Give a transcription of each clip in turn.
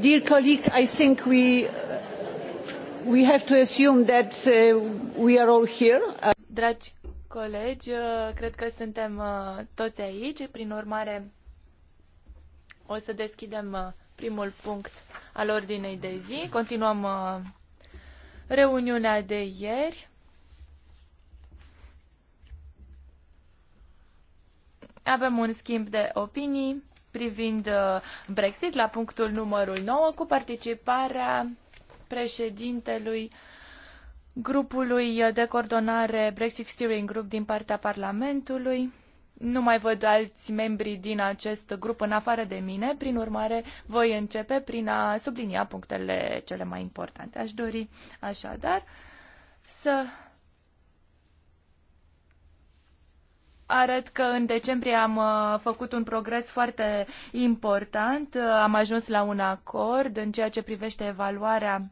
Dear colleague, I think we, uh, we have to assume that uh, we are all here. Dragi colegi, uh, cred că suntem toți aici, prin urmare o să deschidem primul punct al ordinei de zi. Continuăm reuniunea de ieri. Avem un schimb de opinii privind uh, Brexit la punctul numărul 9 cu participarea președintelui grupului de coordonare Brexit Steering Group din partea Parlamentului. Nu mai văd alți membri din acest grup în afară de mine, prin urmare voi începe prin a sublinia punctele cele mai importante. Aș dori așadar să arăt că în decembrie am uh, făcut un progres foarte important. Uh, am ajuns la un acord în ceea ce privește evaluarea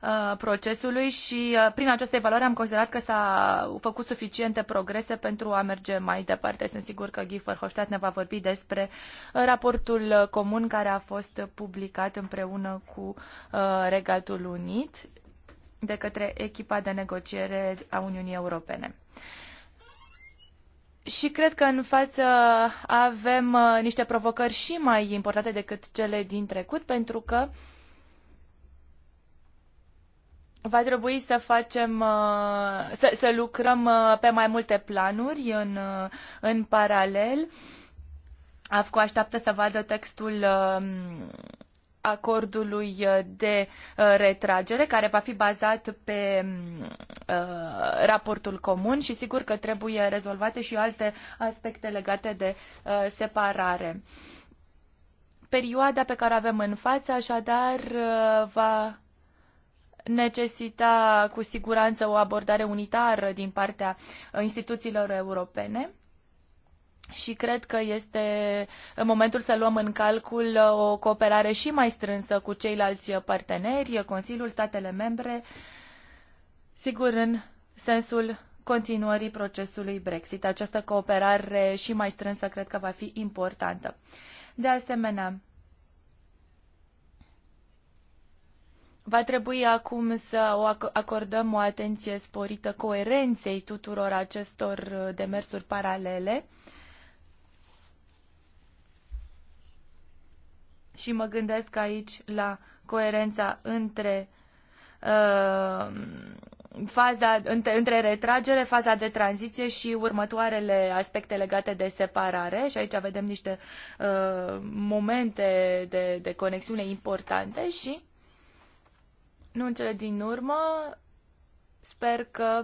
uh, procesului și prin această evaluare am considerat că s-a făcut suficiente progrese pentru a merge mai departe. Sunt sigur că Guy Verhofstadt ne va vorbi despre raportul comun care a fost publicat împreună cu Regatul Unit de către echipa de negociere a Uniunii Europene. Și cred că în față avem uh, niște provocări și mai importante decât cele din trecut, pentru că va trebui să facem, uh, să, să lucrăm uh, pe mai multe planuri în, în paralel. AFCO așteaptă să vadă textul um, acordului uh, de uh, retragere, care va fi bazat pe mm, uh, raportul comun și sigur că trebuie rezolvate și alte aspecte legate de separare. Perioada pe care avem în față, așadar, va necesita cu siguranță o abordare unitară din partea instituțiilor europene și cred că este momentul să luăm în calcul uh, o cooperare și mai strânsă cu ceilalți parteneri, Consiliul, statele membre, sigur în sensul continuării procesului Brexit. Această cooperare și mai strânsă cred că va fi importantă. De asemenea, va trebui acum să o acordăm o atenție sporită coerenței tuturor acestor uh, demersuri paralele. și mă gândesc aici la coerența între uh, faza între, între retragere, faza de tranziție și următoarele aspecte legate de separare și aici vedem niște uh, momente de, de conexiune importante și nu în cele din urmă sper că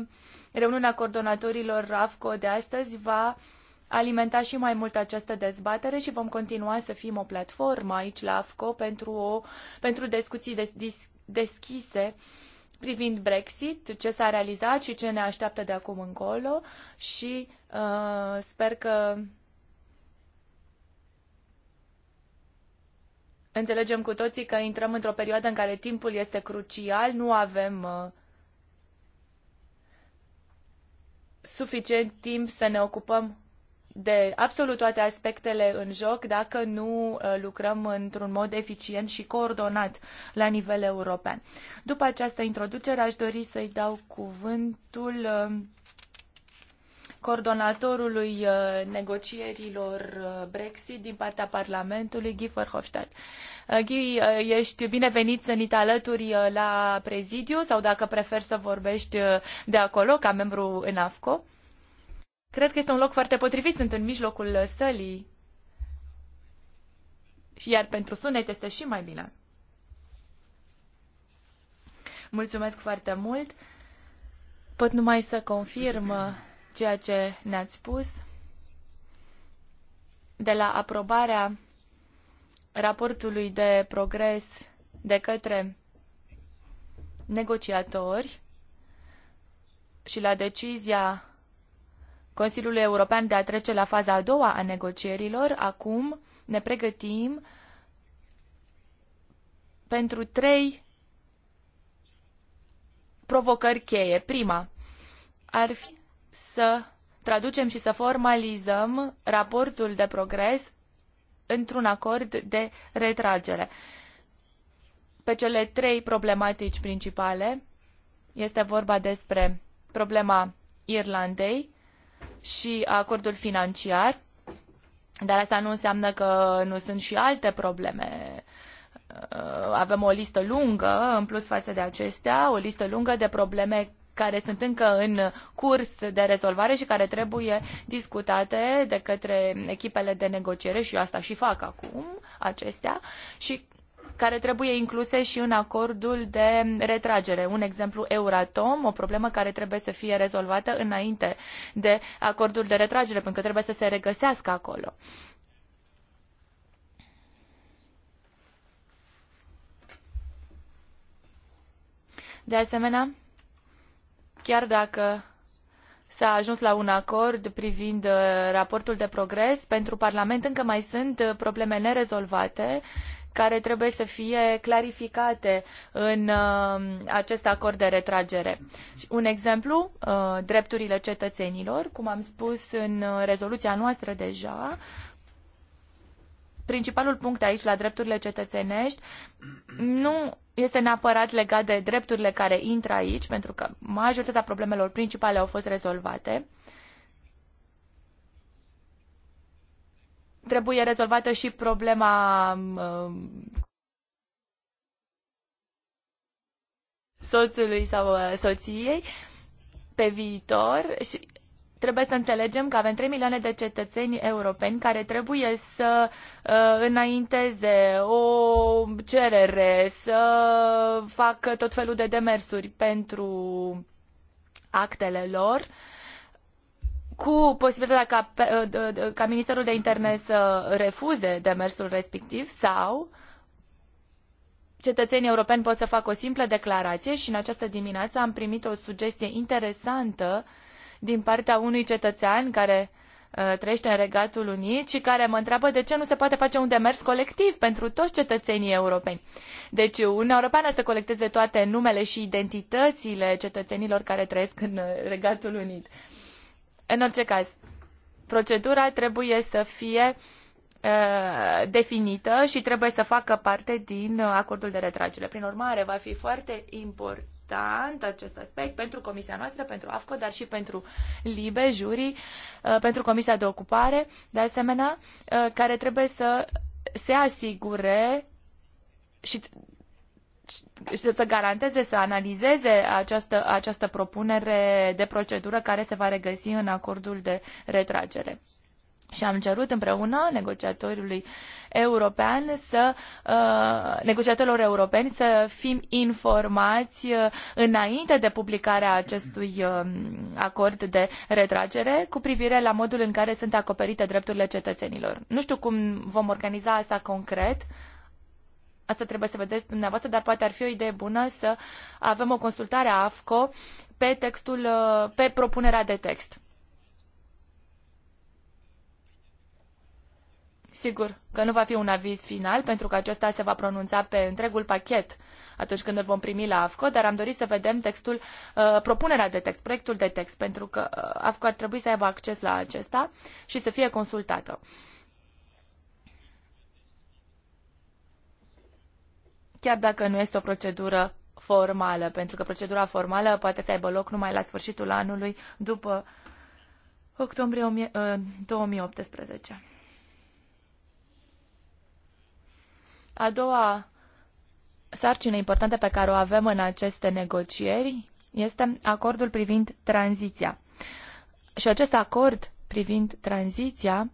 reuniunea coordonatorilor rafco de astăzi va alimenta și mai mult această dezbatere și vom continua să fim o platformă aici la AFCO pentru, o, pentru discuții des, dis, deschise privind Brexit, ce s-a realizat și ce ne așteaptă de acum încolo și uh, sper că înțelegem cu toții că intrăm într-o perioadă în care timpul este crucial, nu avem uh, suficient timp să ne ocupăm de absolut toate aspectele în joc dacă nu uh, lucrăm într-un mod eficient și coordonat la nivel european. După această introducere aș dori să-i dau cuvântul uh, coordonatorului uh, negocierilor Brexit din partea Parlamentului, Guy Verhofstadt. Guy, ești binevenit să ni te alături la prezidiu sau dacă preferi să vorbești de acolo ca membru în AFCO. Cred că este un loc foarte potrivit, sunt în mijlocul stălii. Iar pentru sunet este și mai bine. Mulțumesc foarte mult. Pot numai să confirm ceea ce ne-ați spus. De la aprobarea raportului de progres de către negociatori și la decizia Consiliul European de a trece la faza a doua a negocierilor, acum ne pregătim pentru trei provocări cheie. Prima ar fi să traducem și să formalizăm raportul de progres într-un acord de retragere. Pe cele trei problematici principale este vorba despre problema Irlandei, și acordul financiar, dar asta nu înseamnă că nu sunt și alte probleme. Uh, avem o listă lungă, în plus față de acestea, o listă lungă de probleme care sunt încă în curs de rezolvare și care trebuie discutate de către echipele de negociere și eu asta și fac acum, acestea, și care trebuie incluse și în acordul de retragere. Un exemplu, Euratom, o problemă care trebuie să fie rezolvată înainte de acordul de retragere, pentru că trebuie să se regăsească acolo. De asemenea, chiar dacă s-a ajuns la un acord privind uh, raportul de progres, pentru Parlament încă mai sunt uh, probleme nerezolvate care trebuie să fie clarificate în uh, acest acord de retragere. Un exemplu, uh, drepturile cetățenilor, cum am spus în uh, rezoluția noastră deja, principalul punct aici la drepturile cetățenești nu este neapărat legat de drepturile care intră aici, pentru că majoritatea problemelor principale au fost rezolvate. Uh, trebuie rezolvată și problema um, soțului sau uh, soției pe viitor și trebuie să înțelegem că avem 3 milioane de cetățeni europeni care trebuie să uh, înainteze o cerere, să facă tot felul de demersuri pentru actele lor. Uh, cu posibilitatea ca, ă, ă, ă, ca Ministerul de Interne să refuze demersul respectiv sau cetățenii europeni pot să facă o simplă declarație și în această dimineață am primit o sugestie interesantă din partea unui cetățean care trăiește în Regatul Unit și care mă întreabă de ce nu se poate face un demers colectiv pentru toți cetățenii europeni. Deci Uniunea Europeană să colecteze toate numele și identitățile cetățenilor care trăiesc în Regatul Unit. Uh, în orice caz, procedura trebuie să fie uh, definită și trebuie să facă parte din acordul de retragere. Prin urmare, va fi foarte important important acest aspect pentru comisia noastră, pentru AFCO, dar și pentru LIBE, jurii, uh, pentru comisia de ocupare, de asemenea, uh, care trebuie să se asigure și să garanteze, să analizeze această, această propunere de procedură care se va regăsi în acordul de retragere. Și am cerut împreună negociatorului european să, uh, negociatorilor europeni să fim informați uh, înainte de publicarea acestui uh, acord de retragere cu privire la modul în care sunt acoperite drepturile cetățenilor. Nu știu cum vom organiza asta concret, uh, Asta trebuie să vedeți dumneavoastră, dar poate ar fi o idee bună să avem o consultare a AFCO pe textul, uh, pe propunerea de text. Sigur că nu va fi un aviz final, pentru că acesta se va pronunța pe întregul pachet atunci când îl vom primi la AFCO, dar am dorit să vedem textul, uh, propunerea de text, proiectul de text, pentru că uh, AFCO ar trebui să aibă acces la acesta și să fie consultată. Uh, chiar dacă nu este o procedură formală, pentru că procedura formală poate să aibă loc numai la sfârșitul anului, după octombrie 2018. Uh, A doua sarcină importantă pe care o avem în aceste negocieri este acordul privind tranziția. Și acest acord privind tranziția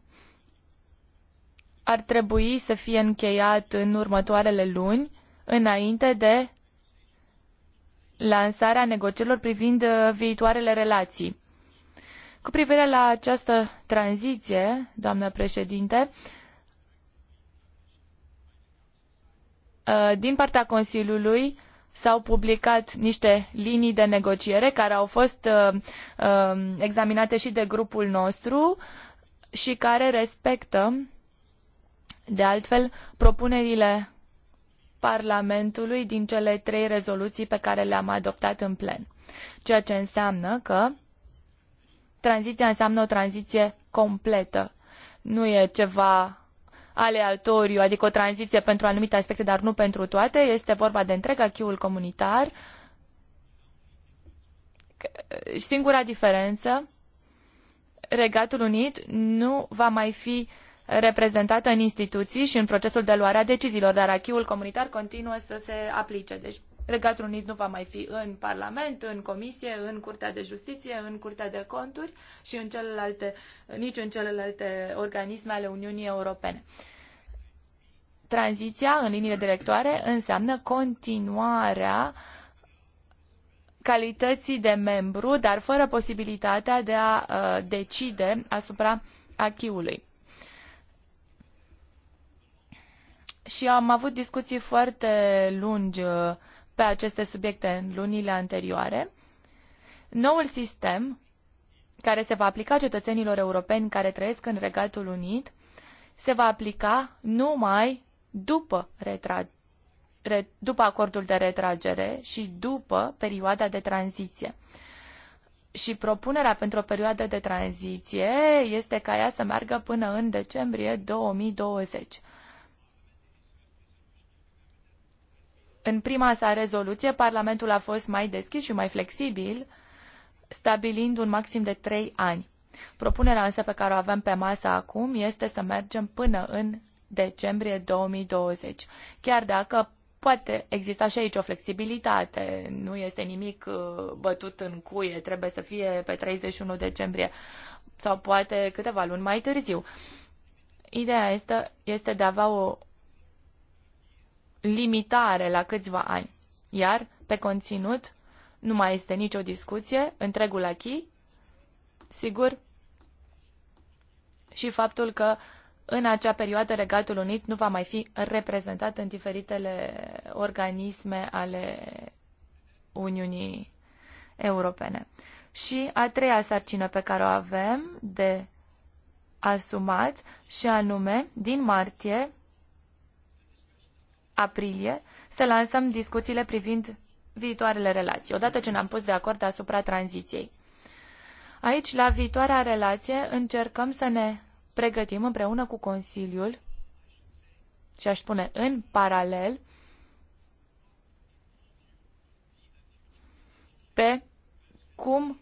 ar trebui să fie încheiat în următoarele luni înainte de lansarea negocierilor privind uh, viitoarele relații. Cu privire la această tranziție, doamnă președinte, uh, din partea Consiliului s-au publicat niște linii de negociere care au fost uh, um, examinate și de grupul nostru și care respectă, de altfel, propunerile Parlamentului din cele trei rezoluții pe care le-am adoptat în plen. Ceea ce înseamnă că tranziția înseamnă o tranziție completă. Nu e ceva aleatoriu, adică o tranziție pentru anumite aspecte, dar nu pentru toate. Este vorba de întreg achiul comunitar. Singura diferență, Regatul Unit nu va mai fi uh, reprezentată în instituții și în procesul de luare a deciziilor, dar ul comunitar continuă să se aplice. Deci Regatul Unit nu va mai fi în Parlament, în Comisie, în Curtea de Justiție, în Curtea de Conturi și în celelalte, nici în celelalte organisme ale Uniunii Europene. Tranziția în liniile directoare înseamnă continuarea calității de membru, dar fără posibilitatea de a uh, decide asupra achiului. și am avut discuții foarte lungi uh, pe aceste subiecte în lunile anterioare. Noul sistem care se va aplica cetățenilor europeni care trăiesc în Regatul Unit se va aplica numai după, retra... re... după acordul de retragere și după perioada de tranziție. Și propunerea pentru o perioadă de tranziție este ca ea să meargă până în decembrie 2020. În prima sa rezoluție, Parlamentul a fost mai deschis și mai flexibil, stabilind un maxim de trei ani. Propunerea însă pe care o avem pe masă acum este să mergem până în decembrie 2020. Chiar dacă poate exista și aici o flexibilitate, nu este nimic uh, bătut în cuie, trebuie să fie pe 31 decembrie sau poate câteva luni mai târziu. Ideea este, este de a avea o limitare la câțiva ani. Iar pe conținut nu mai este nicio discuție, întregul achi, sigur, și faptul că în acea perioadă Regatul Unit nu va mai fi reprezentat în diferitele organisme ale Uniunii Europene. Și a treia sarcină pe care o avem de asumat și anume, din martie aprilie să lansăm discuțiile privind viitoarele relații, odată ce ne-am pus de acord asupra tranziției. Aici, la viitoarea relație, încercăm să ne pregătim împreună cu Consiliul și aș spune în paralel pe cum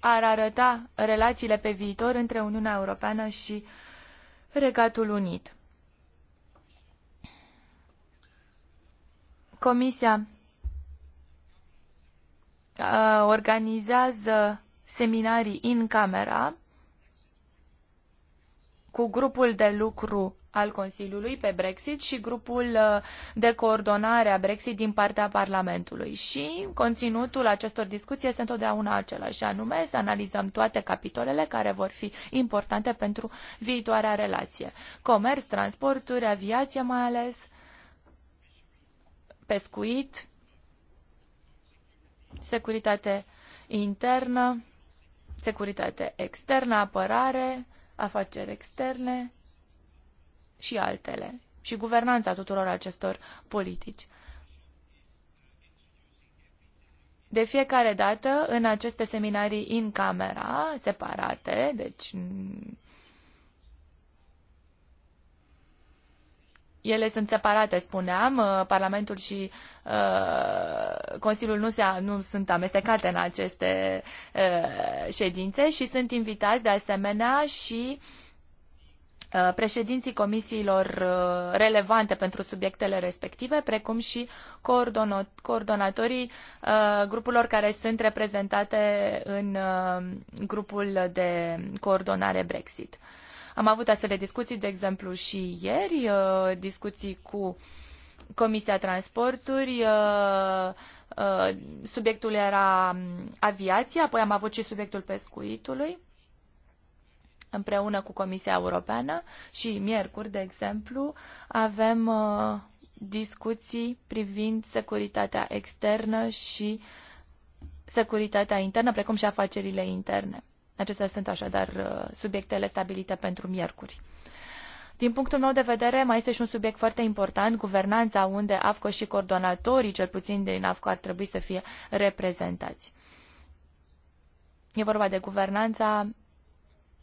ar arăta relațiile pe viitor între Uniunea Europeană și Regatul Unit. Comisia uh, organizează seminarii în camera cu grupul de lucru al Consiliului pe Brexit și grupul uh, de coordonare a Brexit din partea Parlamentului. Și conținutul acestor discuții este întotdeauna același, anume să analizăm toate capitolele care vor fi importante pentru viitoarea relație. Comerț, transporturi, aviație mai ales, pescuit, securitate internă, securitate externă, apărare, afaceri externe și altele, și guvernanța tuturor acestor politici. De fiecare dată, în aceste seminarii în camera, separate, deci ele sunt separate, spuneam, uh, Parlamentul și uh, Consiliul nu, se, nu sunt amestecate în aceste uh, ședințe și sunt invitați de asemenea și uh, președinții comisiilor uh, relevante pentru subiectele respective, precum și coordonatorii grupurilor care sunt reprezentate în grupul de coordonare Brexit. Am avut astfel de discuții, de exemplu, și ieri, uh, discuții cu Comisia Transporturi. Uh, uh, subiectul era um, aviația, apoi am avut și subiectul pescuitului împreună cu Comisia Europeană și miercuri, de exemplu, avem discuții privind securitatea externă și securitatea internă, precum și afacerile interne. Acestea sunt așadar uh, subiectele stabilite pentru miercuri. Din punctul meu de vedere, mai este și un subiect foarte important, guvernanța, unde AFCO și coordonatorii, cel puțin din AFCO, ar trebui să fie reprezentați. E vorba de guvernanța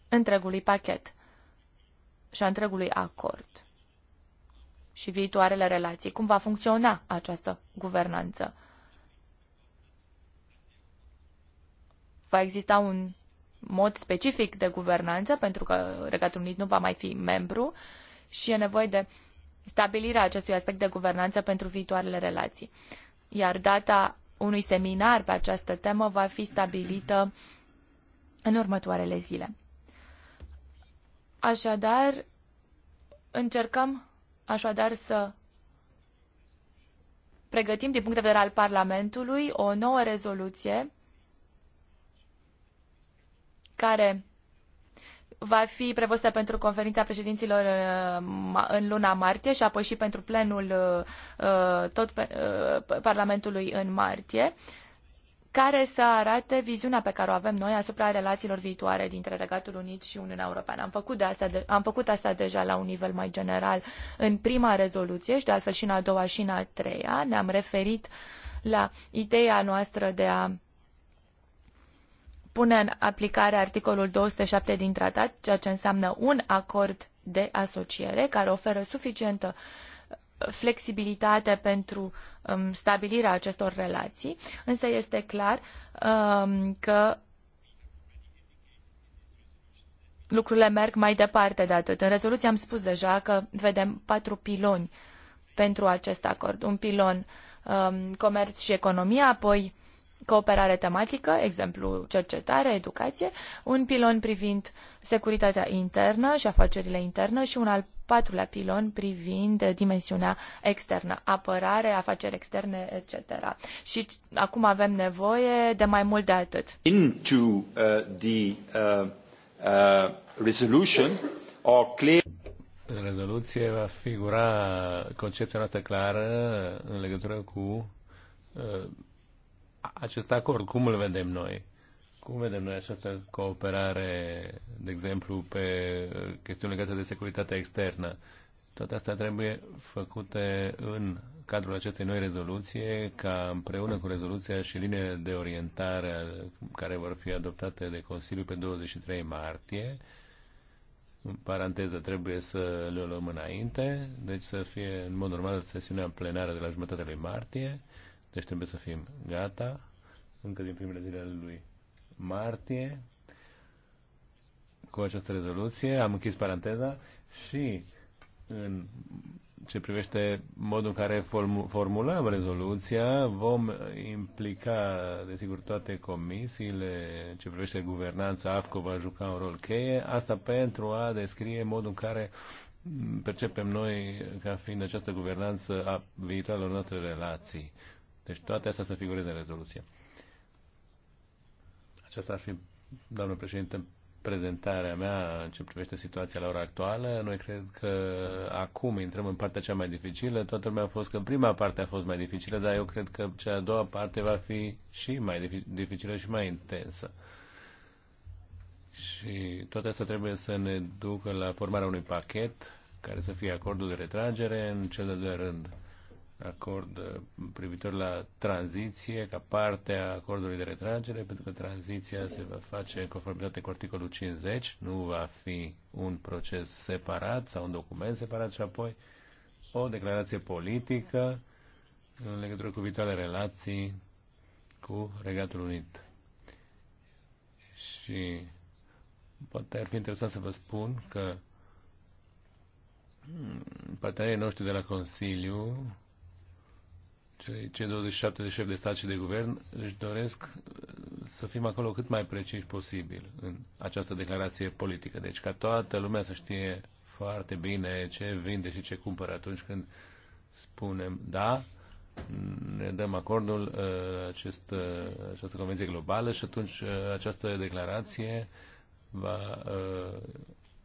întregului pachet și a întregului acord și viitoarele relații. Cum va funcționa această guvernanță? Va exista un mod specific de guvernanță, pentru că Regatul Unit nu va mai fi membru și e nevoie de stabilirea acestui aspect de guvernanță pentru viitoarele relații. Iar data unui seminar pe această temă va fi stabilită în următoarele zile. Așadar, încercăm așadar să pregătim din punct de vedere al Parlamentului o nouă rezoluție care va fi prevăzută pentru conferința președinților uh, în luna martie și apoi și pentru plenul uh, uh, tot Parlamentului în martie, care să arate viziunea pe care o avem noi asupra relațiilor viitoare dintre Regatul Unit și Uniunea Europeană. Am făcut, de asta, de, am făcut asta deja la un nivel mai general în prima rezoluție și de altfel și în a doua și în a treia. Ne-am referit la ideea noastră de a pune în aplicare articolul 207 din tratat, ceea ce înseamnă un acord de asociere care oferă suficientă uh, flexibilitate pentru um, stabilirea acestor relații, însă este clar um, că lucrurile merg mai departe de atât. În rezoluție am spus deja că vedem patru piloni pentru acest acord. Un pilon um, comerț și economie, apoi cooperare tematică, exemplu cercetare, educație, un pilon privind securitatea internă și afacerile interne și un al patrulea pilon privind dimensiunea externă, apărare, afaceri externe, etc. Și acum avem nevoie de mai mult de atât. Into uh, the uh, uh, resolution or clear în rezoluție va figura concepția noastră clară în legătură cu uh, acest acord, cum îl vedem noi? Cum vedem noi această cooperare, de exemplu, pe chestiuni legate de securitatea externă? Toate astea trebuie făcute în cadrul acestei noi rezoluție, ca împreună cu rezoluția și liniile de orientare care vor fi adoptate de Consiliu pe 23 martie, în paranteză, trebuie să le luăm înainte, deci să fie în mod normal sesiunea plenară de la jumătatea lui martie, deci trebuie să fim gata încă din primele zile ale lui martie cu această rezoluție. Am închis paranteza și în ce privește modul în care formulăm rezoluția, vom implica, desigur, toate comisiile, ce privește guvernanța, AFCO va juca un rol cheie, asta pentru a descrie modul în care percepem noi ca fiind această guvernanță a viitoarelor noastre relații. Deci toate astea să figureze în rezoluție. Aceasta ar fi, doamnă președinte, prezentarea mea în ce privește situația la ora actuală. Noi cred că acum intrăm în partea cea mai dificilă. Toată lumea a fost că prima parte a fost mai dificilă, dar eu cred că cea a doua parte va fi și mai dificilă și mai intensă. Și toate astea trebuie să ne ducă la formarea unui pachet care să fie acordul de retragere în cel de doilea rând acord uh, privitor la tranziție ca parte a acordului de retragere, pentru că tranziția se va face în conformitate cu articolul 50, nu va fi un proces separat sau un document separat și apoi o declarație politică în legătură cu viitoarele relații cu Regatul Unit. Și poate ar fi interesant să vă spun că mm, partenerii noștri de la Consiliu cei 27 de șefi de stat și de guvern își doresc uh, să fim acolo cât mai precis posibil în această declarație politică. Deci ca toată lumea să știe foarte bine ce vinde și ce cumpără atunci când spunem da, ne dăm acordul uh, acest, uh, această convenție globală și atunci această declarație va,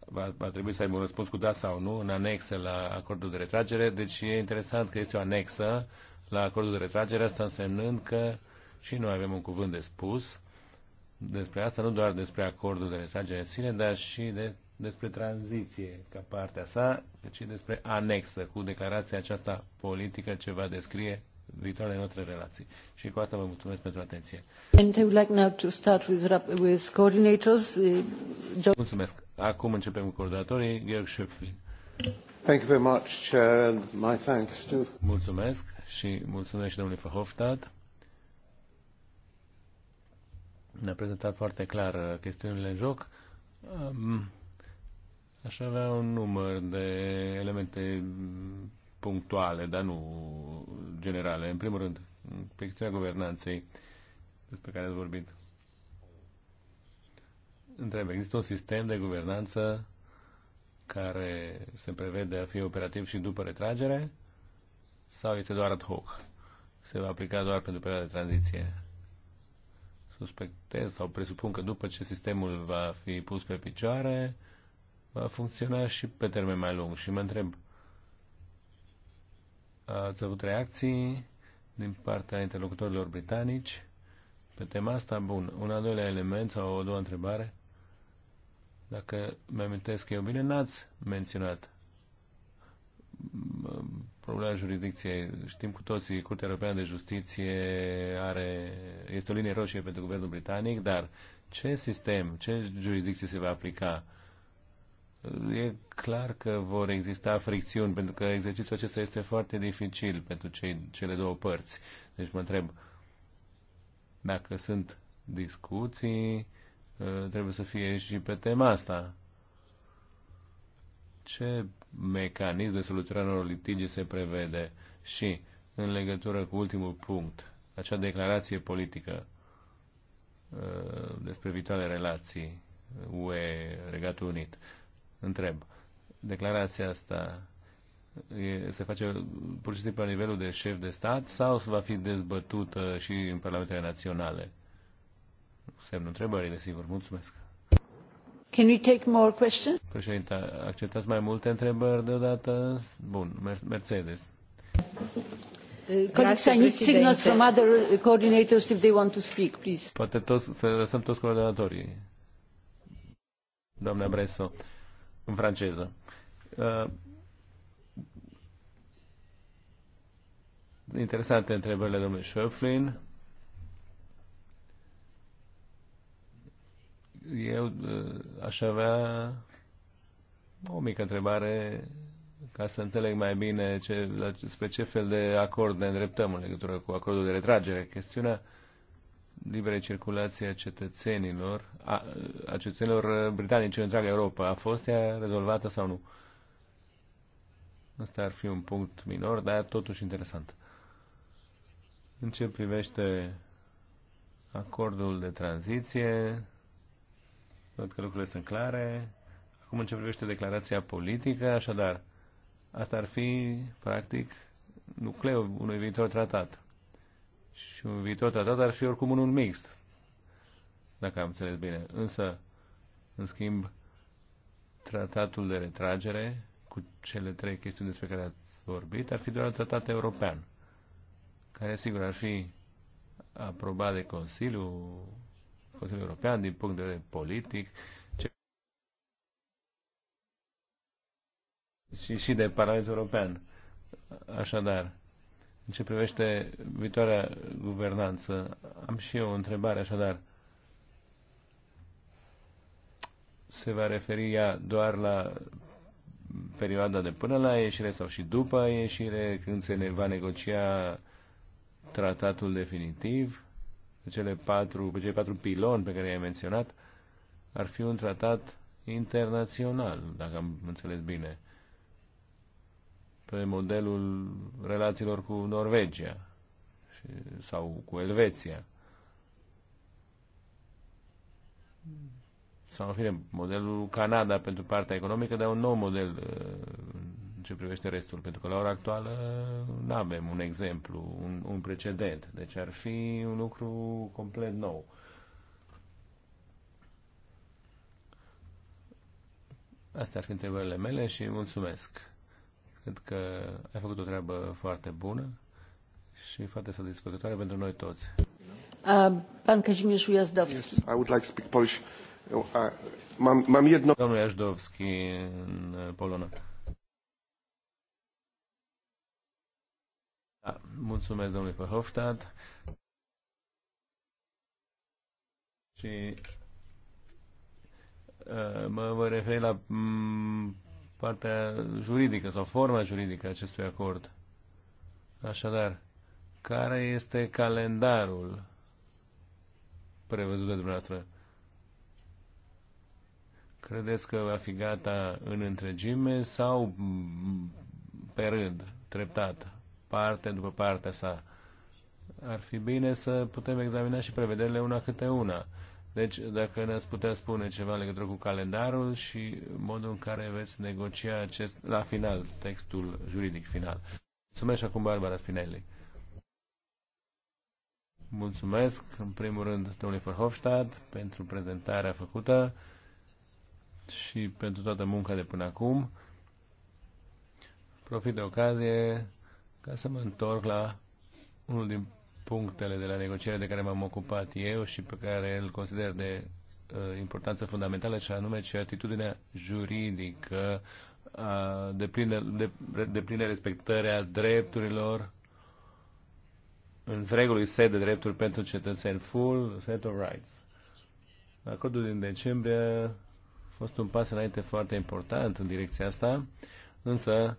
va, va trebui să aibă un răspuns cu da sau nu în anexă la acordul de retragere. Deci e interesant că este o anexă la acordul de retragere, asta însemnând că și noi avem un cuvânt de spus despre asta, nu doar despre acordul de retragere în sine, dar și de, despre tranziție ca partea sa, ci despre anexă cu declarația aceasta politică ce va descrie viitoarele noastre relații. Și cu asta vă mulțumesc pentru atenție. And I would like now to start with, with coordinators. Uh, mulțumesc. Acum începem cu coordonatorii. Georg Schöpflin. Thank you very much, Chair, and my thanks to... Mulțumesc și mulțumesc și domnului Făhofstad. Ne-a prezentat foarte clar uh, chestiunile în joc. Um, aș avea un număr de elemente punctuale, dar nu generale. În primul rând, pe chestiunea guvernanței despre care ați vorbit. Întreb, există un sistem de guvernanță care se prevede a fi operativ și după retragere? sau este doar ad hoc? Se va aplica doar pentru perioada de tranziție? Suspectez sau presupun că după ce sistemul va fi pus pe picioare, va funcționa și pe termen mai lung. Și mă întreb, ați avut reacții din partea interlocutorilor britanici pe tema asta? Bun. Un al doilea element sau o doua întrebare? Dacă mi-amintesc eu bine, n-ați menționat problema jurisdicției. Știm cu toții, Curtea Europeană de Justiție are, este o linie roșie pentru guvernul britanic, dar ce sistem, ce jurisdicție se va aplica? E clar că vor exista fricțiuni, pentru că exercițiul acesta este foarte dificil pentru cei, cele două părți. Deci mă întreb dacă sunt discuții, ă, trebuie să fie și pe tema asta. Ce mecanism de soluționare a unor litigi se prevede și în legătură cu ultimul punct, acea declarație politică uh, despre viitoare relații uh, UE-Regatul Unit. Întreb, declarația asta se face pur și simplu la nivelul de șef de stat sau va fi dezbătută și în parlamentele naționale? Semnul întrebării, desigur. Mulțumesc. Can acceptați mai multe întrebări deodată? Bun, Mercedes. Uh, Poate toți, să lăsăm toți coordonatorii. Doamna Bresso, în franceză. Uh, interesante întrebările domnului Schöpflin eu uh, aș avea o mică întrebare ca să înțeleg mai bine ce, spre ce fel de acord ne îndreptăm în legătură cu acordul de retragere. Chestiunea liberei circulații a cetățenilor, a, a cetățenilor britanici în întreaga Europa, a fost ea rezolvată sau nu? Asta ar fi un punct minor, dar totuși interesant. În ce privește acordul de tranziție, Văd că lucrurile sunt clare. Acum, în ce privește declarația politică, așadar, asta ar fi, practic, nucleul unui viitor tratat. Și un viitor tratat ar fi oricum unul mixt, dacă am înțeles bine. Însă, în schimb, tratatul de retragere cu cele trei chestiuni despre care ați vorbit ar fi doar un tratat european, care sigur ar fi aprobat de Consiliu Consiliul European din punct de vedere politic ce... și, și de Parlamentul European. Așadar, în ce privește viitoarea guvernanță, am și eu o întrebare, așadar, se va referi ea doar la perioada de până la ieșire sau și după ieșire, când se ne va negocia tratatul definitiv pe, cele patru, pe cei patru piloni pe care i-ai menționat, ar fi un tratat internațional, dacă am înțeles bine, pe modelul relațiilor cu Norvegia sau cu Elveția. sau în fine, modelul Canada pentru partea economică, dar un nou model uh, ce privește restul, pentru că la ora actuală nu avem un exemplu, un, un precedent, deci ar fi un lucru complet nou. Astea ar fi întrebările mele și mulțumesc. Cred că ai făcut o treabă foarte bună și foarte satisfăcătoare pentru noi toți. Uh, pan Kazimierz Ujazdowski. I would like to speak Polish. Uh, mam, mam jedno... Domnul Jazdowski uh, Polona. Mulțumesc, domnule Verhofstadt. Și uh, mă voi referi la mm, partea juridică sau forma juridică a acestui acord. Așadar, care este calendarul prevăzut de dumneavoastră? Credeți că va fi gata în întregime sau mm, pe rând, treptat? parte după partea sa. Ar fi bine să putem examina și prevederile una câte una. Deci, dacă ne-ați putea spune ceva în legătură cu calendarul și modul în care veți negocia acest, la final, textul juridic final. Mulțumesc și acum Barbara Spinelli. Mulțumesc, în primul rând, domnului Forhofstadt, pentru prezentarea făcută și pentru toată munca de până acum. Profit de ocazie ca să mă întorc la unul din punctele de la negociere de care m-am ocupat eu și pe care îl consider de uh, importanță fundamentală, și anume certitudinea juridică a depline, de, de respectare respectarea drepturilor întregului set de drepturi pentru cetățeni, full set of rights. Acordul din decembrie a fost un pas înainte foarte important în direcția asta, însă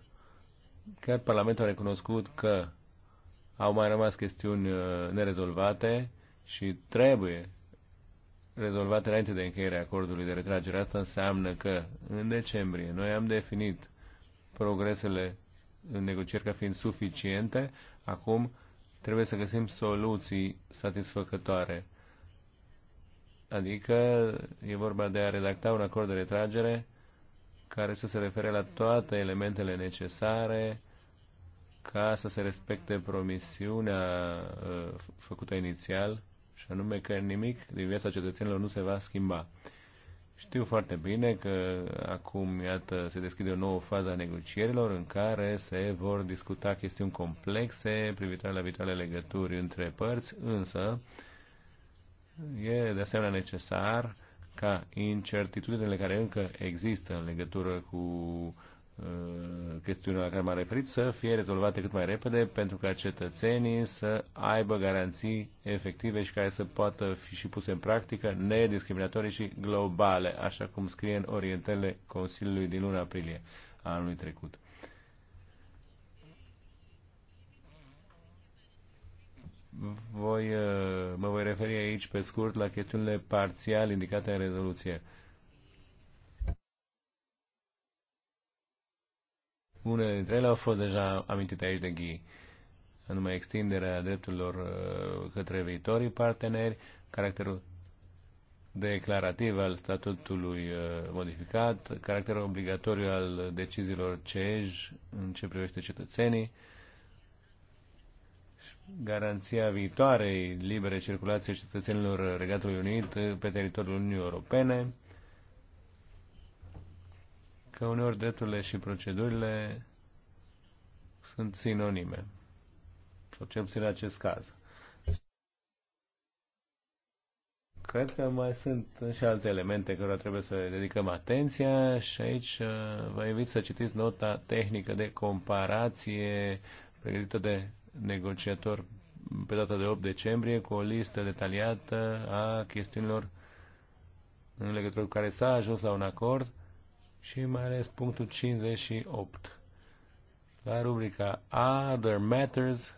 Chiar Parlamentul a recunoscut că au mai rămas chestiuni uh, nerezolvate și trebuie rezolvate înainte de încheierea acordului de retragere. Asta înseamnă că în decembrie noi am definit progresele în negocieri ca fiind suficiente. Acum trebuie să găsim soluții satisfăcătoare. Adică e vorba de a redacta un acord de retragere care să se refere la toate elementele necesare ca să se respecte promisiunea uh, făcută inițial, și anume că nimic din viața cetățenilor nu se va schimba. Știu foarte bine că acum, iată, se deschide o nouă fază a negocierilor în care se vor discuta chestiuni complexe privitoare la viitoare legături între părți, însă e de asemenea necesar ca incertitudinile care încă există în legătură cu uh, chestiunea la care m-am referit să fie rezolvate cât mai repede pentru ca cetățenii să aibă garanții efective și care să poată fi și puse în practică nediscriminatorii și globale, așa cum scrie în orientele Consiliului din luna aprilie anului trecut. voi, uh, mă voi referi aici pe scurt la chestiunile parțial indicate în rezoluție. Unele dintre ele au fost deja amintite aici de ghii, anume extinderea drepturilor uh, către viitorii parteneri, caracterul declarativ al statutului uh, modificat, caracterul obligatoriu al deciziilor CEJ în ce privește cetățenii, garanția viitoarei libere circulație cetățenilor Regatului Unit pe teritoriul Uniunii Europene, că uneori drepturile și procedurile sunt sinonime, sau cel în acest caz. Cred că mai sunt și alte elemente care trebuie să le dedicăm atenția și aici uh, vă invit să citiți nota tehnică de comparație pregătită de negociator pe data de 8 decembrie cu o listă detaliată a chestiunilor în legătură cu care s-a ajuns la un acord și mai ales punctul 58. La rubrica Other Matters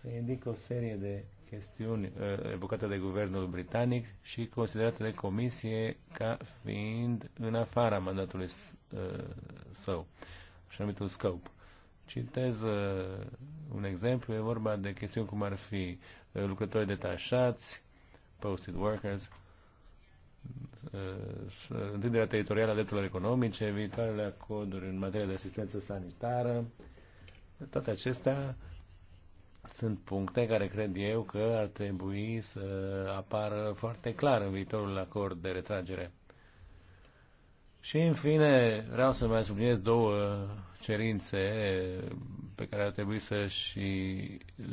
se indică o serie de chestiuni uh, evocate de guvernul britanic și considerate de comisie ca fiind în afara mandatului uh, său, așa numitul scope. Citez uh, un exemplu, e vorba de chestiuni cum ar fi uh, lucrători detașați, posted workers, uh, întinderea teritorială a drepturilor economice, viitoarele acorduri în materie de asistență sanitară. Toate acestea sunt puncte care cred eu că ar trebui să apară foarte clar în viitorul acord de retragere. Și, în fine, vreau să mai subliniez două cerințe pe care ar trebui să și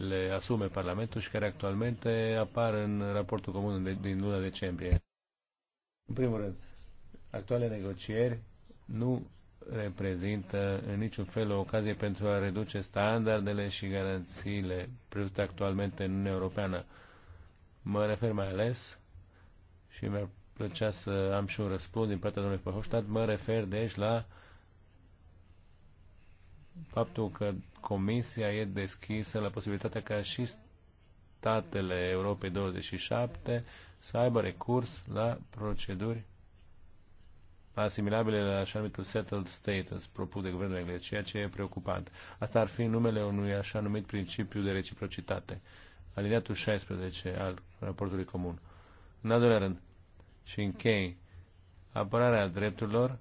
le asume Parlamentul și care actualmente apar în raportul comun de, din luna decembrie. În primul rând, actualele negocieri nu reprezintă în niciun fel o ocazie pentru a reduce standardele și garanțiile prevăzute actualmente în Uniunea Europeană. Mă refer mai ales și mi-ar plăcea să am și un răspuns din partea domnului Păhoștat. Mă refer, deci, la faptul că Comisia e deschisă la posibilitatea ca și statele Europei 27 să aibă recurs la proceduri asimilabile la așa numitul settled status propus de guvernul englez, ceea ce e preocupant. Asta ar fi numele unui așa numit principiu de reciprocitate, aliniatul 16 al raportului comun. În al doilea rând, și închei. Apărarea drepturilor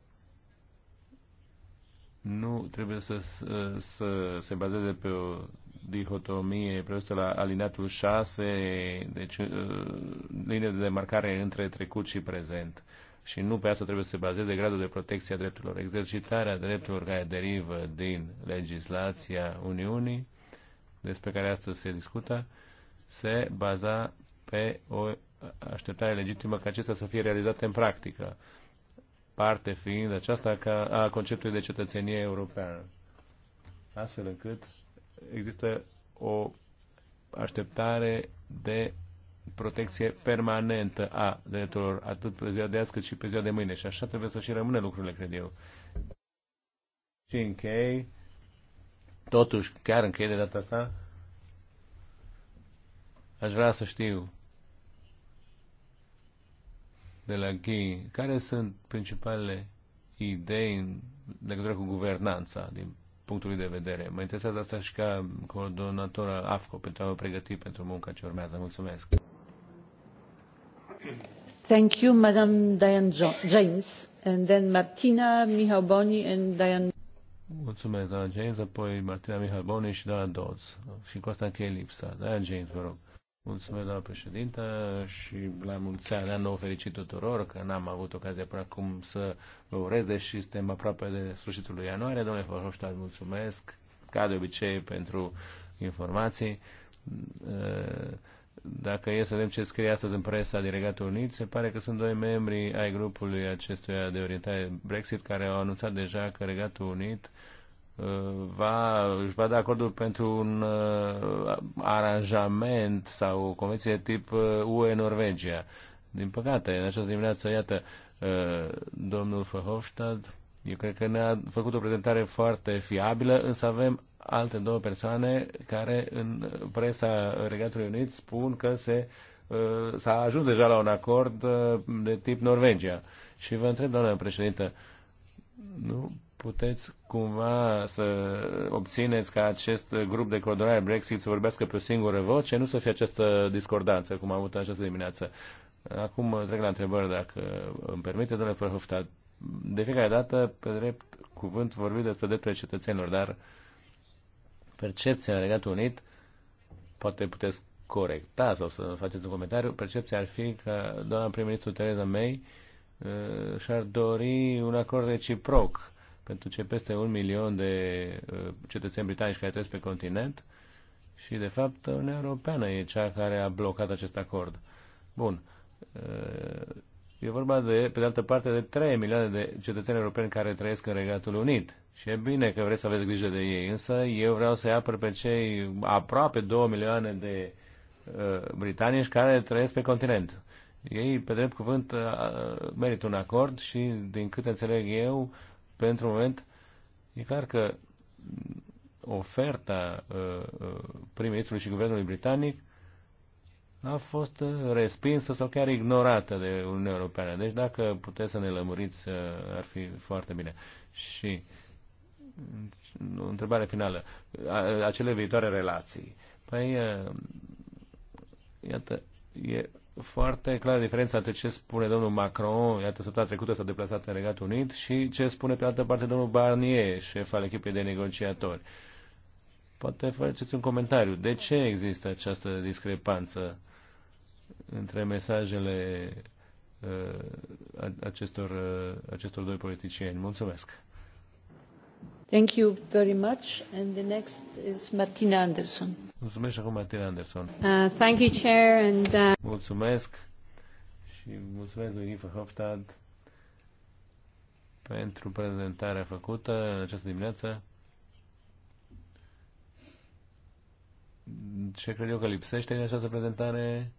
nu trebuie să, să, uh, să se bazeze pe o dihotomie prevăzută la alineatul 6, deci uh, linie de demarcare între trecut și prezent. Și nu pe asta trebuie să se bazeze gradul de protecție a drepturilor. Exercitarea drepturilor care derivă din legislația Uniunii, despre care astăzi se discută, se baza pe o așteptare legitimă ca acestea să fie realizate în practică, parte fiind aceasta ca a conceptului de cetățenie europeană. Astfel încât există o așteptare de protecție permanentă a drepturilor, atât pe ziua de azi cât și pe ziua de mâine. Și așa trebuie să și rămână lucrurile, cred eu. Și închei, totuși, chiar închei de data asta, aș vrea să știu de la Ghi, care sunt principalele idei în legătură cu guvernanța din punctul de vedere? Mă interesează asta și ca coordonator al AFCO pentru a vă pregăti pentru munca ce urmează. Mulțumesc! Thank you, Madam Diane James, and then Martina Mihalboni and Diane... Mulțumesc, doamna James, apoi Martina Mihalboni și doamna Dodds. Și cu asta încheie lipsa. Diane James, vă rog. Mulțumesc, doamna președintă, și la mulți ani, nou fericit tuturor, că n-am avut ocazia până acum să vă urez, deși suntem aproape de sfârșitul lui ianuarie. Domnule Forhoștat, mulțumesc, ca de obicei, pentru informații. Dacă e să vedem ce scrie astăzi în presa din Regatul Unit, se pare că sunt doi membri ai grupului acestuia de orientare Brexit care au anunțat deja că Regatul Unit uh, Uh, va, își va da acordul pentru un uh, aranjament sau o convenție tip UE-Norvegia. Uh, Din păcate, în această dimineață, iată, domnul Făhofstad, eu cred că ne-a făcut o prezentare foarte fiabilă, însă avem alte două persoane care în presa Regatului Unit spun că se s-a ajuns deja la un acord de tip Norvegia. Și vă întreb, doamnă președintă, nu puteți cumva să obțineți ca acest grup de coordonare Brexit să vorbească pe o singură voce, nu să fie această discordanță, cum am avut în această dimineață. Acum trec la întrebări, dacă îmi permite, domnule Fărhoftat. De fiecare dată, pe drept cuvânt, vorbim despre drepturile cetățenilor, dar percepția în Regatul Unit, poate puteți corecta sau să faceți un comentariu, percepția ar fi că doamna prim-ministru Theresa May uh, și-ar dori un acord reciproc pentru cei peste un milion de uh, cetățeni britanici care trăiesc pe continent și, de fapt, Uniunea Europeană e cea care a blocat acest acord. Bun. Uh, e vorba, de, pe de altă parte, de 3 milioane de cetățeni europeni care trăiesc în Regatul Unit. Și e bine că vreți să aveți grijă de ei, însă eu vreau să-i apăr pe cei aproape 2 milioane de uh, britanici care trăiesc pe continent. Ei, pe drept cuvânt, uh, merită un acord și, din câte înțeleg eu, uh, pentru moment, e clar că oferta uh, uh, prim-ministrului și guvernului britanic a fost uh, respinsă sau chiar ignorată de Uniunea Europeană. Deci dacă puteți să ne lămuriți, ar fi foarte bine. Și o mm, întrebare finală. Acele viitoare relații. Păi, iată, e foarte clară diferența între ce spune domnul Macron, iată săptămâna trecută s-a deplasat în Regatul Unit, și ce spune pe altă parte domnul Barnier, șef al echipei de negociatori. Poate faceți un comentariu. De ce există această discrepanță între mesajele uh, acestor, uh, acestor doi politicieni? Mulțumesc! Thank you very much. And the next is Martina Anderson. Mulțumesc acum Martina Anderson. Uh, thank you, Chair. And, uh... Mulțumesc și mulțumesc lui Ghifa Hofstad pentru prezentarea făcută în această dimineață. Ce cred eu că lipsește în această prezentare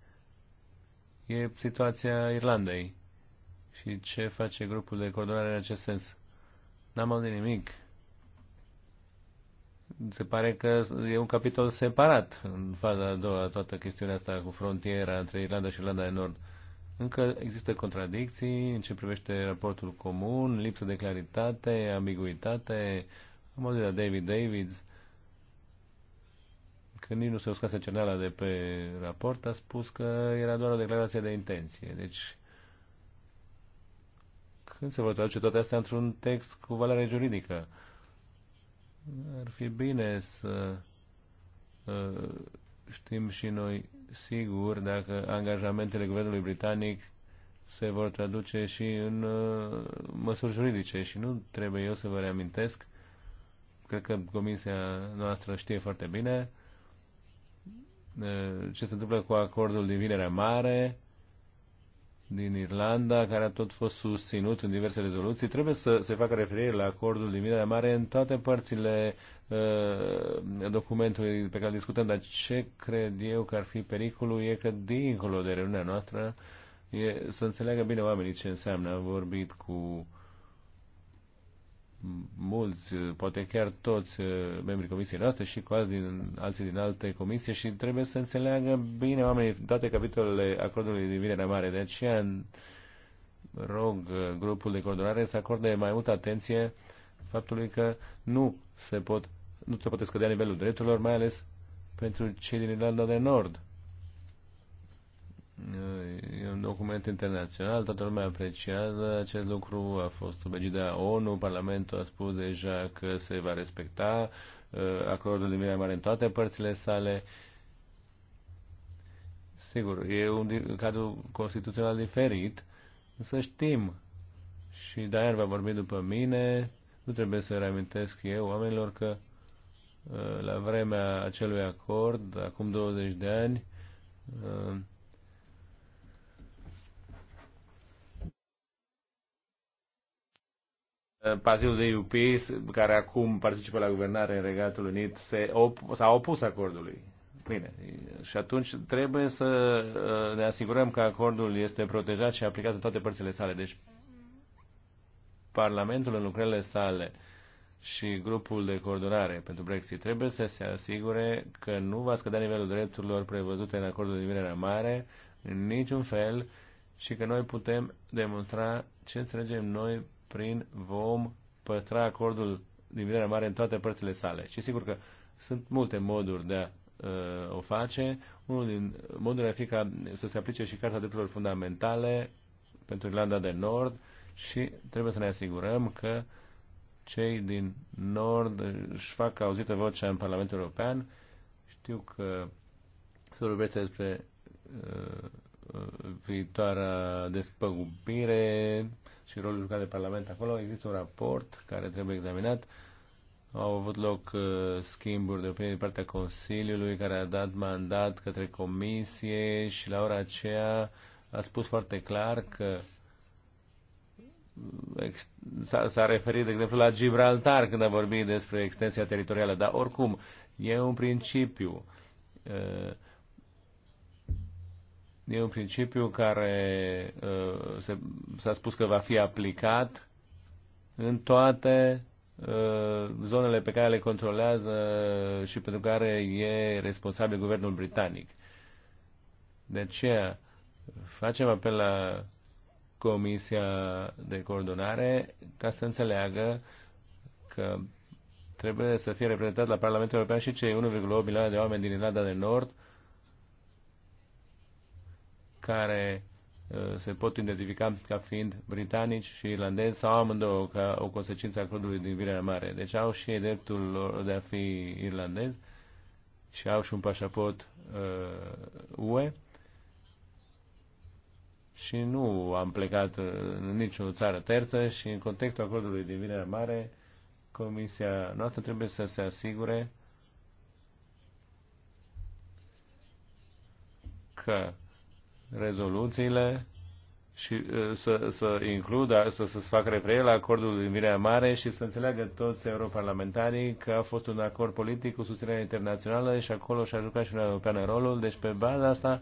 e situația Irlandei și ce face grupul de coordonare în acest sens. N-am auzit nimic se pare că e un capitol separat în faza a doua, toată chestiunea asta cu frontiera între Irlanda și Irlanda de Nord. Încă există contradicții în ce privește raportul comun, lipsă de claritate, ambiguitate. Am auzit la David Davids că nici nu se uscase cerneala de pe raport, a spus că era doar o declarație de intenție. Deci, când se vor traduce toate astea într-un text cu valoare juridică? Ar fi bine să ă, știm și noi sigur dacă angajamentele guvernului britanic se vor traduce și în ă, măsuri juridice și nu trebuie eu să vă reamintesc cred că comisia noastră știe foarte bine ă, ce se întâmplă cu acordul din Vinerea Mare din Irlanda, care a tot fost susținut în diverse rezoluții. Trebuie să se facă referire la acordul din Mirea Mare în toate părțile uh, documentului pe care discutăm, dar ce cred eu că ar fi pericolul e că dincolo de reuniunea noastră e să înțeleagă bine oamenii ce înseamnă. Am vorbit cu uh, mulți, poate chiar toți eh, membrii comisiei noastre și cu alții din, alții din alte comisii și trebuie să înțeleagă bine oamenii toate capitolele acordului din Vinerea Mare. De aceea rog eh, grupul de coordonare să acorde mai multă atenție faptului că nu se pot nu se poate scădea nivelul drepturilor, mai ales pentru cei din Irlanda de Nord E un document internațional, toată lumea apreciază acest lucru, a fost sub egida ONU, Parlamentul a spus deja că se va respecta uh, acordul de Marea Mare în toate părțile sale. Sigur, e un cadru constituțional diferit, însă știm și Diane va vorbi după mine, nu trebuie să reamintesc eu oamenilor că uh, la vremea acelui acord, acum 20 de ani, uh, Partidul de UP, care acum participă la guvernare în Regatul Unit, se op- s-a opus acordului. Bine. Și atunci trebuie să uh, ne asigurăm că acordul este protejat și aplicat în toate părțile sale. Deci Parlamentul în lucrările sale și grupul de coordonare pentru Brexit trebuie să se asigure că nu va scădea nivelul drepturilor prevăzute în acordul de vinerea mare în niciun fel și că noi putem demonstra ce înțelegem noi prin vom păstra acordul din vedere mare în toate părțile sale. Și sigur că sunt multe moduri de a uh, o face. Unul din modurile ar fi ca să se aplice și Carta Drepturilor Fundamentale pentru Irlanda de Nord și trebuie să ne asigurăm că cei din Nord își fac auzită vocea în Parlamentul European. Știu că se vorbește despre uh, uh viitoarea despăgubire și rolul jucat de Parlament acolo. Există un raport care trebuie examinat. Au avut loc uh, schimburi de opinie din partea Consiliului care a dat mandat către Comisie și la ora aceea a spus foarte clar că uh, s-a referit, de exemplu, la Gibraltar când a vorbit despre extensia teritorială, dar oricum e un principiu. Uh, E un principiu care uh, s-a spus că va fi aplicat în toate uh, zonele pe care le controlează și pentru care e responsabil guvernul britanic. De aceea facem apel la Comisia de Coordonare ca să înțeleagă că trebuie să fie reprezentat la Parlamentul European și cei 1,8 milioane de oameni din Irlanda de Nord uh, care uh, se pot identifica ca fiind britanici și irlandezi sau amândouă ca o consecință a acordului din Virea Mare. Deci au și dreptul lor de a fi irlandezi și au și un pașaport uh, UE și nu am plecat uh, în nicio țară terță și în contextul acordului din Vinerea Mare Comisia noastră trebuie să se asigure că rezoluțiile și uh, să, să includă, să, să facă referire la acordul din Mirea Mare și să înțeleagă toți europarlamentarii că a fost un acord politic cu susținere internațională și acolo și-a jucat și Uniunea Europeană rolul. Deci pe baza asta,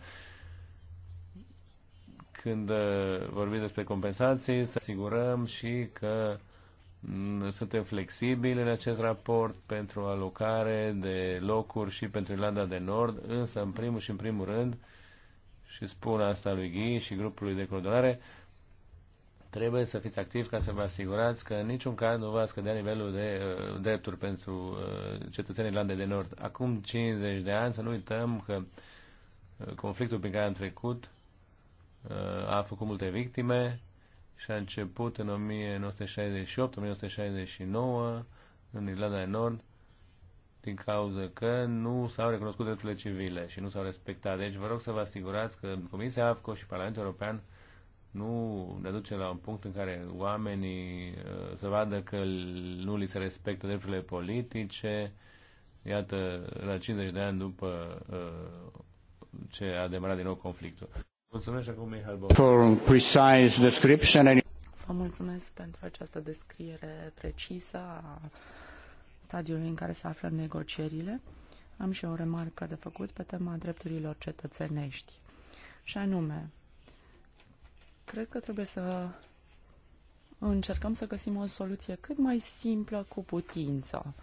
când uh, vorbim despre compensații, să asigurăm și că mm, suntem flexibili în acest raport pentru alocare de locuri și pentru Irlanda de Nord, însă în primul și în primul rând și spun asta lui Ghi și grupului de coordonare, trebuie să fiți activi ca să vă asigurați că în niciun caz nu va scădea nivelul de uh, drepturi pentru uh, cetățenii Irlandei de Nord. Acum 50 de ani, să nu uităm că uh, conflictul prin care am trecut uh, a făcut multe victime și a început în 1968-1969 în Irlanda de Nord din cauza că nu s-au recunoscut drepturile civile și nu s-au respectat. Deci vă rog să vă asigurați că Comisia AFCO și Parlamentul European nu ne duce la un punct în care oamenii uh, să vadă că nu li se respectă drepturile politice, iată, la 50 de ani după uh, ce a demarat din nou conflictul. Mulțumesc acum, Mihal Bob. For precise Vă mulțumesc pentru această descriere precisă a stadiul în care se află negocierile, am și o remarcă de făcut pe tema drepturilor cetățenești. Și anume, cred că trebuie să încercăm să găsim o soluție cât mai simplă cu putință.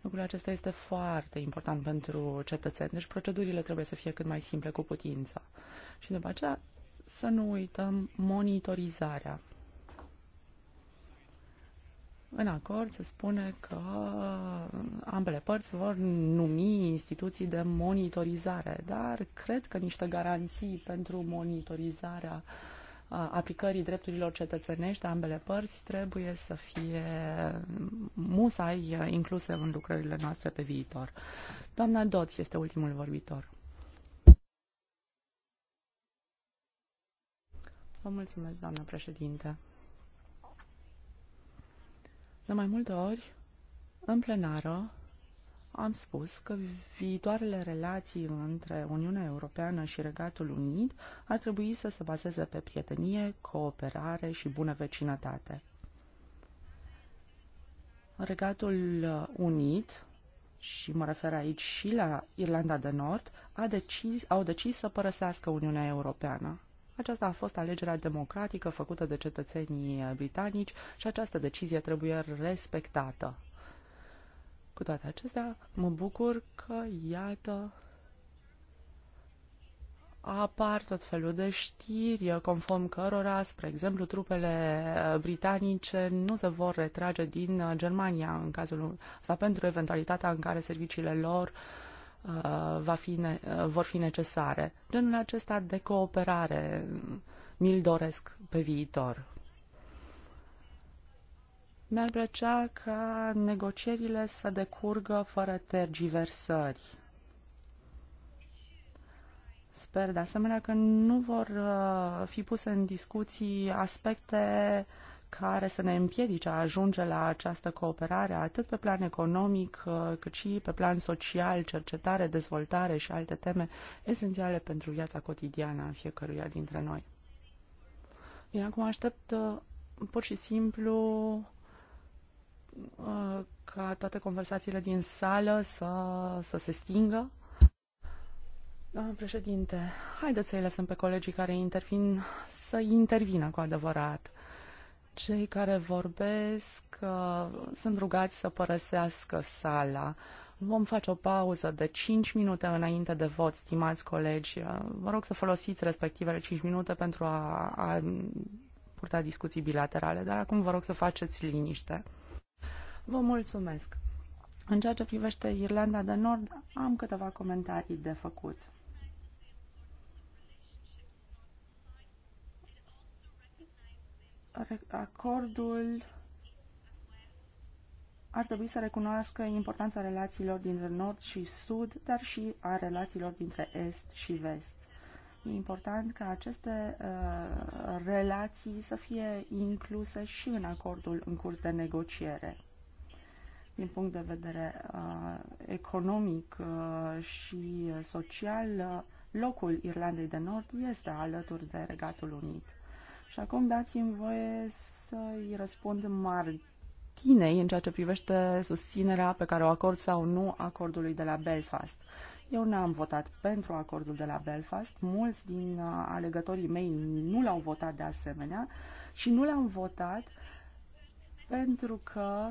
Lucrul acesta este foarte important pentru cetățeni, deci procedurile trebuie să fie cât mai simple cu putință. Și după aceea să nu uităm monitorizarea în acord se spune că uh, ambele părți vor numi instituții de monitorizare, dar cred că niște garanții pentru monitorizarea uh, aplicării drepturilor cetățenești de ambele părți trebuie să fie musai uh, incluse în lucrările noastre pe viitor. Doamna Doți este ultimul vorbitor. Vă mulțumesc, doamnă președinte. De mai multe ori, în plenară, am spus că viitoarele relații între Uniunea Europeană și Regatul Unit ar trebui să se bazeze pe prietenie, cooperare și bună vecinătate. Regatul Unit, și mă refer aici și la Irlanda de Nord, a decis, au decis să părăsească Uniunea Europeană. Aceasta a fost alegerea democratică făcută de cetățenii britanici și această decizie trebuie respectată. Cu toate acestea, mă bucur că, iată, apar tot felul de știri conform cărora, spre exemplu, trupele britanice nu se vor retrage din Germania în cazul sau pentru eventualitatea în care serviciile lor uh, Uh, va fi ne- uh, vor fi necesare. Genul acesta de cooperare uh, mi-l doresc pe viitor. Mi-ar plăcea ca negocierile să decurgă fără tergiversări. Sper de asemenea că nu vor fi puse în discuții aspecte uh, care să ne împiedice a ajunge la această cooperare atât pe plan economic uh, cât și pe plan social, cercetare, dezvoltare și alte teme esențiale pentru viața cotidiană a fiecăruia dintre noi. Bine, acum aștept uh, pur și simplu uh, ca toate conversațiile din sală să, să se stingă. Doamna președinte, haideți să-i lăsăm pe colegii care intervin să intervină cu adevărat. Cei care vorbesc uh, sunt rugați să părăsească sala. Vom face o pauză de 5 minute înainte de vot, stimați colegi. Uh, vă rog să folosiți respectivele 5 minute pentru a, a purta discuții bilaterale, dar acum vă rog să faceți liniște. Vă mulțumesc. În ceea ce privește Irlanda de Nord, am câteva comentarii de făcut. acordul ar trebui să recunoască importanța relațiilor dintre nord și sud, dar și a relațiilor dintre est și vest. E important ca aceste uh, relații să fie incluse și în acordul în curs de negociere. Din punct de vedere uh, economic uh, și social, uh, locul Irlandei de Nord este alături de Regatul Unit. Și acum dați-mi voie să-i răspund Martinei în ceea ce privește susținerea pe care o acord sau nu acordului de la Belfast. Eu n-am votat pentru acordul de la Belfast, mulți din uh, alegătorii mei nu l-au votat de asemenea și nu l-am votat pentru că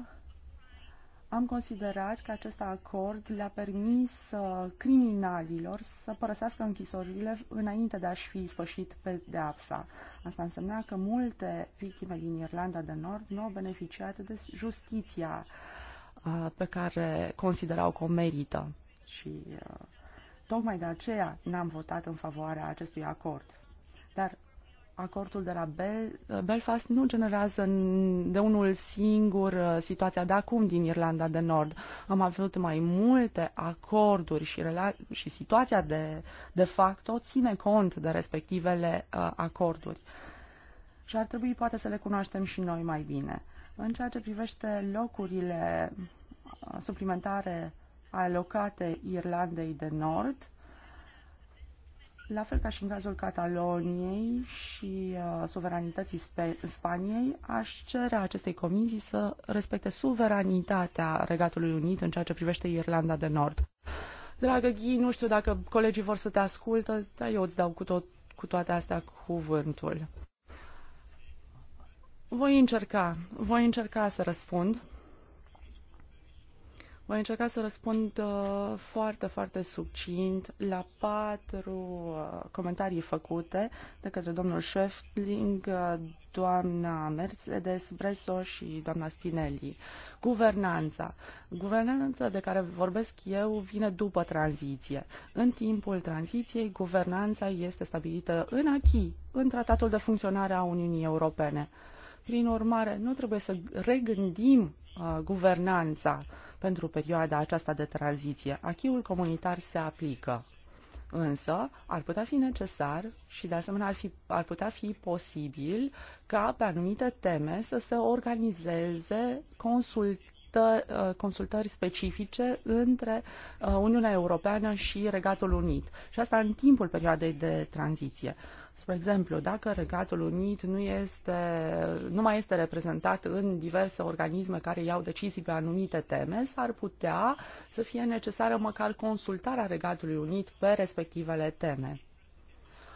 am considerat că acest acord le-a permis uh, criminalilor să părăsească închisorile înainte de a-și fi sfârșit pedeapsa. Asta însemna că multe victime din Irlanda de Nord nu au beneficiat de justiția uh, pe care considerau că o merită. Și uh, tocmai de aceea n-am votat în favoarea acestui acord. Dar acordul de la Bel- eh, Belfast nu generează de unul singur eh, situația de acum din Irlanda de Nord. Am avut mai multe acorduri și, rela- și situația de, de o ține cont de respectivele uh, acorduri. Și ar trebui poate să le cunoaștem și noi mai bine. În ceea ce privește locurile suplimentare alocate Irlandei de Nord, la fel ca și în cazul Cataloniei și uh, suveranității Spaniei, aș cere acestei comisii să respecte suveranitatea Regatului Unit în ceea ce privește Irlanda de Nord. Dragă Ghi, nu știu dacă colegii vor să te ascultă, dar eu îți dau cu, tot, cu toate astea cuvântul. Voi încerca, voi încerca să răspund. Voi încerca să răspund uh, foarte, foarte succint la patru uh, comentarii făcute de către domnul uh, doamna Mercedes Bresso și doamna Spinelli. Guvernanța. Guvernanța de care vorbesc eu vine după tranziție. În timpul tranziției, guvernanța este stabilită în achi, în tratatul de funcționare a Uniunii Europene. Prin urmare, nu trebuie să regândim uh, guvernanța. Uh, pentru perioada aceasta de tranziție. Achiul comunitar se aplică. Însă, ar putea fi necesar și, de asemenea, ar, fi, ar putea fi posibil ca pe anumite teme să se organizeze consultă, uh, consultări specifice între uh, Uniunea Europeană și Regatul Unit. Și asta în timpul perioadei de tranziție. Spre exemplu, dacă Regatul Unit nu, este, nu mai este reprezentat în diverse organisme care iau decizii pe anumite teme, s-ar putea să fie necesară măcar consultarea Regatului Unit pe respectivele teme.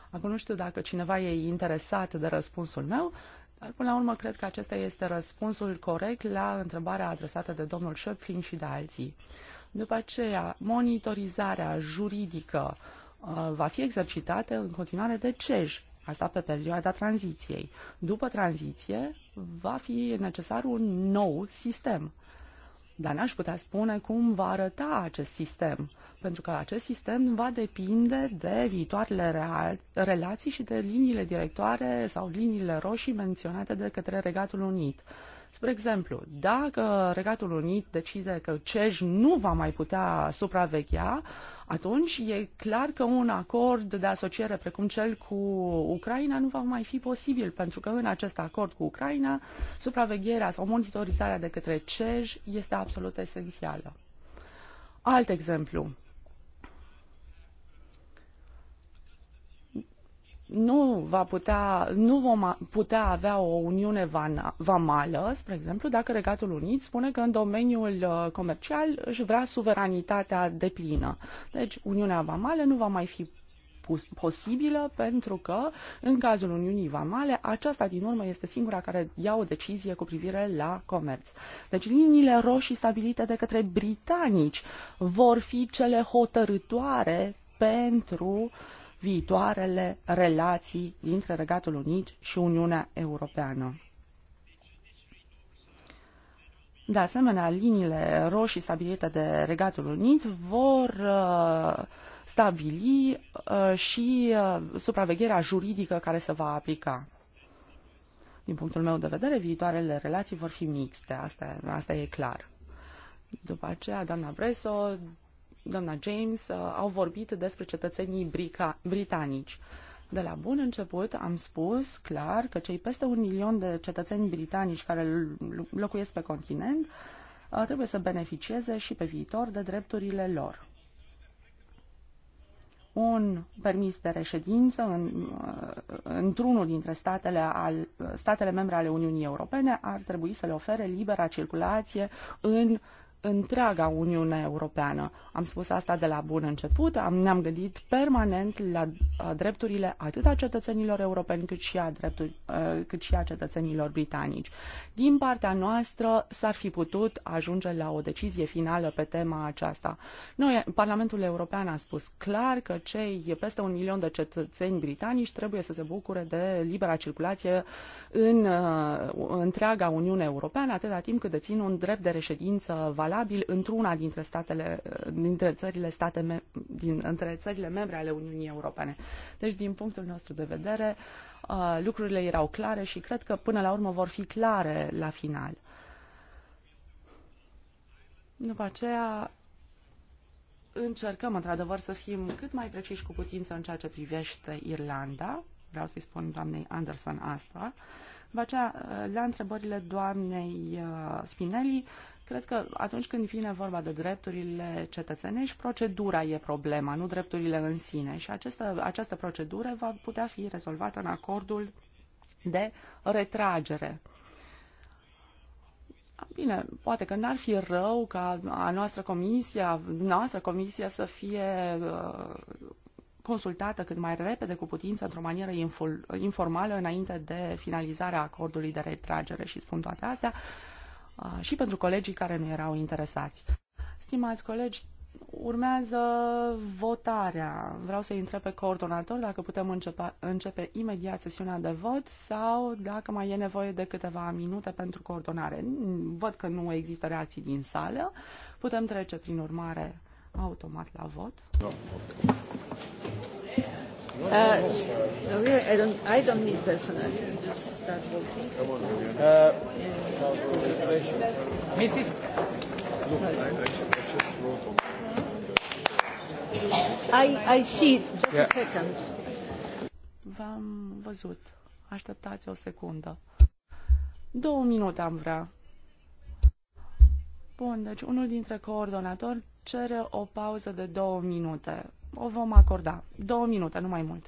Acum nu știu dacă cineva e interesat de răspunsul meu, dar până la urmă cred că acesta este răspunsul corect la întrebarea adresată de domnul Schöpflin și de alții. După aceea, monitorizarea juridică uh, Uh, va fi exercitată în continuare de CEJ, asta pe perioada tranziției. După tranziție va fi necesar un nou sistem. Dar n-aș putea spune cum va arăta acest sistem, pentru că acest sistem va depinde de viitoarele relații și de liniile directoare sau liniile roșii menționate de către Regatul Unit. Spre exemplu, dacă Regatul Unit decide că CEJ nu va mai putea supraveghea, atunci e clar că un acord de asociere precum cel cu Ucraina nu va mai fi posibil, pentru că în acest acord cu Ucraina, supravegherea sau monitorizarea de către CEJ este absolut esențială. Alt exemplu. nu, va putea, nu vom putea avea o uniune vamală, spre exemplu, dacă Regatul Unit spune că în domeniul uh, comercial își vrea suveranitatea deplină. Deci, uniunea vamală nu va mai fi posibilă pentru că, în cazul Uniunii Vamale, aceasta din urmă este singura care ia o decizie cu privire la comerț. Deci liniile roșii stabilite de către britanici vor fi cele hotărătoare pentru uh, viitoarele relații dintre Regatul Unit și Uniunea Europeană. De asemenea, liniile roșii stabilite de Regatul Unit vor uh, stabili uh, și uh, supravegherea juridică care se va aplica. Din punctul meu de vedere, viitoarele relații vor fi mixte, asta, asta e clar. După aceea, doamna Breso doamna James uh, au vorbit despre cetățenii britanici. De la bun început am spus clar că cei peste un milion de cetățeni britanici care locuiesc pe continent uh, trebuie să beneficieze și pe viitor de drepturile lor. Un permis de reședință în, uh, într-unul dintre statele, al, statele membre ale Uniunii Europene ar trebui să le ofere libera circulație în întreaga Uniune Europeană. Am spus asta de la bun început, am, ne-am gândit permanent la a, uh, drepturile atât a cetățenilor europeni cât și a, dreptul, a, uh, cât și a cetățenilor britanici. Din partea noastră s-ar fi putut ajunge la o decizie finală pe tema aceasta. Noi, Parlamentul European a spus clar că cei peste un milion de cetățeni britanici trebuie să se bucure de libera circulație în a, uh, întreaga Uniune Europeană atâta timp cât dețin un drept de reședință valabil valabil într-una dintre statele, dintre țările, state me, din, între țările membre ale Uniunii Europene. Deci, din punctul nostru de vedere, uh, lucrurile erau clare și cred că până la urmă vor fi clare la final. După aceea, încercăm într-adevăr să fim cât mai preciși cu putință în ceea ce privește Irlanda. Vreau să-i spun doamnei Anderson asta. După aceea, uh, la întrebările doamnei uh, Spinelli, Cred că atunci când vine vorba de drepturile cetățenești, procedura e problema, nu drepturile în sine. Și această, această procedură va putea fi rezolvată în acordul de retragere. Bine, poate că n-ar fi rău ca a noastră comisia, noastră comisia să fie uh, consultată cât mai repede cu putință într-o manieră informală înainte de finalizarea acordului de retragere și spun toate astea și pentru colegii care nu erau interesați. Stimați colegi, urmează votarea. Vreau să întreb pe coordonator dacă putem începe, începe imediat sesiunea de vot sau dacă mai e nevoie de câteva minute pentru coordonare. Văd că nu există reacții din sală. Putem trece, prin urmare, automat la vot. No. Da, Uh, no, really, I don't. I don't need personal. You just start voting. uh, Mrs. I, I I, I see it. Just yeah. a second. V-am văzut. Așteptați o secundă. Două minute am vrea. Bun, deci unul dintre coordonatori cere o pauză de două minute o vom acorda. Două minute, nu mai mult.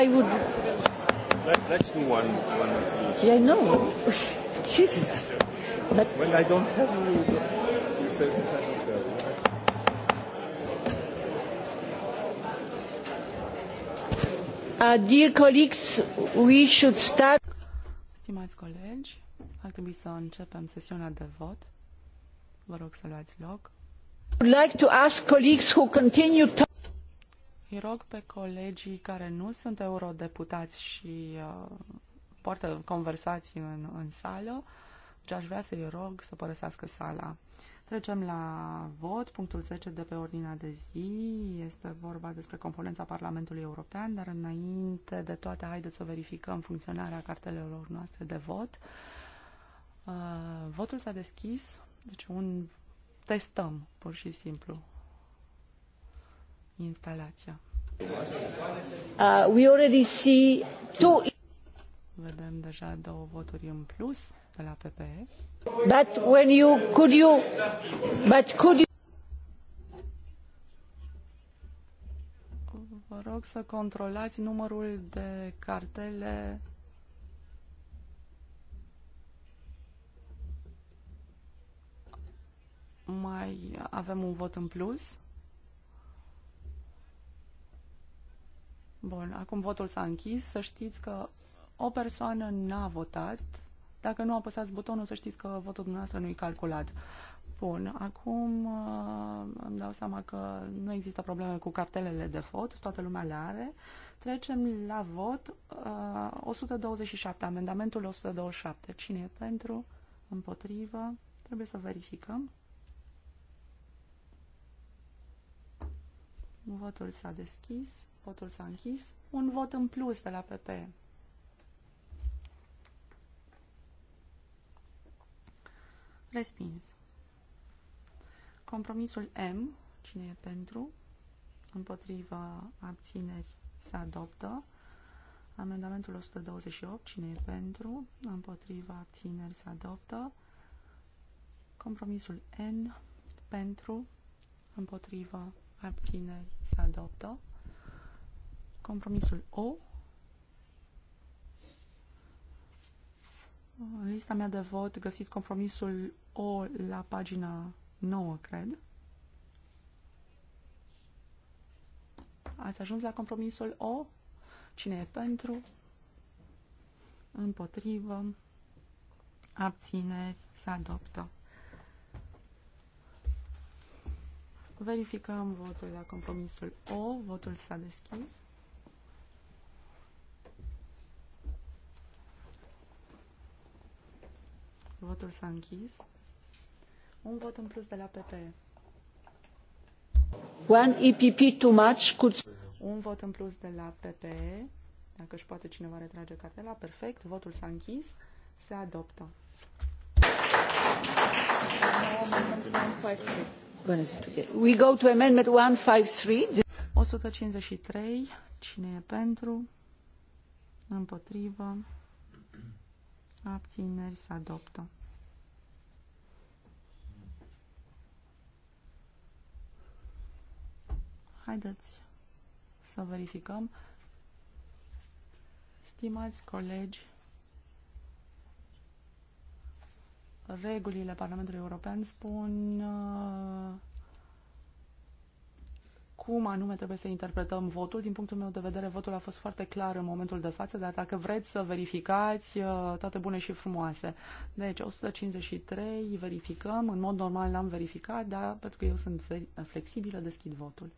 I would. Let, let's do one. one please. yeah, I know. Jesus. But Well, I don't have you, you say. Uh, dear colleagues, we should start. Stimați colegi, ar trebui să începem sesiunea de vot. Vă rog să luați loc. I would like to ask colleagues who continue îi rog pe colegii care nu sunt eurodeputați și uh, poartă conversații în, în sală, ce deci aș vrea să-i rog să părăsească sala. Trecem la vot. Punctul 10 de pe ordinea de zi este vorba despre componența Parlamentului European, dar înainte de toate, haideți să verificăm funcționarea cartelelor noastre de vot. Uh, votul s-a deschis, deci un testăm pur și simplu instalația. Uh, we already see two... Vedem deja două voturi în plus de la PPE. But when you could you but could you Vă rog să controlați numărul de cartele mai avem un vot în plus. Bun, acum votul s-a închis. Să știți că o persoană n-a votat. Dacă nu apăsați butonul, să știți că votul dumneavoastră nu e calculat. Bun, acum uh, îmi dau seama că nu există probleme cu cartelele de vot, toată lumea le are. Trecem la vot 127, uh, amendamentul 127. Cine e pentru? Împotrivă? Trebuie să verificăm. Votul s-a deschis. Votul s-a închis. Un vot în plus de la PP. Respins. Compromisul M, cine e pentru, împotriva abțineri, se adoptă. Amendamentul 128, cine e pentru, împotriva abțineri, se adoptă. Compromisul N, pentru, împotriva abțineri, se adoptă. Compromisul O. În lista mea de vot găsiți compromisul O la pagina 9, cred. Ați ajuns la compromisul O? Cine e pentru? Împotrivă? Abțineri? Se adoptă. Verificăm votul la compromisul O. Votul s-a deschis. Votul s-a închis. Un vot în plus de la PPE. One EPP too much. Could... Un vot în plus de la PPE. Dacă își poate cineva retrage cartela, perfect. Votul s-a închis. Se adoptă. We go to amendment 153. 153. Cine e pentru? Împotrivă abțineri să adoptă. Haideți să verificăm. Stimați colegi, regulile Parlamentului European spun uh, cum anume trebuie să interpretăm votul. Din punctul meu de vedere, votul a fost foarte clar în momentul de față, dar dacă vreți să verificați, uh, toate bune și frumoase. Deci, 153 verificăm, în mod normal l-am verificat, dar pentru că eu sunt flexibilă, deschid votul.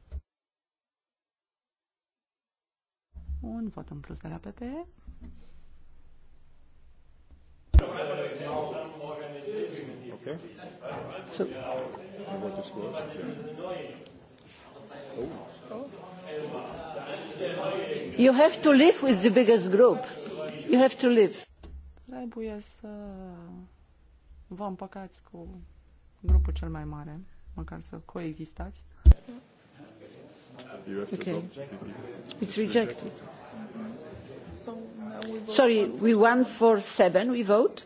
Un vot în plus de la PP. Okay. So, You have to live with the biggest group. You have to live. Trebuie să vă împăcați cu grupul cel mai mare, măcar să coexistați. Okay. It's rejected. Sorry, we won for seven, we vote.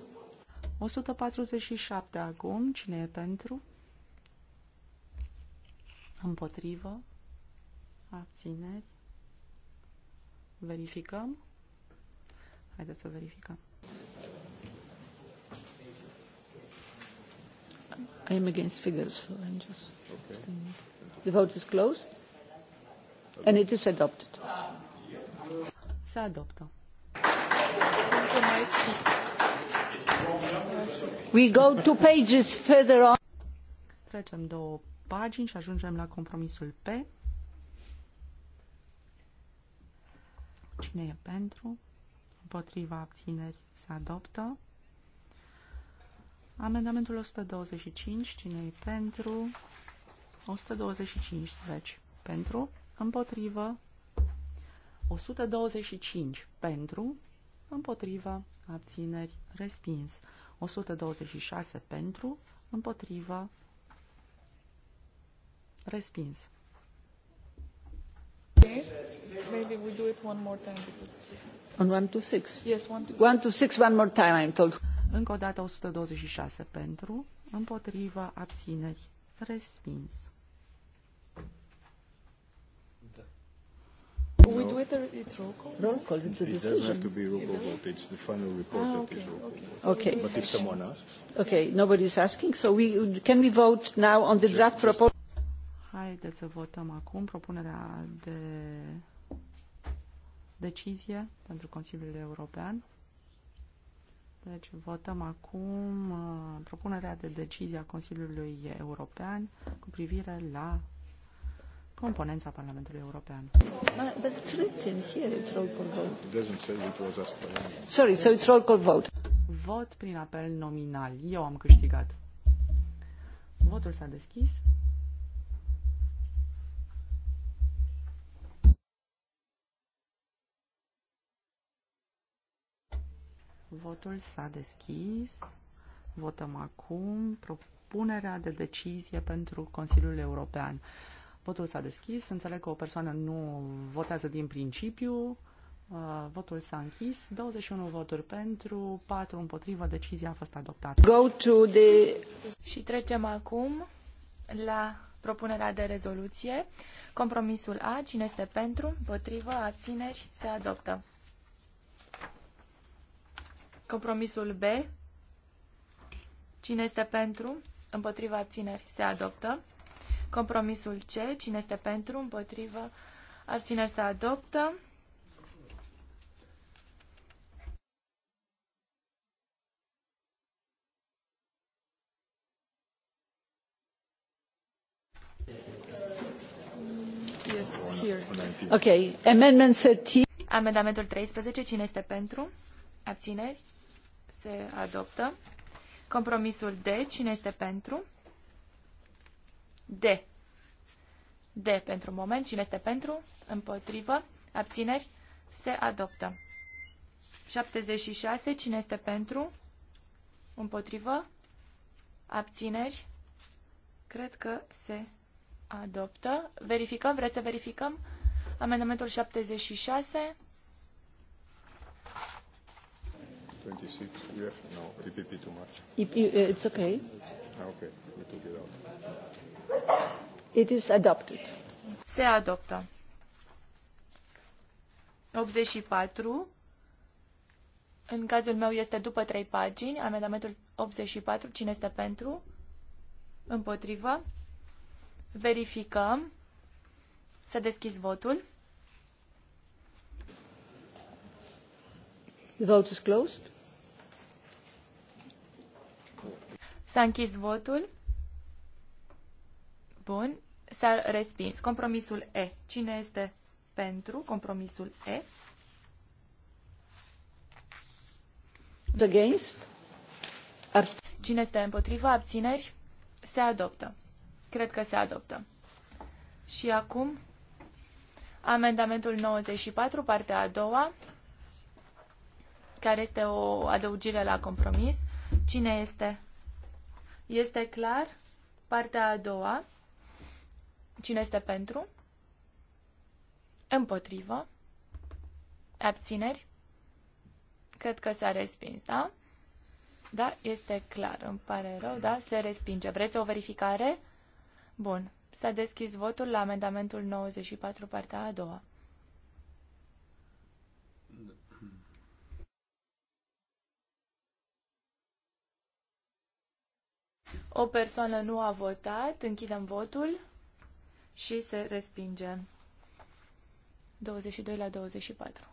147 acum, cine e pentru? Împotrivă? abțineri. Verificăm. Haideți să verificăm. I am against figures, so I'm just... Okay. The vote is closed and it is adopted. Se adoptă. We go two pages further on. Trecem două pagini și ajungem la compromisul P. Cine e pentru? Împotriva abțineri se adoptă. Amendamentul 125. Cine e pentru? 125. Deci, pentru, împotrivă, 125 pentru, împotrivă, abțineri, respins. 126 pentru, împotrivă, respins. Okay maybe we do it one more time because... On six. Yes, to six. one more time, I'm told. Încă o dată 126 pentru, împotriva, abțineri, respins. We do it, it's roll call? Roll call, it's a decision. It doesn't have to be roll call vote, it's the final report ah, okay, that is roll call okay. okay. But if someone asks. Okay, nobody is asking, so we, can we vote now on the just, draft proposal? Haideți să votăm acum propunerea de decizie pentru Consiliul European. Deci votăm acum uh, propunerea de decizie a Consiliului European cu privire la componența Parlamentului European. Sorry, so it's roll call vote. Vot prin apel nominal. Eu am câștigat. Votul s-a deschis. Votul s-a deschis. Votăm acum propunerea de decizie pentru Consiliul European. Votul s-a deschis. Înțeleg că o persoană nu votează din principiu. Uh, votul s-a închis. 21 voturi pentru, 4 împotrivă. Decizia a fost adoptată. Go to the... Și trecem acum la propunerea de rezoluție. Compromisul A. Cine este pentru? Împotrivă? Abțineri? Se adoptă. Compromisul B. Cine este pentru? Împotriva abțineri se adoptă. Compromisul C. Cine este pentru? Împotriva abțineri se adoptă. Okay. Amendamentul 13. Cine este pentru? Abțineri? se adoptă. Compromisul D, cine este pentru? D. D pentru moment, cine este pentru? Împotrivă, abțineri, se adoptă. 76, cine este pentru? Împotrivă, abțineri, cred că se adoptă. Verificăm, vreți să verificăm? Amendamentul 76. 26, you have, no, EPP too much. If uh, it's okay. Ah, okay, we took it out. It is adopted. Se adoptă. 84. În cazul meu este după trei pagini. Amendamentul 84. Cine este pentru? Împotrivă. Verificăm. Să deschizi votul. The vote is closed. S-a închis votul. Bun. S-a respins. Compromisul E. Cine este pentru compromisul E? Against. Cine este împotriva abțineri? Se adoptă. Cred că se adoptă. Și acum, amendamentul 94, partea a doua, care este o adăugire la compromis. Cine este este clar? Partea a doua. Cine este pentru? Împotrivă. Abțineri? Cred că s-a respins, da? Da, este clar. Îmi pare rău, da? Se respinge. Vreți o verificare? Bun. S-a deschis votul la amendamentul 94, partea a doua. O persoană nu a votat, închidem votul și se respinge. 22 la 24.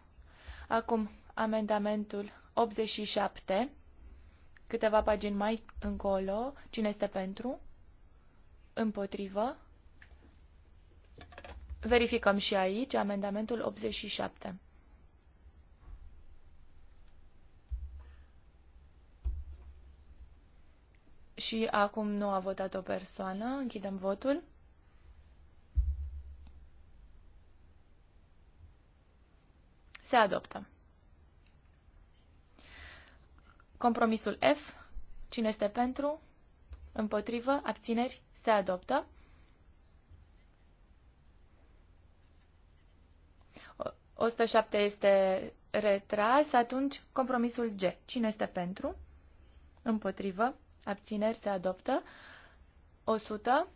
Acum, amendamentul 87, câteva pagini mai încolo. Cine este pentru? Împotrivă? Verificăm și aici amendamentul 87. și acum nu a votat o persoană. Închidem votul. Se adoptă. Compromisul F. Cine este pentru? Împotrivă? Abțineri? Se adoptă. O, 107 este retras, atunci compromisul G. Cine este pentru? Împotrivă? abțineri se adoptă. 100,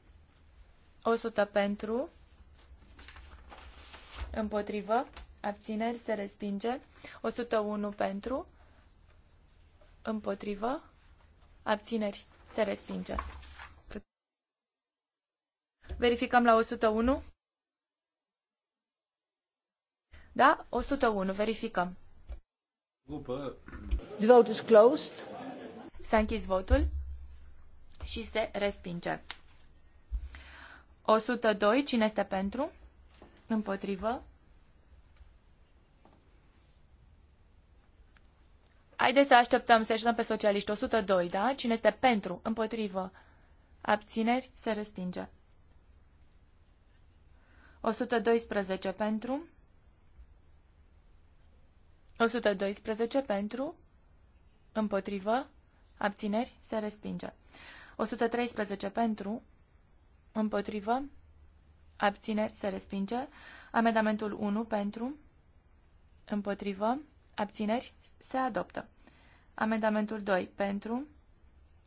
100 pentru, împotrivă, abțineri se respinge. 101 pentru, împotrivă, abțineri se respinge. Verificăm la 101. Da? 101. Verificăm. După... The vote is closed. S-a închis votul și se respinge. 102. Cine este pentru? Împotrivă. Haideți să așteptăm să așteptăm pe socialiști. 102, da? Cine este pentru? Împotrivă. Abțineri? Se respinge. 112 pentru. 112 pentru. Împotrivă. Abțineri? Se respinge. 113 pentru. Împotrivă? Abțineri? Se respinge. Amendamentul 1 pentru. Împotrivă? Abțineri? Se adoptă. Amendamentul 2 pentru.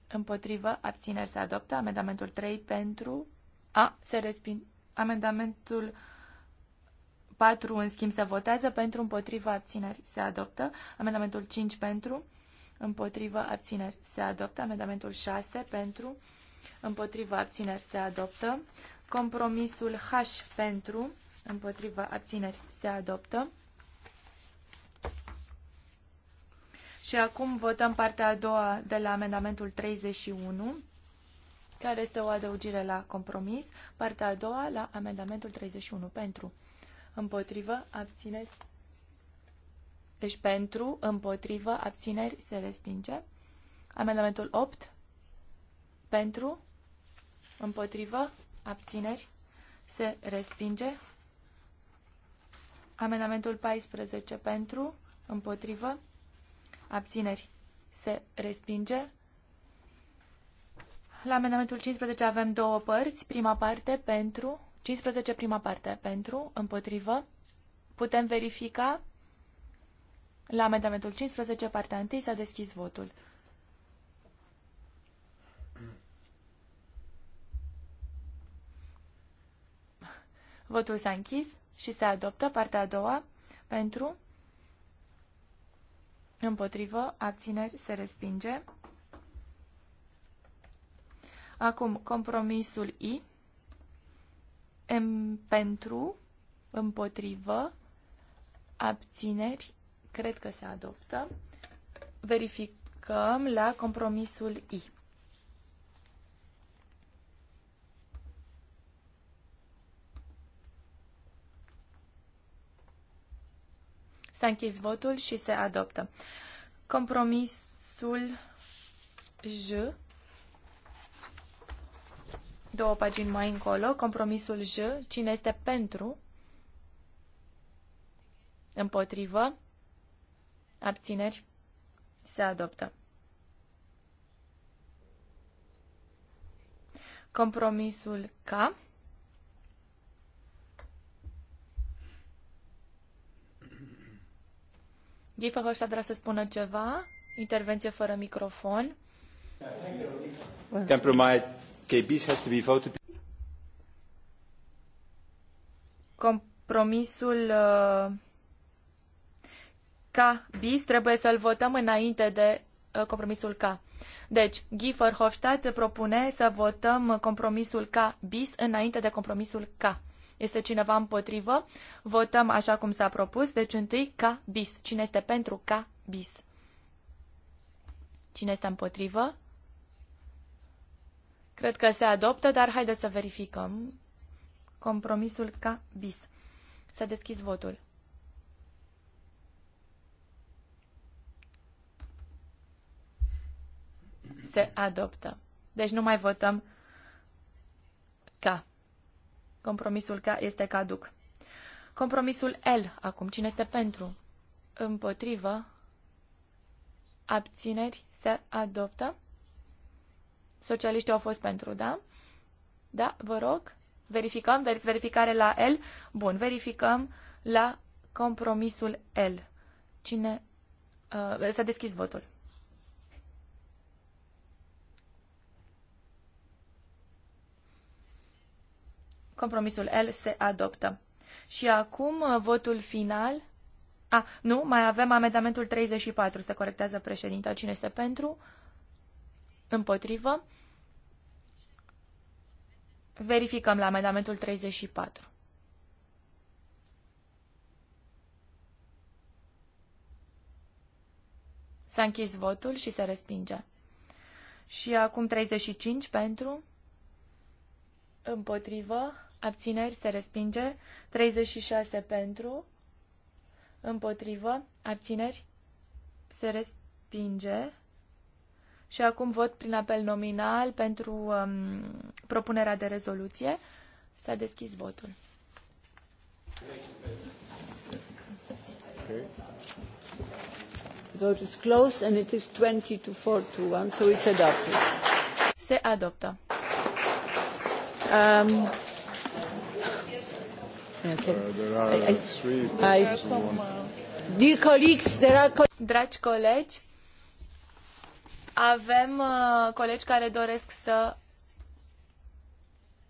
Împotrivă? Abțineri? Se adoptă. Amendamentul 3 pentru. A. Se respinge. Amendamentul 4 în schimb se votează pentru împotrivă, abțineri se adoptă. Amendamentul 5 pentru împotrivă, abțineri, se adoptă. Amendamentul 6 pentru, împotrivă, abțineri, se adoptă. Compromisul H pentru, împotrivă, abțineri, se adoptă. Și acum votăm partea a doua de la amendamentul 31, care este o adăugire la compromis. Partea a doua la amendamentul 31 pentru, împotrivă, abțineri, deci pentru, împotrivă, abțineri se respinge. Amendamentul 8. Pentru, împotrivă, abțineri se respinge. Amendamentul 14 pentru, împotrivă, abțineri se respinge. La amendamentul 15 avem două părți. Prima parte pentru, 15 prima parte pentru, împotrivă. Putem verifica la amendamentul 15, partea 1, s-a deschis votul. Votul s-a închis și se adoptă partea a doua pentru, împotrivă, abțineri, se respinge. Acum, compromisul I, M pentru, împotrivă, abțineri, Cred că se adoptă. Verificăm la compromisul I. S-a închis votul și se adoptă. Compromisul J, două pagini mai încolo, compromisul J, cine este pentru, împotrivă, Abțineri? Se adoptă. Compromisul K. Guy Făhășa vrea să spună ceva? Intervenție fără microfon. Compromisul uh, K bis trebuie să-l votăm înainte de uh, compromisul K. Deci, Guy Hofstadt propune să votăm compromisul K bis înainte de compromisul K. Este cineva împotrivă? Votăm așa cum s-a propus, deci întâi K bis. Cine este pentru K bis? Cine este împotrivă? Cred că se adoptă, dar haideți să verificăm. Compromisul K bis. S-a deschis votul. se adoptă. Deci nu mai votăm ca. Compromisul ca este caduc. Compromisul L. Acum, cine este pentru? Împotrivă. Abțineri se adoptă. Socialiștii au fost pentru, da? Da, vă rog. Verificăm, verificare la L. Bun, verificăm la compromisul L. Cine... Uh, s-a deschis votul. Compromisul L se adoptă. Și acum uh, votul final. A, nu, mai avem amendamentul 34. Se corectează președinta. Cine este pentru? Împotrivă. Verificăm la amendamentul 34. S-a închis votul și se respinge. Și acum 35 pentru, împotrivă, abțineri se respinge, 36 pentru, împotrivă, abțineri se respinge. Și acum vot prin apel nominal pentru um, propunerea de rezoluție. S-a deschis votul. Okay. The vote is closed and it is 20 to 4 to 1, so it's adopted. Se adoptă. Um, Dragi colegi, avem uh, colegi care doresc să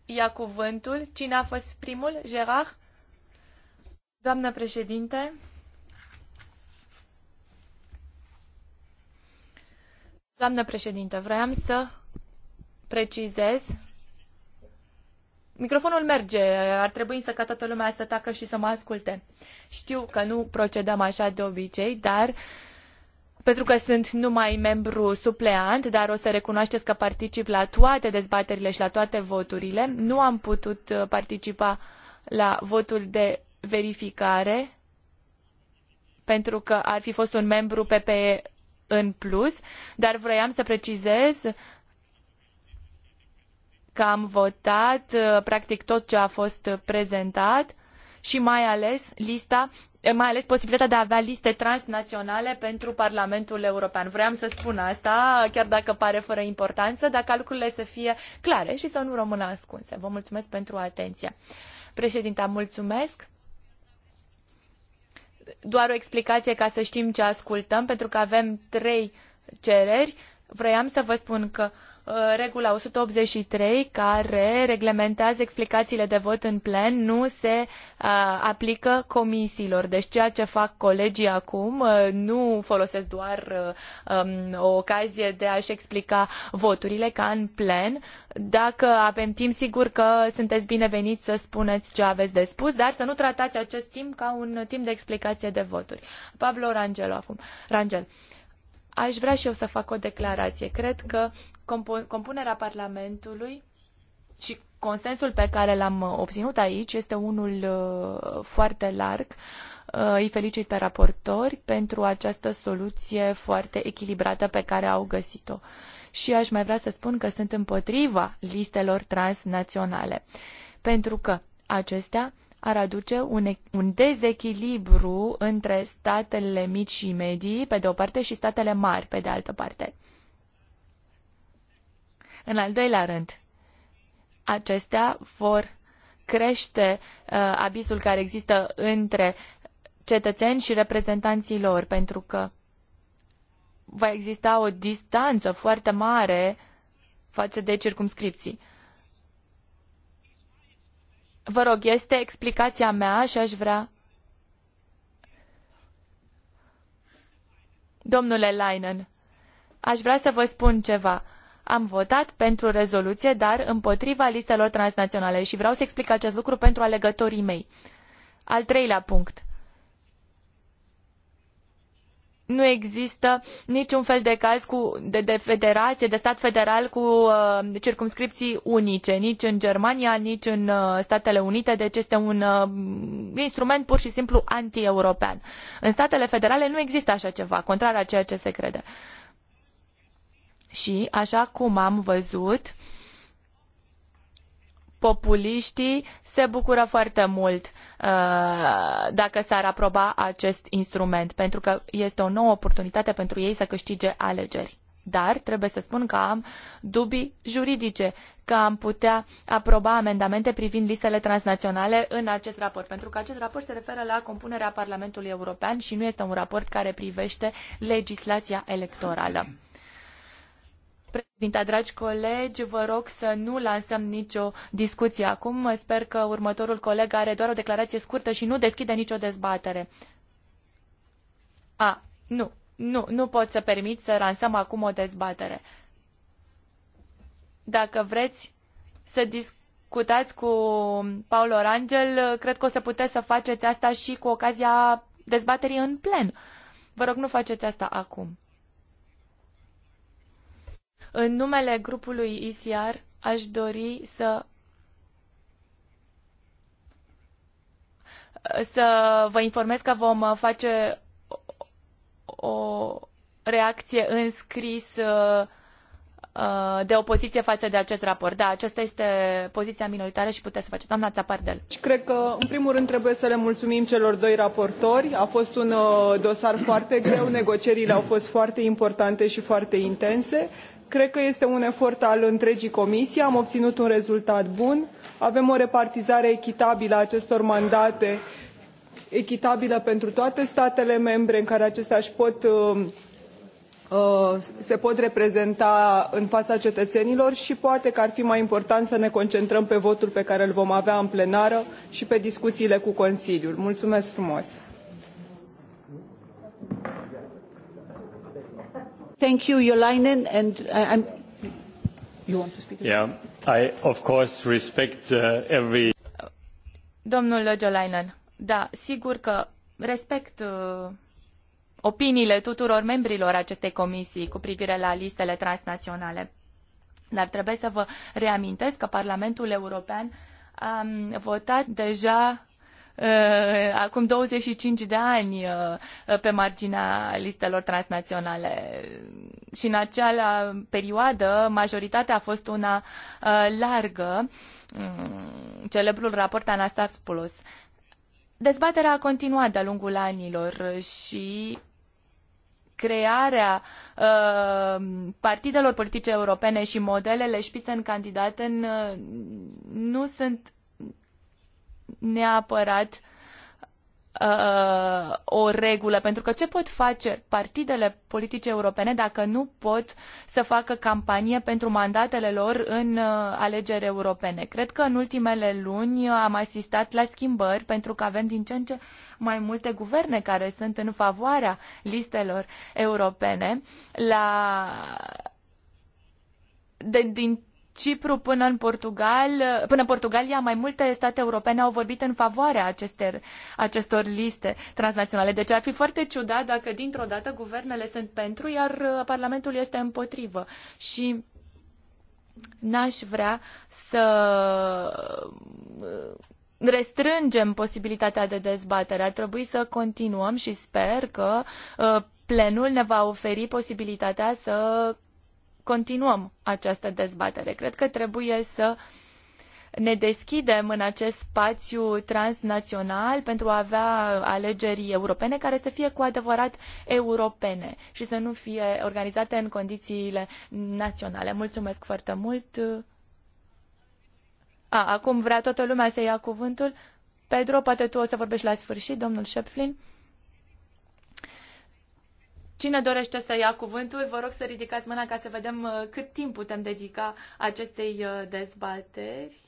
ia cuvântul. Cine a fost primul? Gerard? Doamnă președinte, Doamnă președinte, Vreau să precizez Microfonul merge, ar trebui să ca toată lumea să tacă și să mă asculte. Știu că nu procedăm așa de obicei, dar pentru că sunt numai membru supleant, dar o să recunoașteți că particip la toate dezbaterile și la toate voturile. Nu am putut uh, participa la votul de verificare pentru că ar fi fost un membru PPE în plus, dar vroiam să precizez că am votat uh, practic tot ce a fost prezentat și mai ales lista eh, mai ales posibilitatea de a avea liste transnaționale pentru Parlamentul European. Vreau să spun asta, chiar dacă pare fără importanță, dar ca lucrurile să fie clare și să nu rămână ascunse. Vă mulțumesc pentru atenție. Președinta, mulțumesc. Doar o explicație ca să știm ce ascultăm, pentru că avem trei cereri. Vreau să vă spun că Uh, regula 183 care reglementează explicațiile de vot în plen nu se uh, aplică comisiilor. Deci ceea ce fac colegii acum uh, nu folosesc doar um, o ocazie de a-și explica voturile ca în plen. Dacă avem timp, sigur că sunteți bineveniți să spuneți ce aveți de spus, dar să nu tratați acest timp ca un timp de explicație de voturi. Pablo Rangel acum. Rangel aș vrea și eu să fac o declarație. Cred că compunerea Parlamentului și consensul pe care l-am uh, obținut aici este unul uh, foarte larg. Uh, îi felicit pe raportori pentru această soluție foarte echilibrată pe care au găsit-o. Și aș mai vrea să spun că sunt împotriva listelor transnaționale, pentru că acestea ar aduce un, un dezechilibru între statele mici și medii, pe de o parte, și statele mari, pe de altă parte. În al doilea rând, acestea vor crește uh, abisul care există între cetățeni și reprezentanții lor, pentru că va exista o distanță foarte mare față de circumscripții. Vă rog, este explicația mea și aș vrea. Domnule Leinen, aș vrea să vă spun ceva am votat pentru rezoluție, dar împotriva listelor transnaționale și vreau să explic acest lucru pentru alegătorii mei. Al treilea punct. Nu există niciun fel de caz cu, de, de federație, de stat federal cu uh, circumscripții unice, nici în Germania, nici în uh, Statele Unite, deci este un uh, instrument pur și simplu anti-european. În statele federale nu există așa ceva, contrar a ceea ce se crede. Uh, și, așa cum am văzut, populiștii se bucură foarte mult uh, dacă s-ar aproba acest instrument, pentru că este o nouă oportunitate pentru ei să câștige alegeri. Dar trebuie să spun că am dubii juridice că am putea aproba amendamente privind listele transnaționale în acest raport, pentru că acest raport se referă la compunerea Parlamentului European și nu este un raport care privește legislația electorală. Președinta, dragi colegi, vă rog să nu lansăm nicio discuție acum. Sper că următorul coleg are doar o declarație scurtă și nu deschide nicio dezbatere. A, nu, nu, nu pot să permit să lansăm acum o dezbatere. Dacă vreți să discutați cu Paul Orangel, cred că o să puteți să faceți asta și cu ocazia dezbaterii în plen. Vă rog, nu faceți asta acum. În numele grupului ICR aș dori să să vă informez că vom face o reacție în scris uh, uh, de opoziție față de acest raport. Da, aceasta este poziția minoritară și puteți să faceți. Doamna Țapardel. Cred că, în primul rând, trebuie să le mulțumim celor doi raportori. A fost un uh, dosar foarte greu, negocierile au fost foarte importante și foarte intense Cred că este un efort al întregii comisii, am obținut un rezultat bun, avem o repartizare echitabilă a acestor mandate, echitabilă pentru toate statele membre în care acestea își pot uh, uh, se pot reprezenta în fața cetățenilor și poate că ar fi mai important să ne concentrăm pe votul pe care îl vom avea în plenară și pe discuțiile cu Consiliul. Mulțumesc frumos! Thank you, Jolainen, and I'm... You want to speak? Yeah, I of course respect uh, every... Domnul Jolainen, da, sigur că respect uh, opiniile tuturor membrilor acestei comisii cu privire la listele transnaționale. Dar trebuie să vă reamintesc că Parlamentul European a votat deja Uh, acum 25 de ani uh, pe marginea listelor transnaționale. Și în acea perioadă majoritatea a fost una uh, largă, mm, celebrul raport Anastasiopoulos. Dezbaterea a continuat de-a lungul anilor și crearea uh, partidelor politice europene și modelele Spitzenkandidaten uh, nu sunt neapărat uh, o regulă, pentru că ce pot face partidele politice europene dacă nu pot să facă campanie pentru mandatele lor în uh, alegeri europene? Cred că în ultimele luni am asistat la schimbări, pentru că avem din ce în ce mai multe guverne care sunt în favoarea listelor europene, la de, din Cipru până în Portugal, până în Portugalia, mai multe state europene au vorbit în favoarea acestor liste transnaționale. Deci ar fi foarte ciudat dacă dintr-o dată guvernele sunt pentru, iar uh, Parlamentul este împotrivă. Și n-aș vrea să uh, restrângem posibilitatea de dezbatere. Ar trebui să continuăm și sper că uh, plenul ne va oferi posibilitatea să continuăm această dezbatere. Cred că trebuie să ne deschidem în acest spațiu transnațional pentru a avea alegeri europene care să fie cu adevărat europene și să nu fie organizate în condițiile naționale. Mulțumesc foarte mult. A, acum vrea toată lumea să ia cuvântul. Pedro, poate tu o să vorbești la sfârșit, domnul Șepflin. Cine dorește să ia cuvântul, vă rog să ridicați mâna ca să vedem uh, cât timp putem dedica acestei uh, dezbateri.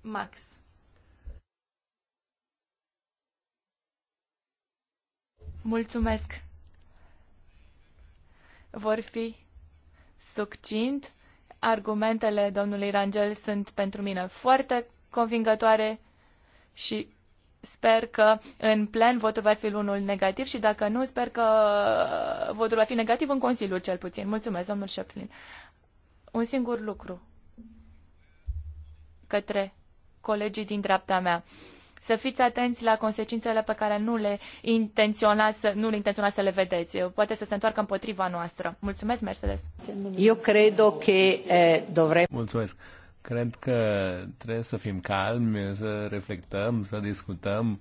Max. Mulțumesc. Vor fi succint. Argumentele domnului Rangel sunt pentru mine foarte convingătoare și Sper că în plen votul va fi unul negativ și dacă nu, sper că votul va fi negativ în Consiliu cel puțin. Mulțumesc, domnul Șeplin. Un singur lucru către colegii din dreapta mea. Să fiți atenți la consecințele pe care nu le intenționați să, nu le intenționați să le vedeți. Poate să se întoarcă împotriva noastră. Mulțumesc, Mercedes. Eu cred că eh, Mulțumesc. Cred că trebuie să fim calmi, să reflectăm, să discutăm.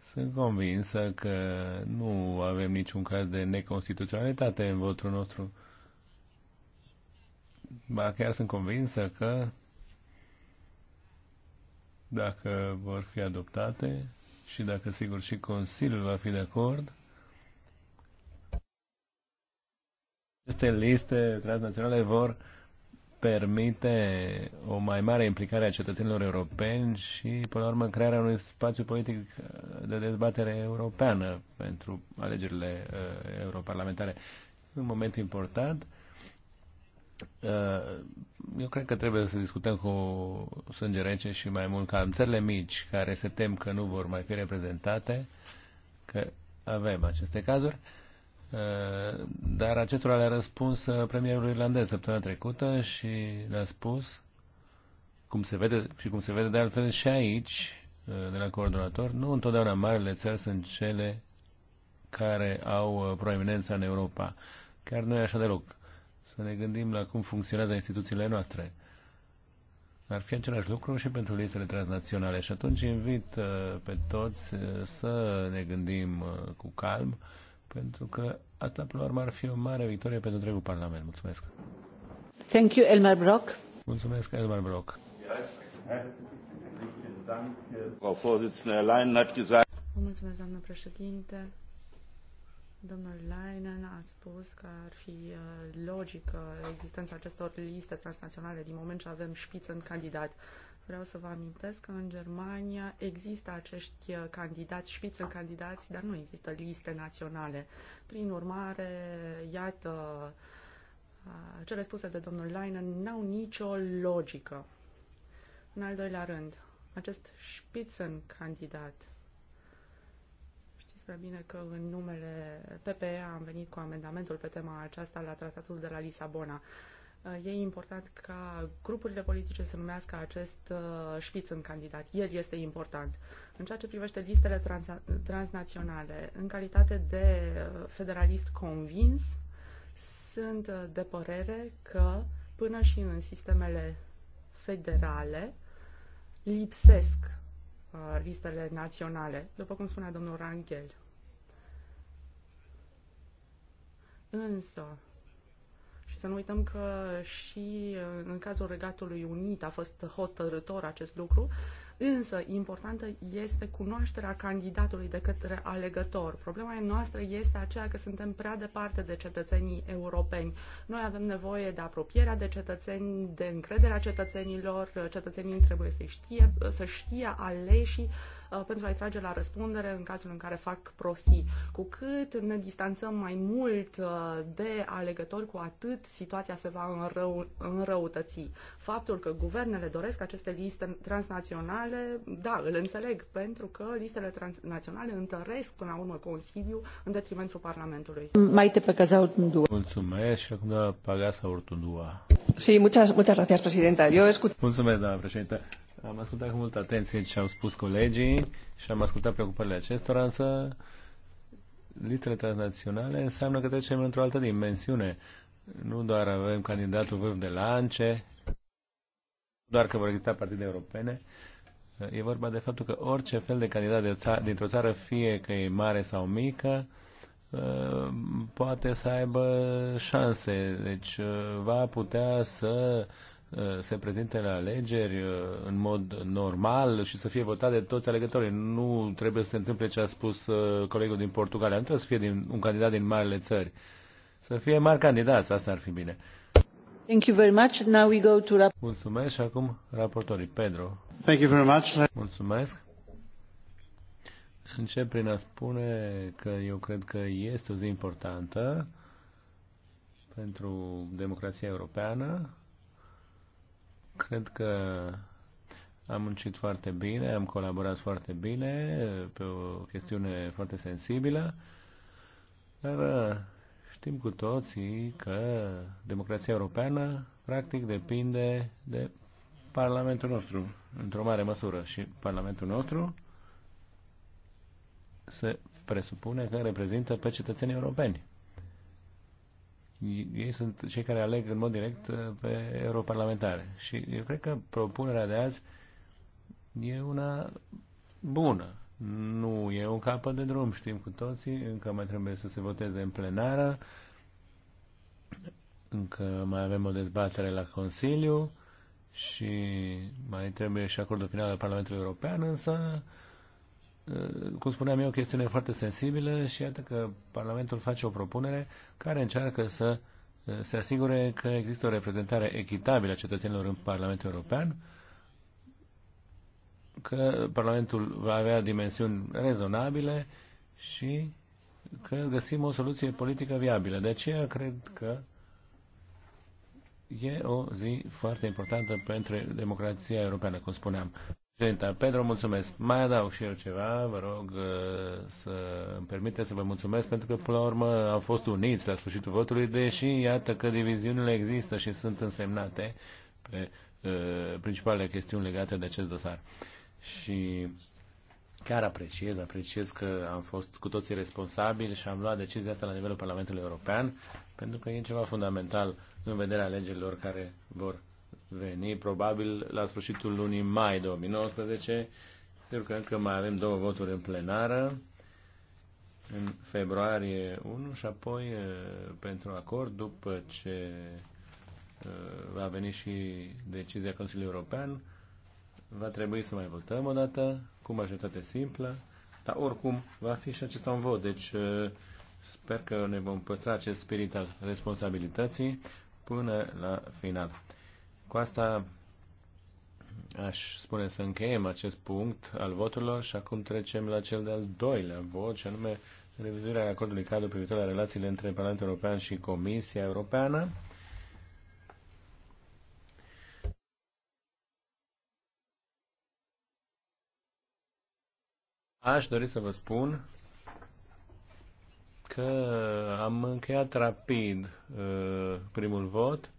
Sunt convinsă că nu avem niciun caz de neconstituționalitate în votul nostru. Ba chiar sunt convinsă că dacă vor fi adoptate și dacă sigur și Consiliul va fi de acord, aceste liste transnaționale vor permite o mai mare implicare a cetățenilor europeni și, până la urmă, crearea unui spațiu politic de dezbatere europeană pentru alegerile uh, europarlamentare. Un moment important. Uh, eu cred că trebuie să discutăm cu sânge rece și mai mult calm. Țările mici, care se tem că nu vor mai fi reprezentate, că avem aceste cazuri, uh, Eh, dar acestora le-a răspuns eh, premierul irlandez săptămâna trecută și le-a spus, cum se vede și cum se vede de altfel și aici, eh, de la coordonator, nu întotdeauna marile țări sunt cele care au proeminența în Europa. Chiar nu e așa deloc. Să ne gândim la cum funcționează instituțiile noastre. Ar fi același lucru și pentru listele transnaționale. Și atunci invit pe toți să ne gândim cu calm pentru că asta, până la urmă, ar fi o mare victorie pentru întregul Parlament. Mulțumesc! Thank you, Elmar Brock. Mulțumesc, Elmar Brock. Frau Mulțumesc, doamnă președinte. Domnul Leinen a spus că ar fi uh, logică existența acestor liste transnaționale din moment ce avem în candidat vreau să vă amintesc că în Germania există acești uh, candidați, șpiță candidați, dar nu există liste naționale. Prin urmare, iată, uh, cele spuse de domnul Leinen n-au nicio logică. În al doilea rând, acest spitzen candidat. Știți prea bine că în numele PPE am venit cu amendamentul pe tema aceasta la tratatul de la Lisabona. Uh, Uh, e important ca grupurile politice să numească acest uh, șpiț în candidat. El este important. În ceea ce privește listele trans transnaționale, în calitate de uh, federalist convins, sunt de părere că până și în sistemele federale lipsesc listele naționale, după cum spunea domnul Rangel. Însă, să nu uităm că și uh, în cazul Regatului Unit a fost hotărător acest lucru, însă importantă este cunoașterea candidatului de către alegător. Problema noastră este aceea că suntem prea departe de cetățenii europeni. Noi avem nevoie de apropierea de cetățeni, de încrederea cetățenilor, cetățenii trebuie să știe, să știe aleșii Uh, pentru a-i trage la răspundere în cazul în care fac prostii. Cu cât ne distanțăm mai mult uh, de alegători, cu atât situația se va înrău- înrăutăți. Faptul că guvernele doresc aceste liste transnaționale, da, îl înțeleg, pentru că listele transnaționale întăresc până la urmă Consiliu în detrimentul Parlamentului. Mai te pe cazau Urtundua. Mulțumesc și acum da, Pagasa Urtundua. Sí, muchas, muchas gracias, presidenta. Yo escucho... Mulțumesc, doamna președinte. Am ascultat cu multă atenție ce au spus colegii și am ascultat preocupările acestora, însă litere transnaționale înseamnă că trecem într-o altă dimensiune. Nu doar avem candidatul vârf de lance, doar că vor exista partide europene, e vorba de faptul că orice fel de candidat dintr-o țară, fie că e mare sau mică, poate să aibă șanse, deci va putea să Uh, se prezinte la alegeri uh, în mod normal și să fie votat de toți alegătorii. Nu trebuie să se întâmple ce a spus uh, colegul din Portugalia. Nu trebuie să fie din, un candidat din marile țări. Să fie mari candidați, asta ar fi bine. Thank you very much. Now we go to Mulțumesc și acum raportorii. Pedro. Thank you very much. Mulțumesc. Încep prin a spune că eu cred că este o zi importantă pentru democrația europeană Cred că am muncit foarte bine, am colaborat foarte bine pe o chestiune foarte sensibilă, dar uh, știm cu toții că democrația europeană practic depinde de Parlamentul nostru, într-o mare măsură. Și Parlamentul nostru se presupune că reprezintă pe cetățenii europeni ei sunt cei care aleg în mod direct uh, pe europarlamentare. Și eu cred că propunerea de azi e una bună. Nu e un capăt de drum, știm cu toții, încă mai trebuie să se voteze în plenară, încă mai avem o dezbatere la Consiliu și mai trebuie și acordul final al Parlamentului European, însă Uh, cum spuneam eu, o chestiune foarte sensibilă și iată că Parlamentul face o propunere care încearcă să uh, se asigure că există o reprezentare echitabilă a cetățenilor în Parlamentul European, că Parlamentul va avea dimensiuni rezonabile și că găsim o soluție politică viabilă. De aceea cred că e o zi foarte importantă pentru democrația europeană, cum spuneam. Președinta, Pedro, mulțumesc. Mai adaug și eu ceva, vă rog uh, să îmi permite să vă mulțumesc, pentru că, până la urmă, am fost uniți la sfârșitul votului, deși, iată că diviziunile există și sunt însemnate pe uh, principalele chestiuni legate de acest dosar. Și chiar apreciez, apreciez că am fost cu toții responsabili și am luat decizia asta la nivelul Parlamentului European, pentru că e ceva fundamental în vederea legilor care vor veni probabil la sfârșitul lunii mai 2019. Sigur că încă mai avem două voturi în plenară, în februarie 1 și apoi eh, pentru acord după ce eh, va veni și decizia Consiliului European, va trebui să mai votăm o dată cu majoritate simplă, dar oricum va fi și acesta un vot, deci eh, sper că ne vom păstra acest spirit al responsabilității până la final. Cu asta aș spune să încheiem acest punct al voturilor și acum trecem la cel de-al doilea vot, și anume revizuirea acordului cadru privitor la relațiile între Parlamentul European și Comisia Europeană. Aș dori să vă spun că am încheiat rapid uh, primul vot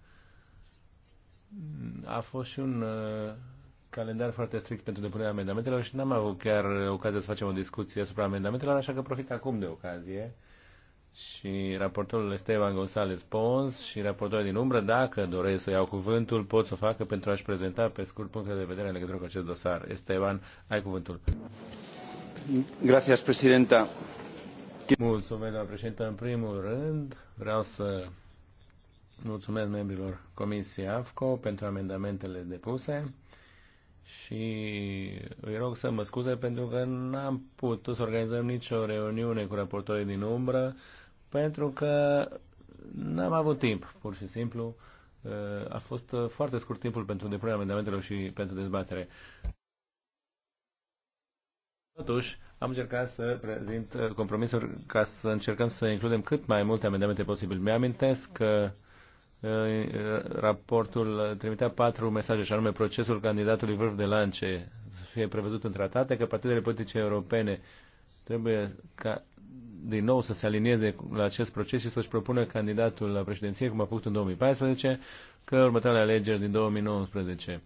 a fost și un uh, calendar foarte strict pentru depunerea amendamentelor și n-am avut chiar ocazia să facem o discuție asupra amendamentelor, așa că profit acum de ocazie și raportorul Esteban González Pons și raportorul din umbră, dacă doresc să iau cuvântul, pot să o facă pentru a-și prezenta pe scurt punctele de vedere în legătură cu acest dosar. Esteban, ai cuvântul. Gracias, presidenta. Mulțumesc, doamna președintă. În primul rând, vreau să Mulțumesc membrilor Comisiei AFCO pentru amendamentele depuse și îi rog să mă scuze pentru că n-am putut să organizăm nicio reuniune cu raportorii din umbră pentru că n-am avut timp, pur și simplu. Uh, a fost uh, foarte scurt timpul pentru depunerea amendamentelor și pentru dezbatere. Totuși, am încercat să prezint uh, compromisuri ca să încercăm să includem cât mai multe amendamente posibil. Mi-amintesc că Ă, raportul trimitea patru mesaje, și anume procesul candidatului vârf de lance să fie prevăzut în tratate, că partidele politice europene trebuie ca din nou să se alinieze la acest proces și să-și propună candidatul la președinție, cum a făcut în 2014, că următoarele alegeri din 2019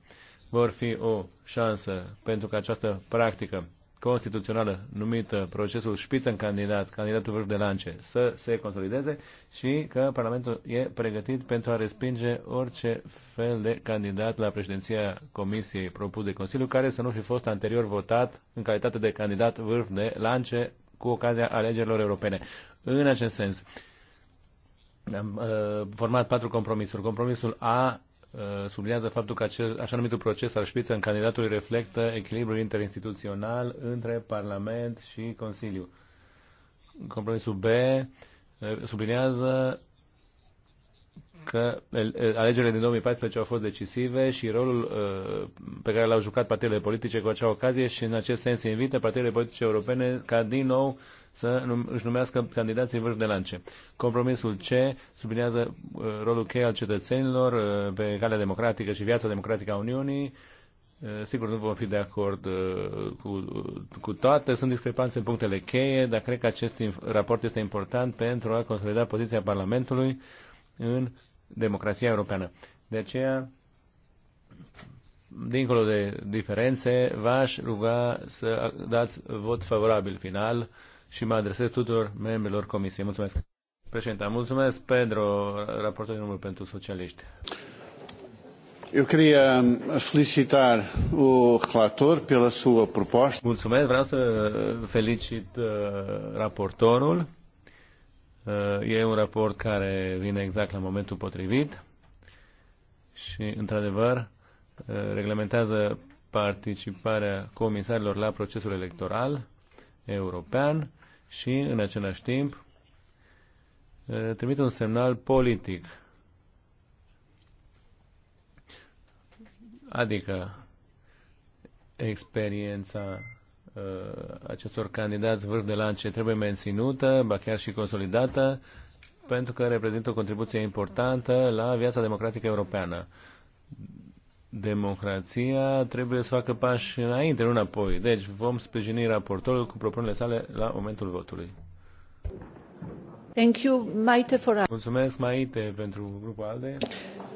vor fi o șansă pentru că această practică constituțională numită procesul în candidat, candidatul vârf de lance, să se consolideze și că Parlamentul e pregătit pentru a respinge orice fel de candidat la președinția Comisiei propus de Consiliu, care să nu fi fost anterior votat în calitate de candidat vârf de lance cu ocazia alegerilor europene. În acest sens, am uh, format patru compromisuri. Compromisul A Uh, subliniază faptul că acel așa numitul proces al șpiță candidatului reflectă echilibrul interinstituțional între Parlament și Consiliu. Compromisul B uh, subliniază că alegerile din 2014 au fost decisive și rolul uh, pe care l-au jucat partidele politice cu acea ocazie și în acest sens invită partidele politice europene ca din nou să își numească candidații vârf de lance. Compromisul C sublinează uh, rolul cheie al cetățenilor uh, pe calea democratică și viața democratică a Uniunii. Uh, sigur, nu vom fi de acord cu, cu toate, sunt discrepanțe în punctele cheie, dar cred că acest raport este important pentru a consolida poziția Parlamentului în democrația europeană. De aceea, dincolo de diferențe, v-aș ruga să dați vot favorabil final și mă adresez tuturor membrilor comisiei. Mulțumesc. Președinte, mulțumesc, Pedro, raportorul numărul pentru socialiști. Eu queria um, felicitar o relator pela sua proposta. Mulțumesc, vreau să felicit uh, raportorul. Uh, e un raport care vine exact la momentul potrivit și, într-adevăr, uh, reglementează participarea comisarilor la procesul electoral european și, în același timp, trimite un semnal politic. Adică experiența acestor candidați vârf de lance trebuie menținută, ba chiar și consolidată, pentru că reprezintă o contribuție importantă la viața democratică europeană democrația trebuie să facă pași înainte, nu înapoi. Deci vom sprijini raportorul cu propunerile sale la momentul votului. Thank you, Maite, for... Mulțumesc, Maite, pentru grupul ALDE.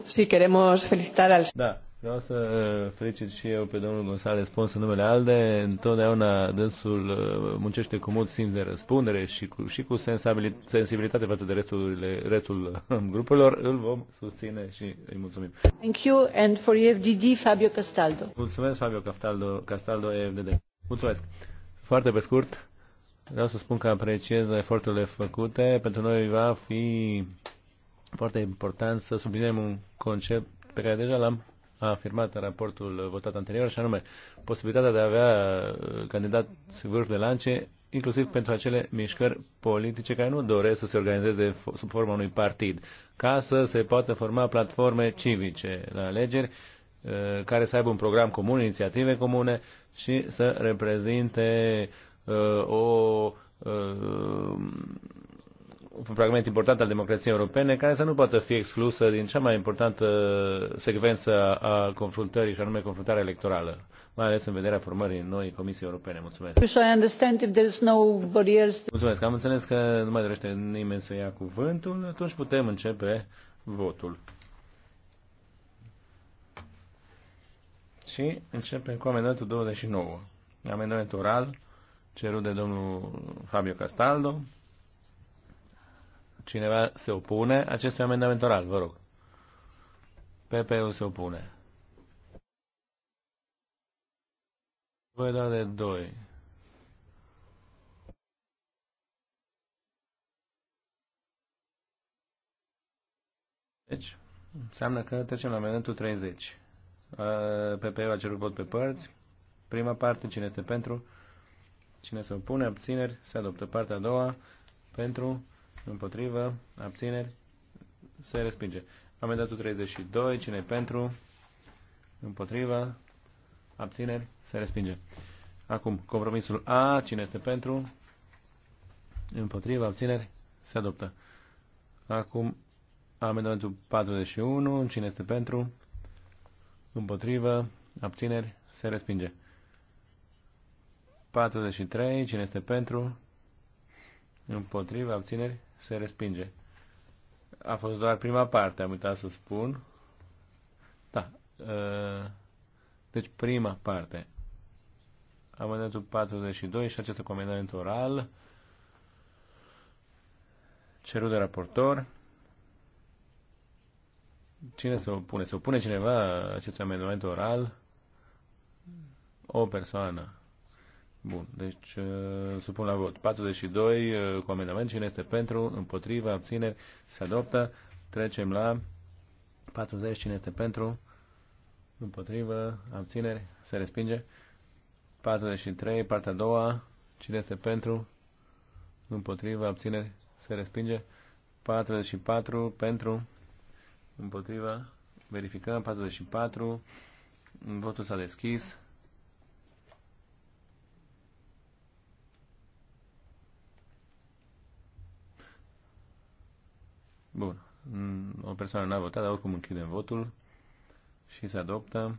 Si, queremos felicitar al... Da, Vreau să uh, felicit și eu pe domnul Gonzalez, Pons în numele ALDE. Întotdeauna dânsul uh, muncește cu mult simț de răspundere și cu, și cu sensibilitate față de restul, restul uh, grupurilor. Îl vom susține și îi mulțumim. Thank you and for EFDD, Fabio Castaldo. Mulțumesc, Fabio Castaldo, Castaldo EFDD. Mulțumesc. Foarte pe scurt, vreau să spun că apreciez eforturile făcute. Pentru noi va fi foarte important să subliniem un concept pe care deja l-am a afirmat în raportul votat anterior, și anume posibilitatea de a avea uh, candidați vârf de lance, inclusiv pentru acele mișcări politice care nu doresc să se organizeze sub forma unui partid, ca să se poată forma platforme civice la alegeri, uh, care să aibă un program comun, inițiative comune și să reprezinte uh, o un fragment important al democrației europene care să nu poată fi exclusă din cea mai importantă secvență a confruntării și anume confruntarea electorală, mai ales în vederea formării noi Comisii Europene. Mulțumesc. Mulțumesc. Am înțeles că nu mai dorește nimeni să ia cuvântul, atunci putem începe votul. Și începem cu amendamentul 29. Amendamentul oral cerut de domnul Fabio Castaldo. Cineva se opune acestui amendament oral, vă rog. PP-ul se opune. Voi da de 2. Deci, înseamnă că trecem la amendamentul 30. PP-ul a cerut vot pe părți. Prima parte, cine este pentru? Cine se opune? Abțineri? Se adoptă partea a doua. Pentru? Împotrivă. Abțineri. Se respinge. Amendatul 32. Cine pentru? Împotrivă. Abțineri. Se respinge. Acum, compromisul A. Cine este pentru? Împotrivă. Abțineri. Se adoptă. Acum, amendamentul 41. Cine este pentru? Împotrivă. Abțineri. Se respinge. 43. Cine este pentru? Împotriva abțineri se respinge. A fost doar prima parte, am uitat să spun. Da. Ă, deci prima parte. Amendamentul 42 și acest comandament oral cerut de raportor. Cine se opune? Se opune cineva acest amendament oral? O persoană. Bun, deci uh, supun la vot. 42 uh, cu amendament. Cine este pentru? Împotriva? Abțineri? Se adoptă. Trecem la 40. Cine este pentru? împotriva, Abțineri? Se respinge. 43, partea a doua. Cine este pentru? Împotriva? Abțineri? Se respinge. 44 pentru? Împotriva? Verificăm. 44. Votul s-a deschis. Bun. Mm, o persoană n-a votat, dar oricum închidem votul și se adoptă.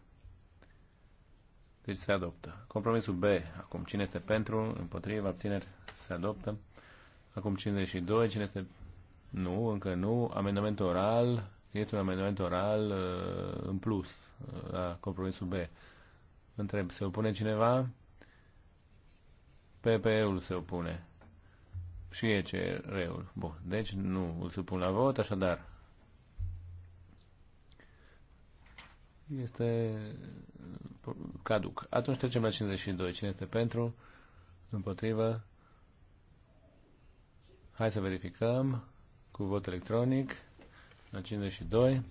Deci se adoptă. Compromisul B. Acum cine este pentru, împotriva, abțineri, se adoptă. Acum 52, cine este... Nu, încă nu. Amendament oral. Este un amendament oral uh, în plus uh, la compromisul B. Întreb, se opune cineva? PPE-ul se opune. Și e ce reul. Bun. Deci nu îl supun la vot, așadar. Este uh, caduc. Atunci trecem la 52. Cine este pentru? Împotrivă? Hai să verificăm cu vot electronic la 52.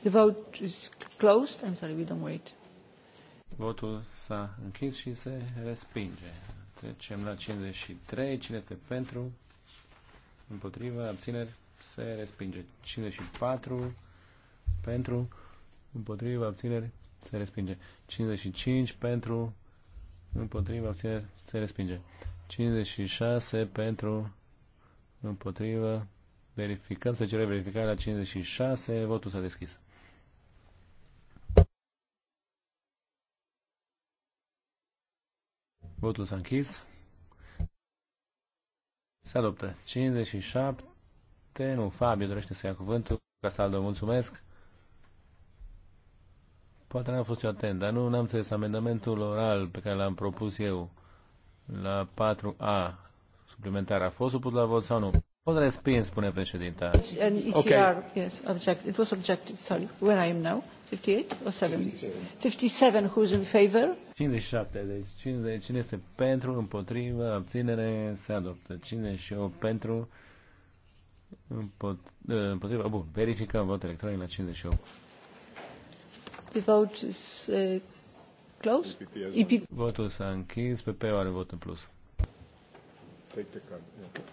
The vote is closed. I'm sorry, we don't wait. Votul s-a închis și se respinge. Trecem la 53. Cine este pentru? Împotrivă. Abțineri. Se respinge. 54. Pentru. Împotrivă. Abțineri. Se respinge. 55. Pentru. Împotrivă. Abțineri. Se respinge. 56. Pentru. Împotrivă. Verificăm. Se cere verificarea la 56. Votul s-a deschis. Votul s-a închis. Se adoptă. 57. Nu, Fabio dorește să ia cuvântul. Casaldo, mulțumesc. Poate n-am fost eu atent, dar nu am înțeles amendamentul oral pe care l-am propus eu la 4A suplimentar. A fost supus la vot sau nu? Fost respins, spune președinta. ECR, okay. yes, object. It was objected, sorry, where I am now. 58 or 7? 57, who's in favor? deci 50, cine este pentru, împotrivă, abținere, se adoptă. eu pentru, împot, ă, împotrivă, bun, verificăm vot electronic la 58. The vote is uh, closed. EPP. Votul s-a închis, PP-ul are vot în plus. Take the card.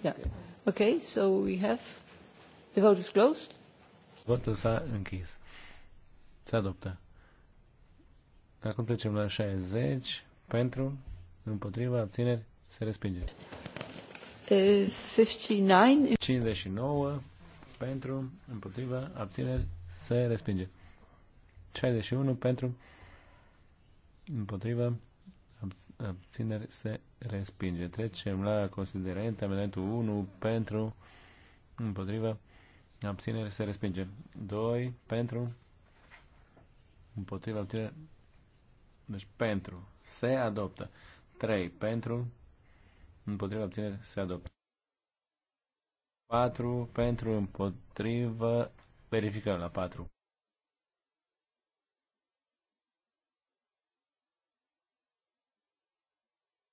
Yeah. yeah. Okay, so we have, the vote is closed. Votul s-a închis. Se adoptă. Acum trecem la 60. Pentru, împotriva, abțineri, se respinge. 59. Uh, 59. Pentru, împotriva, abțineri, se respinge. 61. Pentru, împotriva, abțineri, se respinge. Trecem la considerente, amendamentul 1, pentru, împotriva, abțineri, se respinge. 2. Pentru, împotriva abținere. Deci pentru. Se adoptă. 3. Pentru. Împotriva abținere. Se adoptă. 4. Pentru. Împotrivă. Verificăm la 4.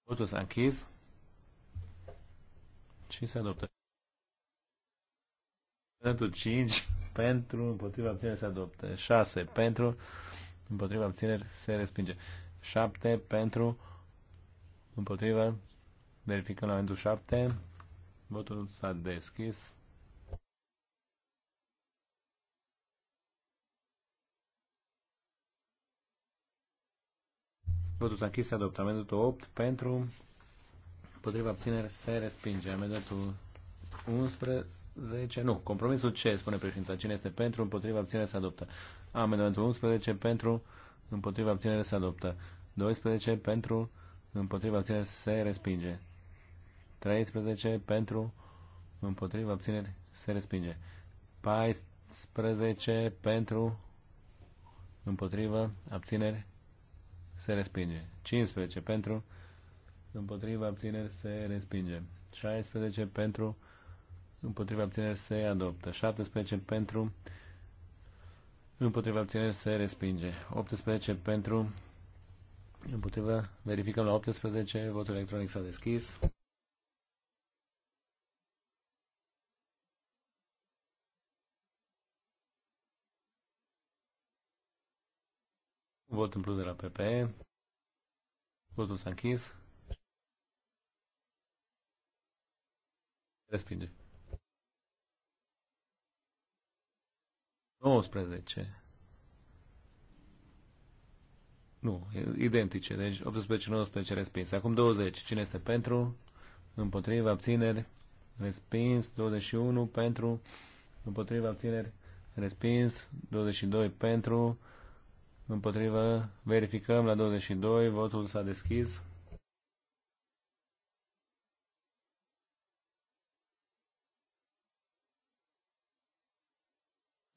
Totul s-a închis și se adoptă. Pentru 5, pentru, împotriva abținere se adoptă. 6, pentru, împotriva abțineri se respinge. 7 pentru, împotriva, verificăm la momentul 7, votul s-a deschis. Votul s-a închis, se adoptă amendamentul 8 pentru, împotriva abțineri se respinge. Amendamentul 11, 10, nu, compromisul C, spune președinta, cine este pentru, împotriva, abținere, se adoptă. Amendamentul 11, pentru, împotriva, abținere, se adoptă. 12, pentru, împotriva, abținere, se respinge. 13, pentru, împotriva, abținere, se respinge. 14, pentru, împotriva, abținere, se respinge. 15, pentru, împotriva, abținere, se respinge. 16, pentru, împotriva obținere se adoptă. 17 pentru, împotriva obținere se respinge. 18 pentru, împotriva, verificăm la 18, votul electronic s-a deschis. Vot în plus de la PPE. Votul s-a închis. Respinge. 19. Nu, identice. Deci 18-19 respins. Acum 20. Cine este pentru? Împotriva abțineri. Respins. 21 pentru. Împotriva abțineri. Respins. 22 pentru. Împotriva. Verificăm la 22. Votul s-a deschis.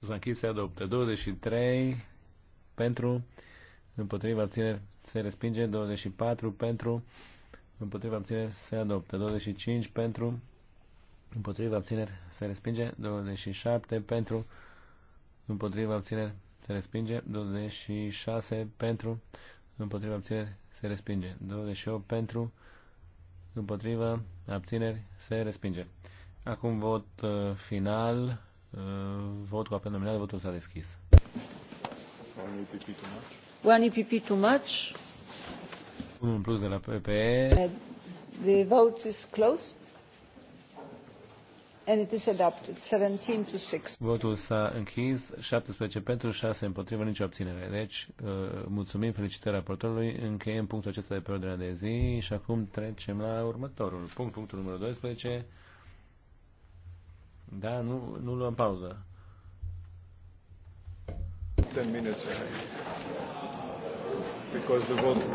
S-a închis, se adoptă. 23 pentru, împotriva abțineri se respinge. 24 pentru, împotriva abțineri se adoptă. 25 pentru, împotriva abțineri se respinge. 27 pentru, împotriva abțineri se respinge. 26 pentru, împotriva abțineri se respinge. 28 pentru, împotriva abțineri se respinge. Acum vot uh, final Uh, Vot cu apel nominal, votul s-a deschis. One EPP too much. One too much. Unul în plus de la PPE. The vote is closed. And it is adopted. 17 to 6. Votul s-a închis, 17 pentru, 6 împotrivă, nicio obținere. Deci, uh, mulțumim, felicitări raportorului, încheiem punctul acesta de pe ordinea de zi și acum trecem la următorul punct, punctul numărul 12 da, nu, nu luăm pauză. Ten minutes ahead. Because the vote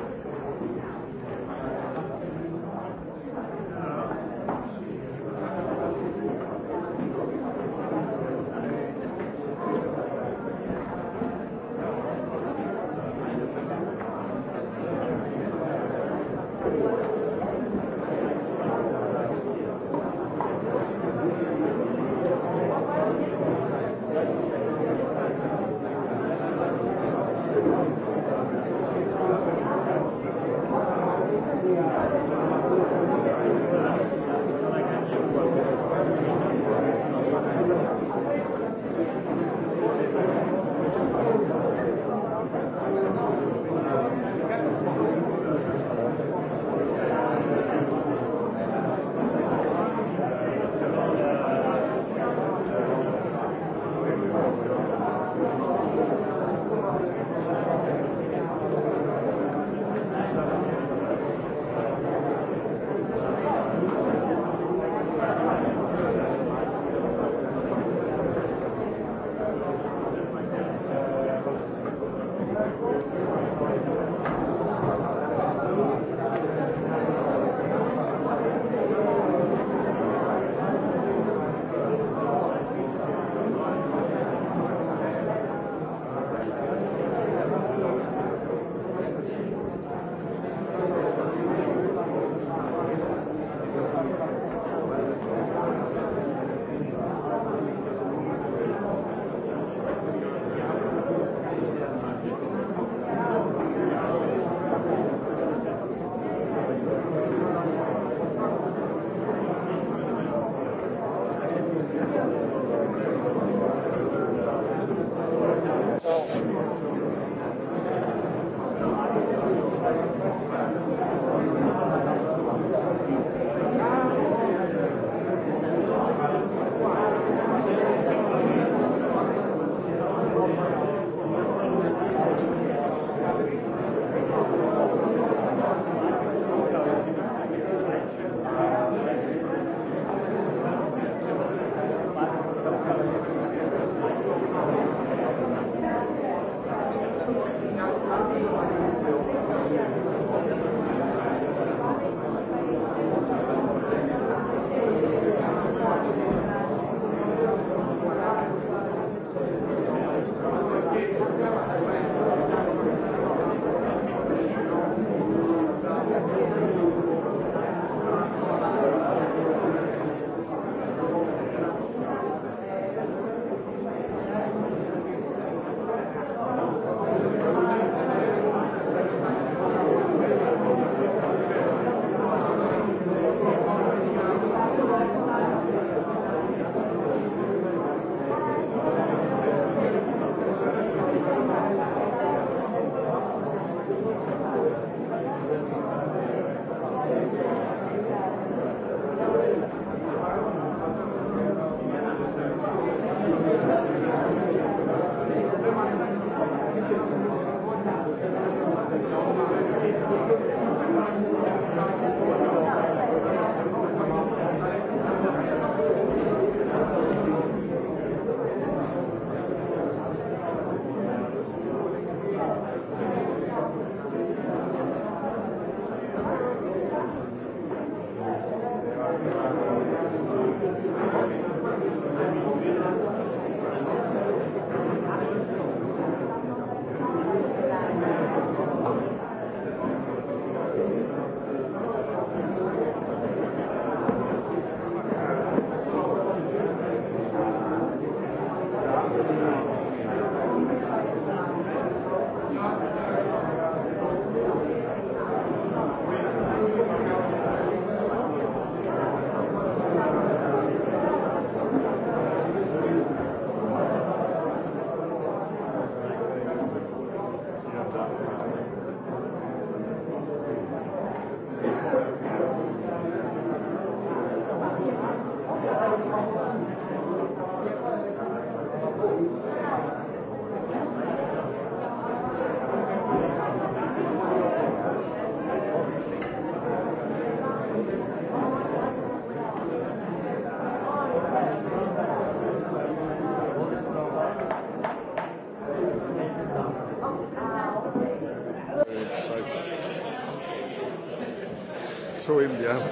andiamo.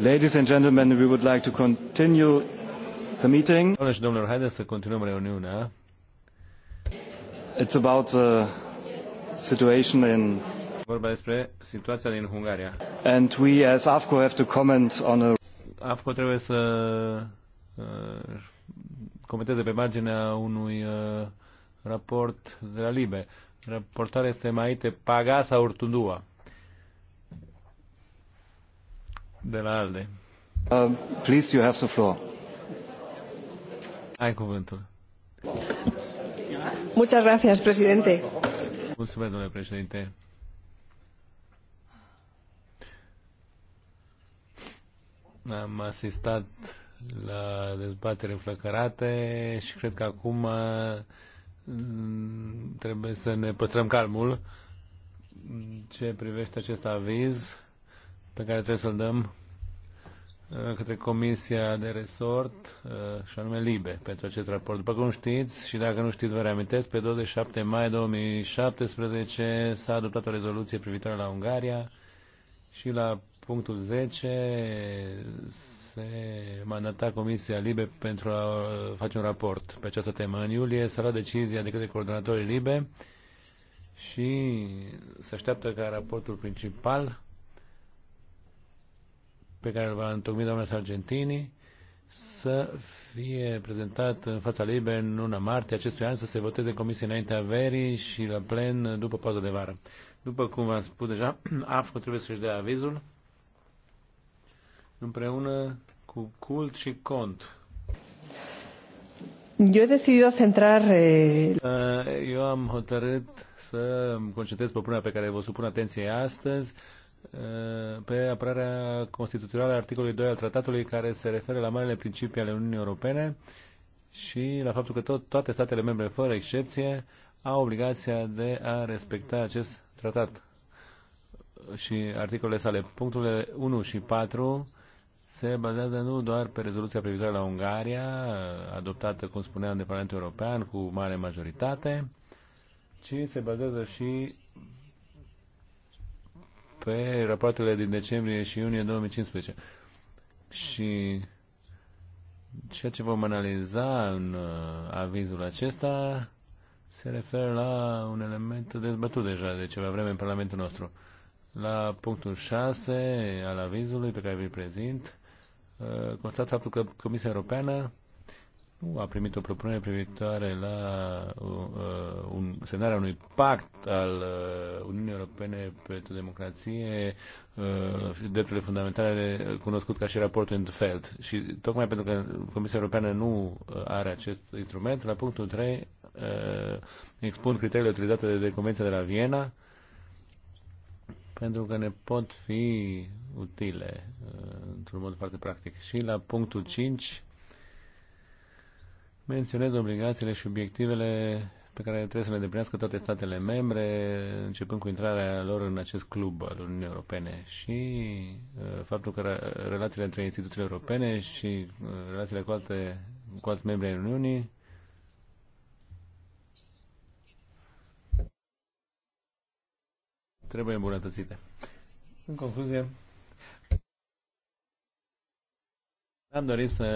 Ladies and gentlemen, we would like to continue the meeting. Doamne și domnilor, haideți să continuăm reuniunea. It's about the situation in Vorba despre situația din Ungaria. And we as AFCO have to comment on a AFCO trebuie să uh, comenteze pe marginea unui uh, raport de la Libe. Raportarea este mai te Pagasa urtundua. de la ALDE. Uh, please, you have the floor. Ai cuvântul. Muchas gracias, presidente. Mulțumesc, domnule președinte. Am asistat la dezbatere înflăcărate și cred că acum mm, trebuie să ne păstrăm calmul ce privește acest aviz pe care trebuie să-l dăm uh, către Comisia de Resort uh, și anume LIBE pentru acest raport. După cum știți și dacă nu știți vă reamintesc, pe 27 mai 2017 s-a adoptat o rezoluție privitoare la Ungaria și la punctul 10 se mandata Comisia Libe pentru a uh, face un raport pe această temă. În iulie s-a luat decizia de către coordonatorii Libe și se așteaptă ca raportul principal pe care îl va întocmi doamna Sargentini să fie prezentat în fața Libe în luna martie acestui an, să se voteze în comisie înaintea verii și la plen după pauza de vară. După cum v-am spus deja, AFCO trebuie să-și dea avizul împreună cu cult și cont. Eu he decidido centrar... Eh, eh... Eu am hotărât să concentrez propunerea pe care vă supun atenție astăzi eh, pe apărarea constituțională a articolului 2 al tratatului care se referă la marele principii ale Uniunii Europene și la faptul că tot, toate statele membre, fără excepție, au obligația de a respecta acest tratat și articolele sale. Punctele 1 și 4 se bazează nu doar pe rezoluția privitoare la Ungaria, adoptată, cum spuneam, de Parlamentul European cu mare majoritate, ci se bazează și pe rapoartele din decembrie și iunie 2015. Și ceea ce vom analiza în uh, avizul acesta se referă la un element dezbătut deja de ceva vreme în Parlamentul nostru. La punctul 6 al avizului pe care vi-l prezint, Uh, constat faptul că Comisia Europeană nu a primit o propunere privitoare la uh, uh, un, semnarea unui pact al uh, Uniunii Europene pentru democrație, uh, drepturile fundamentale, uh, cunoscut ca și raportul Entfeld. Și tocmai pentru că Comisia Europeană nu are acest instrument, la punctul 3 uh, expun criteriile utilizate de, de Convenția de la Viena, pentru că ne pot fi utile uh, într-un mod foarte practic. Și la punctul 5 menționez obligațiile și obiectivele pe care trebuie să le deplinească toate statele membre, începând cu intrarea lor în acest club al Uniunii Europene și uh, faptul că relațiile între instituțiile europene și uh, relațiile cu, alte, cu alți membri ai Uniunii trebuie îmbunătățite. În concluzie, Am dorit să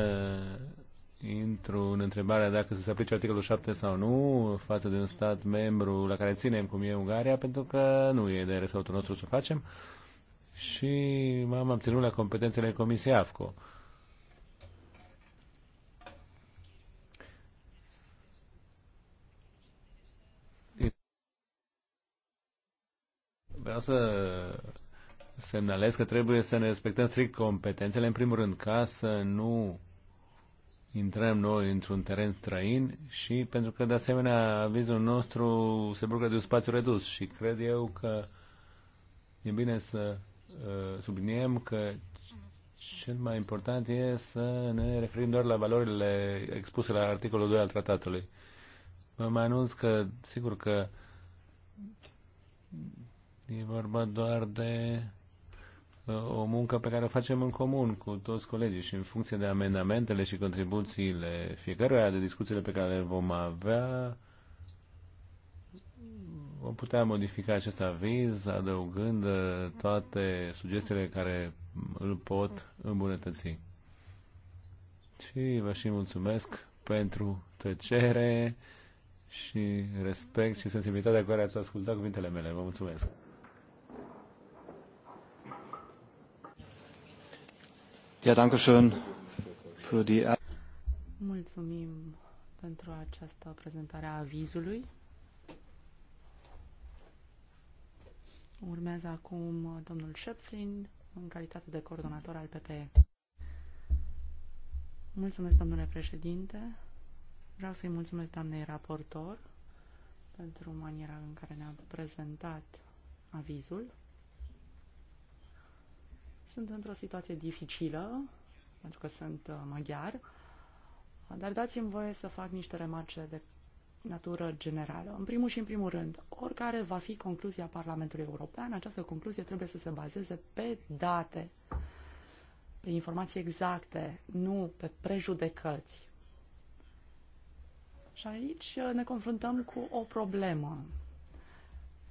intru în întrebarea dacă se aplice articolul 7 sau nu față de un stat membru la care ținem, cum e Ungaria, pentru că nu e de resortul nostru să facem și m-am abținut la competențele Comisiei AFCO. Vreau să semnalez că trebuie să ne respectăm strict competențele, în primul rând, ca să nu intrăm noi într-un teren străin și pentru că, de asemenea, avizul nostru se bucură de un spațiu redus și cred eu că e bine să uh, subliniem că cel mai important e să ne referim doar la valorile expuse la articolul 2 al tratatului. Vă mai anunț că, sigur că e vorba doar de o muncă pe care o facem în comun cu toți colegii și în funcție de amendamentele și contribuțiile fiecăruia, de discuțiile pe care le vom avea, vom putea modifica acest aviz adăugând uh, toate sugestiile care îl pot îmbunătăți. Și vă și mulțumesc pentru tăcere și respect și sensibilitatea cu care ați ascultat cuvintele mele. Vă mulțumesc! Er- Mulțumim pentru această prezentare a avizului. Urmează acum domnul Șepflin, în calitate de coordonator al PPE. Mulțumesc, domnule președinte. Vreau să-i mulțumesc doamnei raportor pentru maniera în care ne-a prezentat avizul. Sunt într-o situație dificilă, pentru că sunt uh, maghiar, dar dați-mi voie să fac niște remarce de natură generală. În primul și în primul rând, oricare va fi concluzia Parlamentului European, această concluzie trebuie să se bazeze pe date, pe informații exacte, nu pe prejudecăți. Și aici uh, ne confruntăm cu o problemă.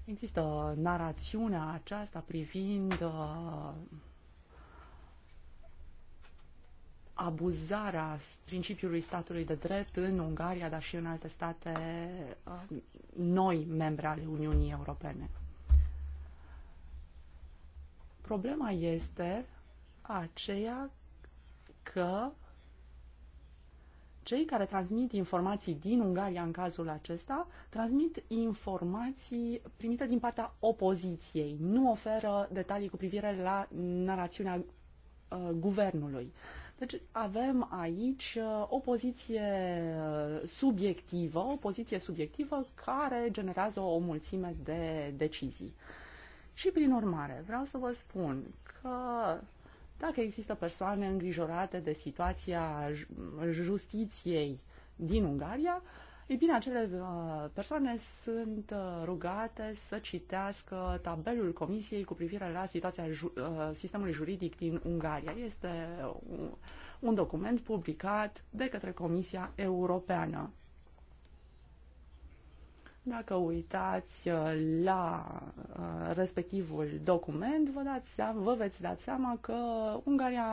Există narațiunea aceasta privind uh, abuzarea principiului statului de drept în Ungaria, dar și în alte state uh, noi membre ale Uniunii Europene. Problema este aceea că cei care transmit informații din Ungaria în cazul acesta transmit informații primite din partea opoziției, nu oferă detalii cu privire la narațiunea uh, guvernului. Uh, deci avem aici uh, o poziție uh, subiectivă, o poziție subiectivă care generează o mulțime de decizii. Și prin urmare, vreau să vă spun că dacă există persoane îngrijorate de situația justiției din Ungaria, ei bine, acele uh, persoane sunt uh, rugate să citească tabelul Comisiei cu privire la situația ju uh, sistemului juridic din Ungaria. Este un document publicat de către Comisia Europeană. Dacă uitați la respectivul document, vă, dați seama, vă veți da seama că Ungaria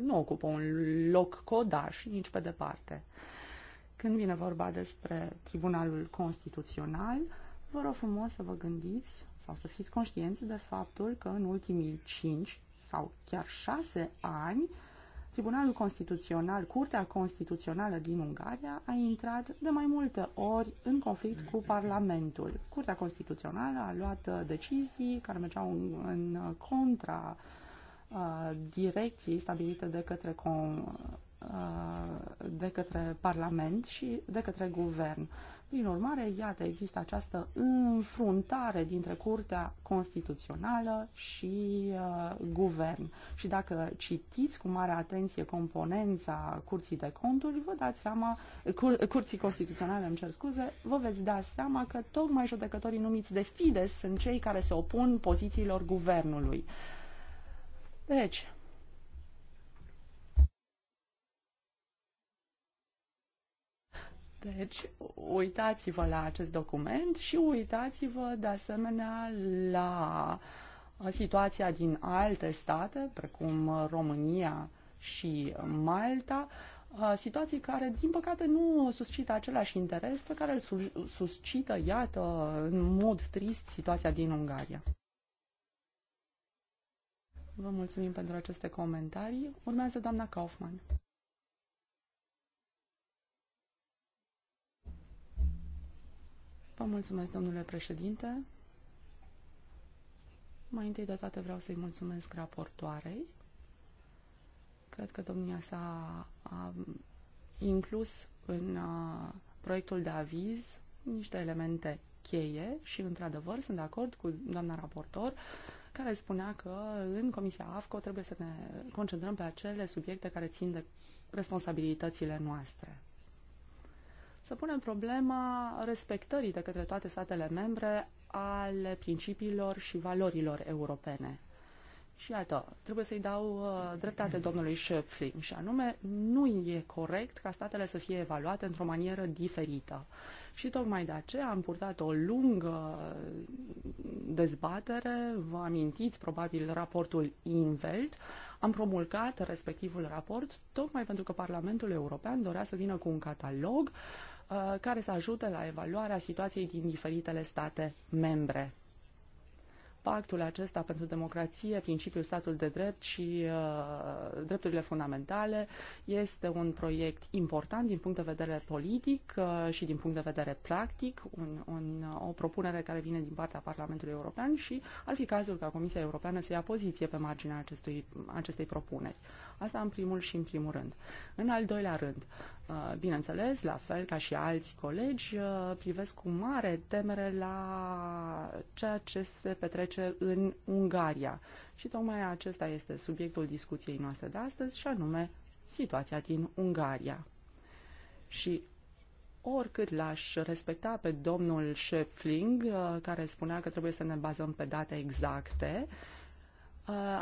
nu ocupă un loc codaș nici pe departe. Uh, când vine vorba despre Tribunalul Constituțional, vă rog frumos să vă gândiți sau să fiți conștienți de faptul că în ultimii 5 sau chiar 6 ani, Tribunalul Constituțional, Curtea Constituțională din Ungaria a intrat de mai multe ori în conflict cu Parlamentul. Curtea Constituțională a luat decizii care mergeau în, contra uh, direcției stabilite de către con, Uh, de către Parlament și de către Guvern. Prin urmare, iată, există această înfruntare dintre Curtea Constituțională și uh, Guvern. Și dacă citiți cu mare atenție componența Curții de Conturi, vă dați seama, cur, Curții Constituționale, îmi cer scuze, vă veți da seama că tocmai judecătorii numiți de Fides sunt cei care se opun pozițiilor Guvernului. Deci, Deci, uitați-vă la acest document și uitați-vă de asemenea la uh, situația din alte state, precum uh, România și Malta, uh, situații care, din păcate, nu suscită același interes pe care îl suscită, iată, în mod trist, situația din Ungaria. Vă mulțumim pentru aceste comentarii. Urmează doamna Kaufmann. Vă mulțumesc, domnule președinte. Mai întâi de toate vreau să-i mulțumesc raportoarei. Cred că domnia s-a inclus în a, uh, proiectul de aviz niște elemente cheie și, într-adevăr, sunt de acord cu doamna raportor care spunea că în Comisia AFCO trebuie să ne concentrăm pe acele subiecte care țin de responsabilitățile noastre să punem problema respectării de către toate statele membre ale principiilor și valorilor europene. Și iată, trebuie să-i dau uh, dreptate domnului Schöpfling, și anume, nu e corect ca statele să fie evaluate într-o manieră diferită. Și tocmai de aceea am purtat o lungă dezbatere, vă amintiți probabil raportul Invelt, am promulgat respectivul raport tocmai pentru că Parlamentul European dorea să vină cu un catalog uh, Uh, care să ajute la evaluarea situației din diferitele state membre. Pactul acesta pentru democrație, principiul statul de drept și uh, drepturile fundamentale este un proiect important din punct de vedere politic uh, și din punct de vedere practic, un, un, uh, o propunere care vine din partea Parlamentului European și ar fi cazul ca Comisia Europeană să ia poziție pe marginea acestui, acestei propuneri. Asta în primul și în primul rând. În al doilea rând, uh, bineînțeles, la fel ca și alți colegi, uh, privesc cu mare temere la ceea ce se petrece în Ungaria. Și tocmai acesta este subiectul discuției noastre de astăzi, și anume situația din Ungaria. Și oricât l-aș respecta pe domnul Schöpfling, uh, care spunea că trebuie să ne bazăm pe date exacte, uh,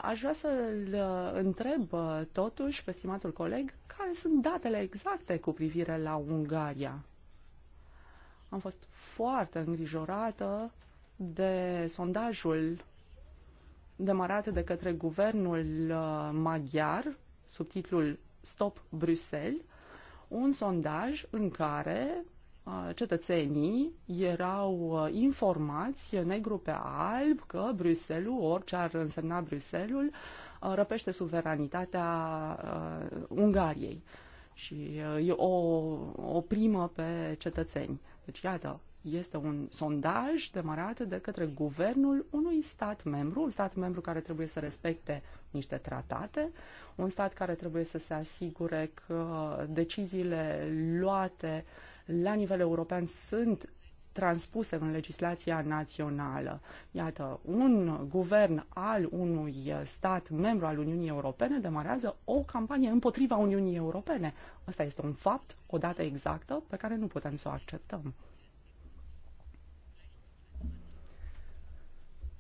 Aș vrea să-l uh, întreb uh, totuși pe stimatul coleg care sunt datele exacte cu privire la Ungaria. Am fost foarte îngrijorată de sondajul demarat de către guvernul uh, maghiar sub titlul Stop Bruxelles, un sondaj în care Uh, cetățenii erau uh, informați negru pe alb că Bruselul, orice ar însemna Bruselul, uh, răpește suveranitatea Ungariei și e o, o primă pe cetățeni. Deci, iată, este un sondaj demarat de către guvernul unui stat membru, un stat membru care trebuie să respecte niște tratate, un stat care trebuie să se asigure că deciziile luate la nivel european sunt transpuse în legislația națională. Iată, un guvern al unui stat membru al Uniunii Europene demarează o campanie împotriva Uniunii Europene. Asta este un fapt, o dată exactă, pe care nu putem să o acceptăm.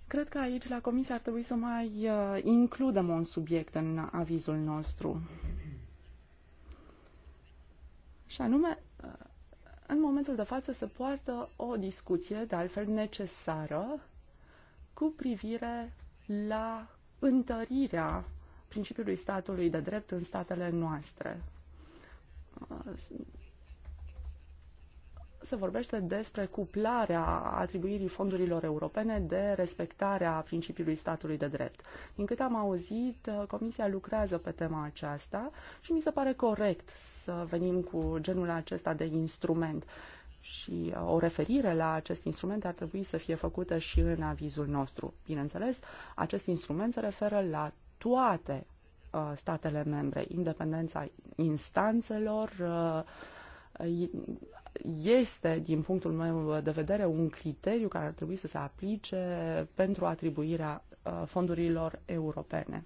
Cred că aici, la comisie, ar trebui să mai uh, includem un subiect în avizul nostru. Și anume, uh, în momentul de față se poartă o discuție, de altfel necesară, cu privire la întărirea principiului statului de drept în statele noastre se vorbește despre cuplarea atribuirii fondurilor europene de respectarea principiului statului de drept. Din câte am auzit, Comisia lucrează pe tema aceasta și mi se pare corect să venim cu genul acesta de instrument. Și uh, o referire la acest instrument ar trebui să fie făcută și în avizul nostru. Bineînțeles, acest instrument se referă la toate uh, statele membre, independența instanțelor, uh, este, din punctul meu de vedere, un criteriu care ar trebui să se aplice pentru atribuirea uh, fondurilor europene.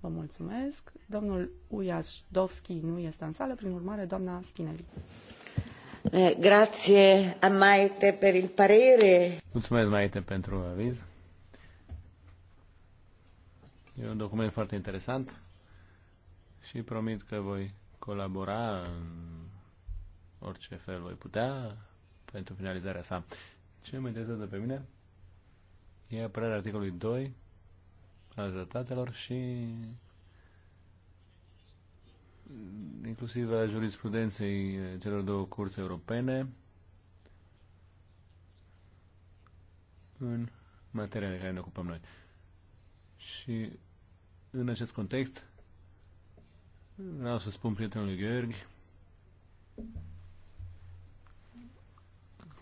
Vă mulțumesc. Domnul Ujașdovski nu este în sală, prin urmare, doamna Spinelli. Eh, grazie a Maite per il parere. Mulțumesc, Maite, pentru aviz. E un document foarte interesant și promit că voi colabora în orice fel voi putea pentru finalizarea sa. Ce mă interesează pe mine e apărarea articolului 2 al tratatelor și inclusiv a jurisprudenței celor două curse europene în materia de care ne ocupăm noi. Și în acest context, Vreau să spun prietenului Gheorghe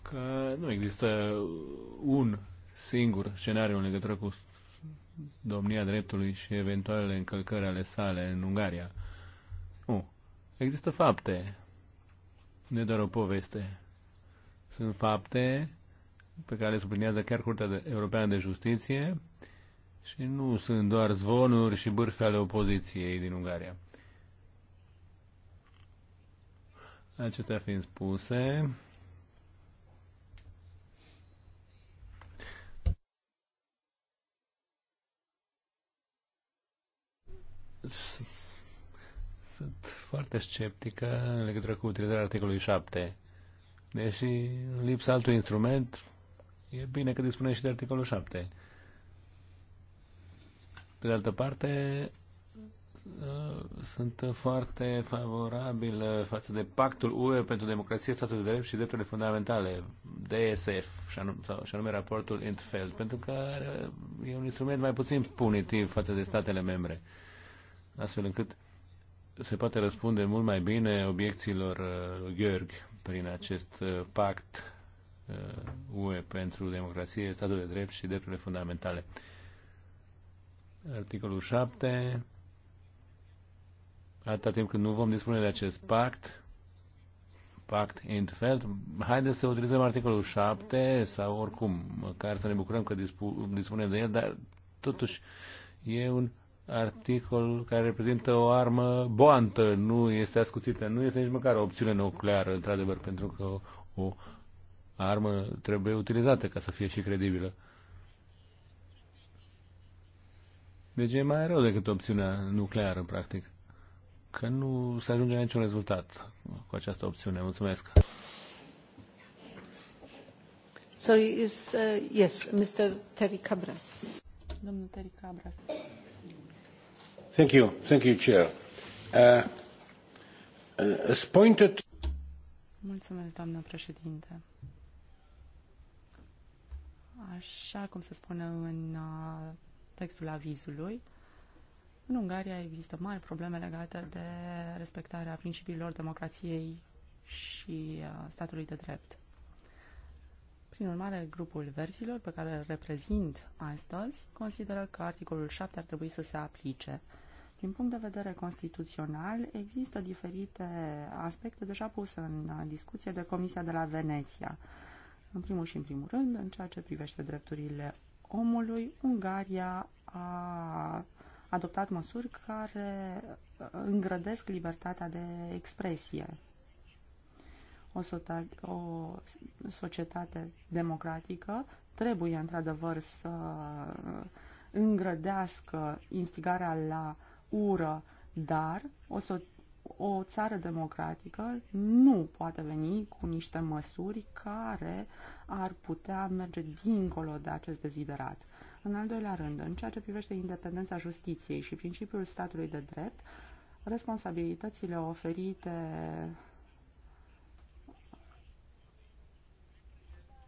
că nu există un singur scenariu în legătură cu domnia dreptului și eventualele încălcări ale sale în Ungaria. Nu. Există fapte. Nu e doar o poveste. Sunt fapte pe care le sublinează chiar Curtea Europeană de Justiție și nu sunt doar zvonuri și bârfe ale opoziției din Ungaria. Acestea fiind spuse, sunt foarte sceptică în legătură cu utilizarea articolului 7. Deși, în lipsa altui instrument, e bine că dispune și de articolul 7. Pe de altă parte, Uh, sunt foarte favorabil uh, față de Pactul UE pentru Democrație, Statul de Drept și Drepturile Fundamentale, DSF, și anume, sau, și anume raportul Intfeld, pentru că e un instrument mai puțin punitiv față de statele membre, astfel încât se poate răspunde mult mai bine obiecțiilor uh, lui Gheorg prin acest pact UE pentru democrație, statul de drept și drepturile fundamentale. Articolul 7 atâta timp când nu vom dispune de acest pact, pact Intfeld, haideți să utilizăm articolul 7 sau oricum, măcar să ne bucurăm că dispu- dispunem de el, dar totuși e un articol care reprezintă o armă boantă, nu este ascuțită, nu este nici măcar o opțiune nucleară, într-adevăr, pentru că o, o armă trebuie utilizată ca să fie și credibilă. Deci e mai rău decât opțiunea nucleară, practic că nu se ajunge la niciun rezultat cu această opțiune. Mulțumesc. Sorry, is, uh, yes, Mr. Terry Cabras. Domnul Terry Cabras. Thank you, thank you, Chair. Uh, uh, pointed... Mulțumesc, doamnă președinte. Așa cum se spune în uh, textul avizului, în Ungaria există mari probleme legate de respectarea principiilor democrației și uh, statului de drept. Prin urmare, grupul verzilor pe care îl reprezint astăzi consideră că articolul 7 ar trebui să se aplice. Din punct de vedere constituțional, există diferite aspecte deja puse în uh, discuție de Comisia de la Veneția. În primul și în primul rând, în ceea ce privește drepturile omului, Ungaria a adoptat măsuri care uh, îngrădesc libertatea de expresie. O, o societate democratică trebuie, într-adevăr, să îngrădească instigarea la ură, dar o, so- o țară democratică nu poate veni cu niște măsuri care ar putea merge dincolo de acest deziderat. În al doilea rând, în ceea ce privește independența justiției și principiul statului de drept, responsabilitățile oferite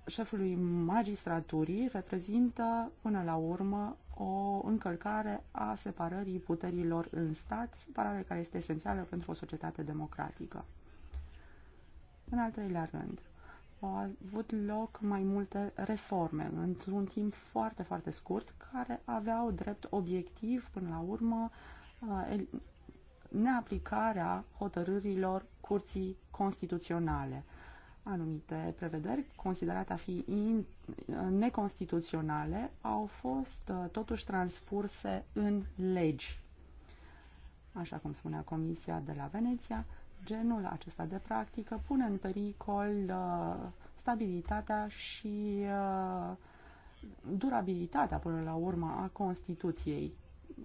șefului magistraturii reprezintă până la urmă o încălcare a separării puterilor în stat, separare care este esențială pentru o societate democratică. În al treilea rând, au avut loc mai multe reforme într-un timp foarte, foarte scurt, care aveau drept obiectiv, până la urmă, uh, neaplicarea hotărârilor curții constituționale. Anumite prevederi considerate a fi in, uh, neconstituționale au fost uh, totuși transpuse în legi. Așa cum spunea Comisia de la Veneția, genul acesta de practică pune în pericol uh, stabilitatea și uh, durabilitatea până la urmă a Constituției.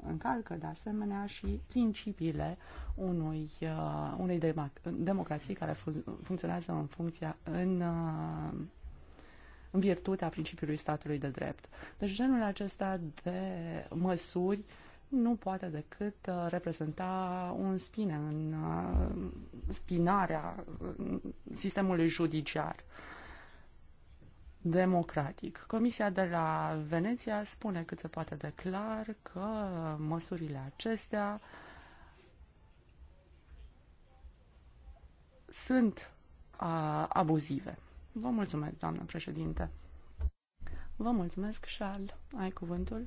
Încalcă de asemenea și principiile unui, uh, unei democrații care funcționează în funcția în uh, în virtutea principiului statului de drept. Deci genul acesta de măsuri uh, nu poate decât uh, reprezenta un spine în uh, spinarea uh, sistemului judiciar democratic. Comisia de la Veneția spune cât se poate de clar că măsurile acestea sunt uh, abuzive. Vă mulțumesc, doamnă președinte. Vă mulțumesc, Charles. Ai cuvântul?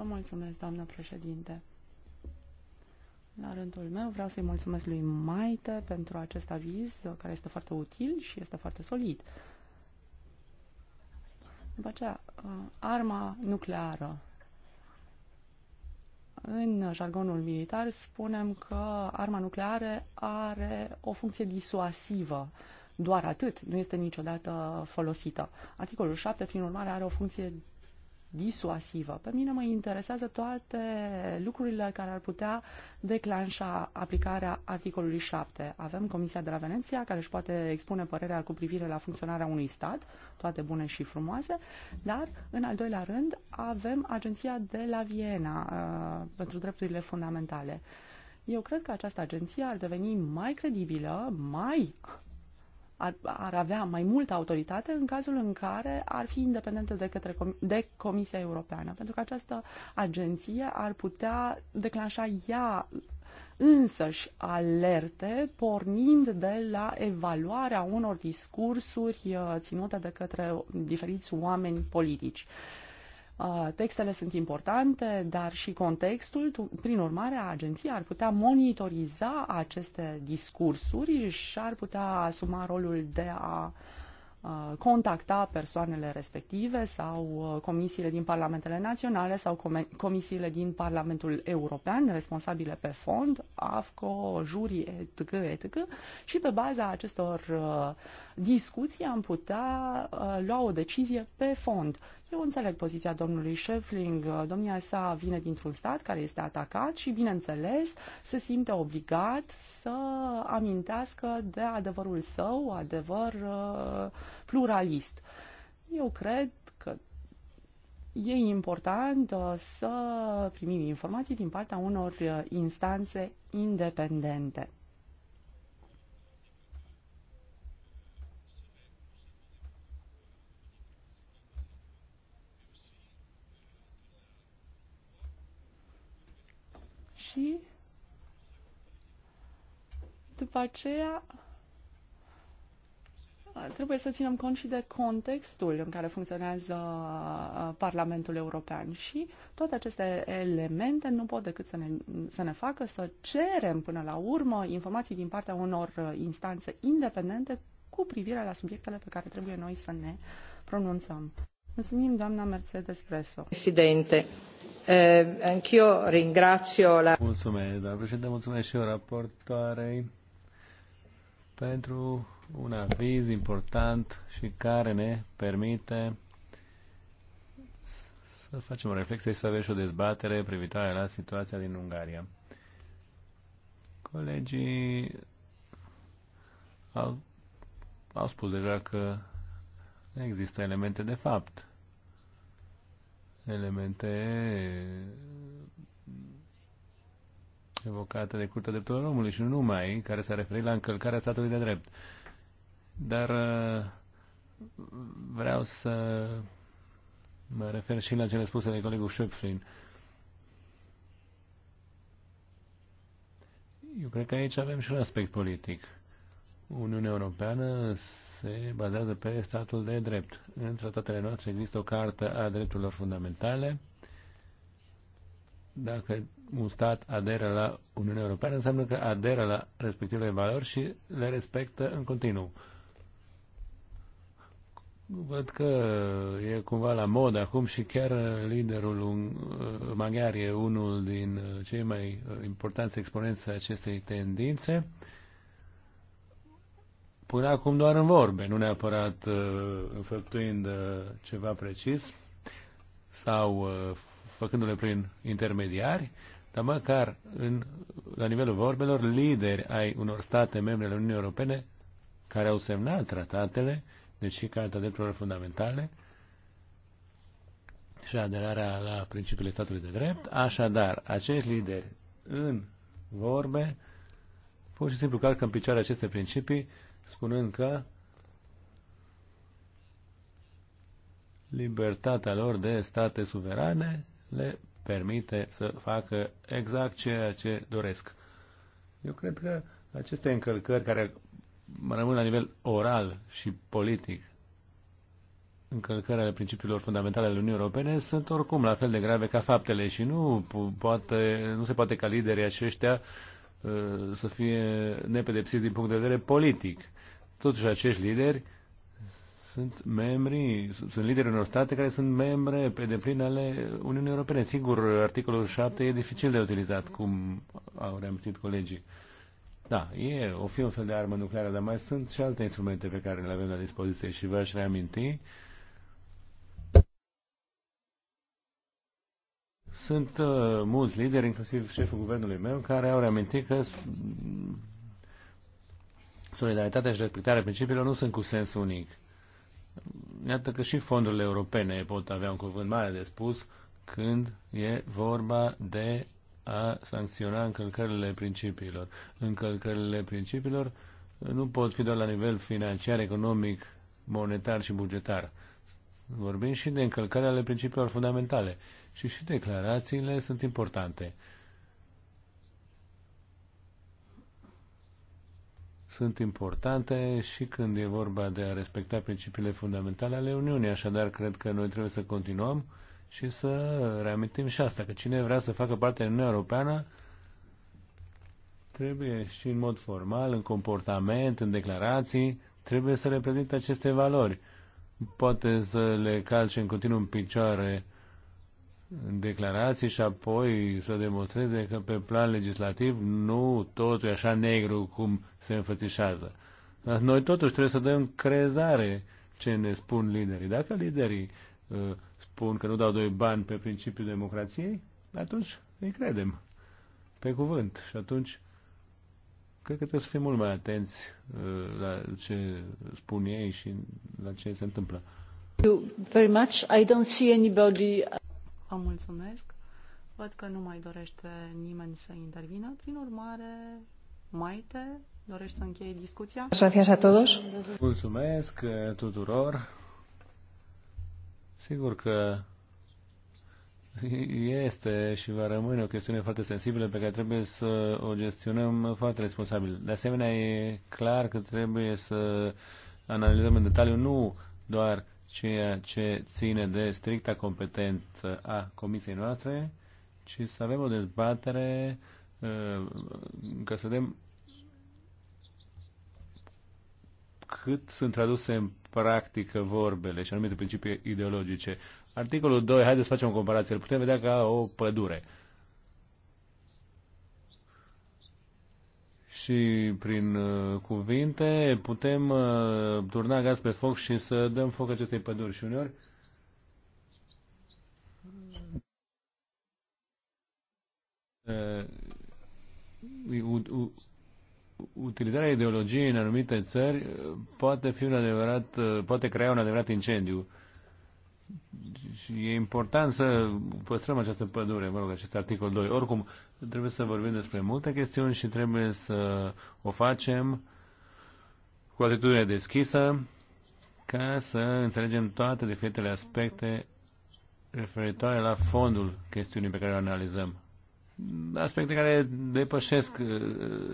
Vă mulțumesc, doamnă președinte. La rândul meu vreau să-i mulțumesc lui Maite pentru acest aviz care este foarte util și este foarte solid. După aceea, arma nucleară. În jargonul militar spunem că arma nucleară are o funcție disuasivă. Doar atât, nu este niciodată folosită. Articolul 7, prin urmare, are o funcție disuasivă. Pe mine mă interesează toate lucrurile care ar putea declanșa aplicarea articolului 7. Avem Comisia de la Veneția care își poate expune părerea cu privire la funcționarea unui stat, toate bune și frumoase, dar în al doilea rând avem Agenția de la Viena uh, pentru drepturile fundamentale. Eu cred că această agenție ar deveni mai credibilă, mai ar, ar avea mai multă autoritate în cazul în care ar fi independentă de, către, de Comisia Europeană, pentru că această agenție ar putea declanșa ea însăși alerte, pornind de la evaluarea unor discursuri uh, ținute de către diferiți oameni politici. Uh, Uh, textele sunt importante, dar și contextul. Prin urmare, agenția ar putea monitoriza aceste discursuri și ar putea asuma rolul de a uh, Uh, contacta persoanele respective sau uh, comisiile din parlamentele naționale sau comisiile din Parlamentul European responsabile pe fond, AFCO, juri, etc., etc. Și pe baza acestor uh, discuții am putea lua o decizie pe fond. Eu înțeleg poziția domnului Schäfling. Domnia sa vine dintr-un stat care este atacat și, bineînțeles, se simte obligat să amintească de adevărul său, adevăr uh, pluralist. Eu cred că e important uh, să primim informații din partea unor uh, instanțe independente. și după aceea Trebuie să ținem cont și de contextul în care funcționează uh, Parlamentul European și toate aceste elemente nu pot decât să ne, să ne facă să cerem până la urmă informații din partea unor uh, instanțe independente cu privire la subiectele pe care trebuie noi să ne pronunțăm. Mulțumim, doamna Mercedes Preso. Presidente, eh, anch'io ringrazio la... Mulțumesc, doamna președinte, mulțumesc și eu raportoarei pentru un aviz important și care ne permite să facem o reflexie și să avem și o dezbatere privitoare la situația din Ungaria. Colegii au, au spus deja că există elemente de fapt, elemente evocată de Curtea Drepturilor Omului și nu numai, care s-a referit la încălcarea statului de drept. Dar uh, vreau să mă refer și la cele spuse de colegul Schöpflin. Eu cred că aici avem și un aspect politic. Uniunea Europeană se bazează pe statul de drept. În tratatele noastre există o carte a drepturilor fundamentale. Dacă un stat aderă la Uniunea Europeană, înseamnă că aderă la respectivele valori și le respectă în continuu. Văd că e cumva la mod acum și chiar liderul uh, maghiar e unul din uh, cei mai uh, importanți exponenți acestei tendințe. Până acum doar în vorbe, nu neapărat înfăptuind ceva precis sau făcându-le prin intermediari, dar măcar în, la nivelul vorbelor, lideri ai unor state membre ale Uniunii Europene care au semnat tratatele, deci și Carta Drepturilor Fundamentale și aderarea la principiile statului de drept. Așadar, acești lideri în vorbe pur și simplu calcă în picioare aceste principii spunând că libertatea lor de state suverane le permite să facă exact ceea ce doresc. Eu cred că aceste încălcări care rămân la nivel oral și politic, încălcări ale principiilor fundamentale ale Uniunii Europene, sunt oricum la fel de grave ca faptele și nu, poate, nu se poate ca liderii aceștia uh, să fie nepedepsiți din punct de vedere politic. Totuși acești lideri sunt membri, sunt lideri unor state care sunt membre pe deplin ale Uniunii Europene. Sigur, articolul 7 e dificil de utilizat, cum au reamintit colegii. Da, e, o fi un fel de armă nucleară, dar mai sunt și alte instrumente pe care le avem la dispoziție și vă aș reaminti. Sunt uh, mulți lideri, inclusiv șeful guvernului meu, care au reamintit că solidaritatea și respectarea principiilor nu sunt cu sens unic. Iată că și fondurile europene pot avea un cuvânt mare de spus când e vorba de a sancționa încălcările principiilor. Încălcările principiilor nu pot fi doar la nivel financiar, economic, monetar și bugetar. Vorbim și de încălcările ale principiilor fundamentale. Și și declarațiile sunt importante. sunt importante și când e vorba de a respecta principiile fundamentale ale Uniunii. Așadar, cred că noi trebuie să continuăm și să reamintim și asta, că cine vrea să facă parte din Uniunea Europeană trebuie și în mod formal, în comportament, în declarații, trebuie să reprezinte aceste valori. Poate să le calce în continuu în picioare uh, declarații și apoi să demonstreze că pe plan legislativ nu totul e așa negru cum se înfățișează. Dar noi totuși trebuie să dăm crezare ce ne spun liderii. Dacă liderii uh, spun că nu dau doi bani pe principiul democrației, atunci îi credem. Pe cuvânt. Și atunci cred că trebuie să fim mult mai atenți uh, la ce spun ei și la ce se întâmplă. Thank you very much. I don't see anybody Vă mulțumesc. Văd că nu mai dorește nimeni să intervină. Prin urmare, Maite, dorești să încheie discuția? Gracias a todos. Mulțumesc eh, tuturor. Sigur că este și va rămâne o chestiune foarte sensibilă pe care trebuie să o gestionăm foarte responsabil. De asemenea, e clar că trebuie să analizăm în detaliu nu doar ceea ce ține de stricta competență a comisiei noastre, ci să avem o dezbatere uh, ca să vedem cât sunt traduse în practică vorbele și anumite principii ideologice. Articolul 2, haideți să facem o comparație, îl putem vedea ca o pădure. Uh, și prin uh, cuvinte putem uh, turna gaz pe foc și să dăm foc acestei păduri. Și uneori uh, utilizarea ideologiei în anumite țări poate fi un adevărat, poate crea un adevărat incendiu și e important să păstrăm această pădure, mă rog, acest articol 2. Oricum, trebuie să vorbim despre multe chestiuni și trebuie să o facem cu atitudine deschisă ca să înțelegem toate diferitele aspecte referitoare la fondul chestiunii pe care o analizăm aspecte care depășesc uh,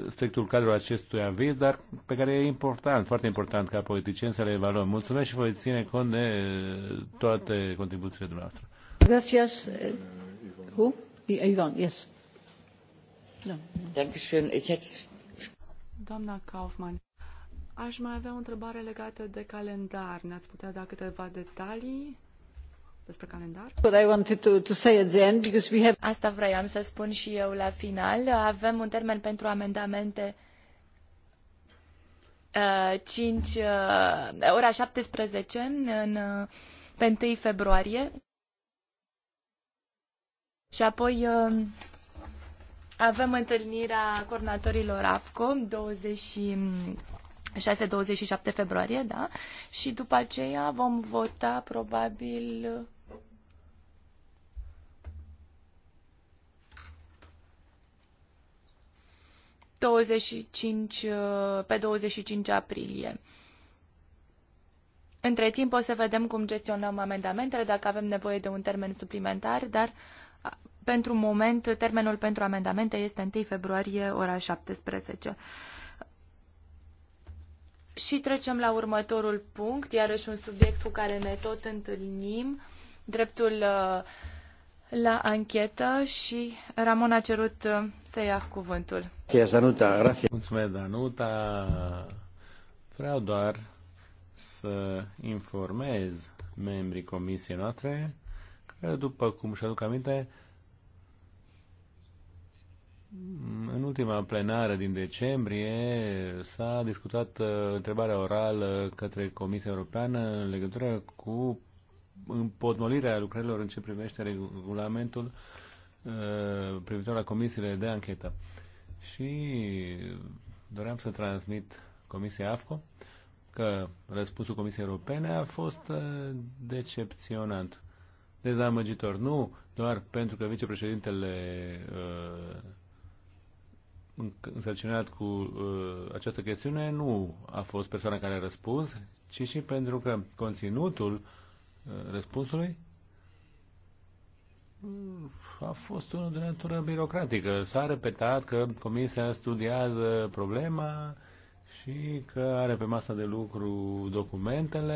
strictul cadrul acestui aviz, dar pe care e important, foarte important ca politicieni să le evaluăm. Mulțumesc și voi ține cont de uh, toate contribuțiile dumneavoastră. Gracias. Who? Ivan, yes. Doamna Kaufmann, aș mai avea o întrebare legată de calendar. Ne-ați putea da câteva detalii? despre calendar. Asta vroiam să spun și eu la final. Avem un termen pentru amendamente 5, uh, uh, ora 17 în, uh, pe 1 februarie. Și apoi avem întâlnirea coordonatorilor AFCO 26-27 februarie, da? Și după aceea vom vota probabil 25, uh, pe 25 aprilie. Între timp o să vedem cum gestionăm amendamentele, dacă avem nevoie de un termen suplimentar, dar pentru moment termenul pentru amendamente este 1 februarie ora 17. Și trecem la următorul punct, iarăși un subiect cu care ne tot întâlnim, dreptul uh, la anchetă și Ramon a cerut uh, să ia cuvântul. Mulțumesc, Danuta. Vreau doar să informez membrii comisiei noastre că, după cum și aduc aminte, în ultima plenară din decembrie s-a discutat uh, întrebarea orală către Comisia Europeană în legătură cu împotmolirea lucrărilor în ce privește regulamentul uh, privitor la comisiile de anchetă. Și doream să transmit Comisia AFCO că răspunsul Comisiei Europene a fost uh, decepționant, dezamăgitor. Nu doar pentru că vicepreședintele uh, însărcinat cu această chestiune nu a fost persoana care a răspuns, ci și pentru că conținutul uh, răspunsului a fost unul de natură birocratică. S-a repetat că comisia studiază problema și că are pe masa de lucru documentele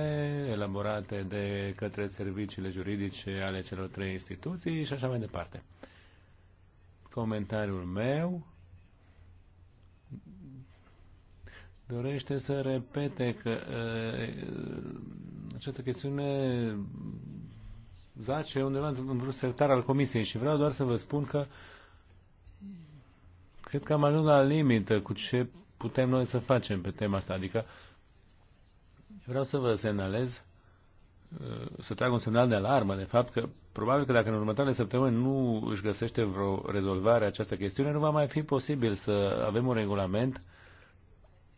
elaborate de către serviciile juridice ale celor trei instituții și așa mai departe. Comentariul meu dorește să repete că această chestiune zace undeva într-un sertar al Comisiei și vreau doar să vă spun că cred că am ajuns la limită cu ce putem noi să facem pe tema asta. Adică vreau să vă semnalez, uh, să trag un semnal de alarmă, de fapt, că probabil că dacă în următoarele săptămâni nu își găsește vreo rezolvare această chestiune, nu va mai fi posibil să avem un regulament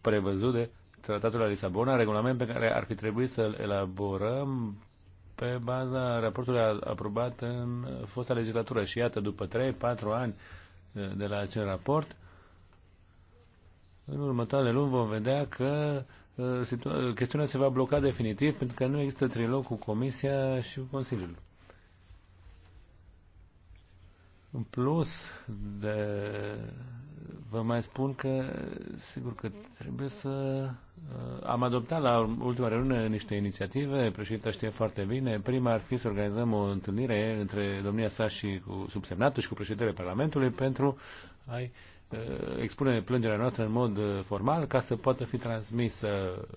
prevăzut de Tratatul la Lisabona, regulament pe care ar fi trebuit să-l elaborăm pe baza raportului aprobat în fosta legislatură. Și iată, după 3-4 ani uh, de la acel raport, în următoarele luni vom vedea că uh, chestiunea se va bloca definitiv pentru că nu există trilog cu Comisia și cu Consiliul. În plus, de, vă mai spun că, sigur că trebuie să Uh, am adoptat la ultima reuniune niște inițiative, președinta știe foarte bine. Prima ar fi să organizăm o întâlnire între domnia sa și cu subsemnatul și cu președintele Parlamentului pentru a uh, expune plângerea noastră în mod uh, formal ca să poată fi transmisă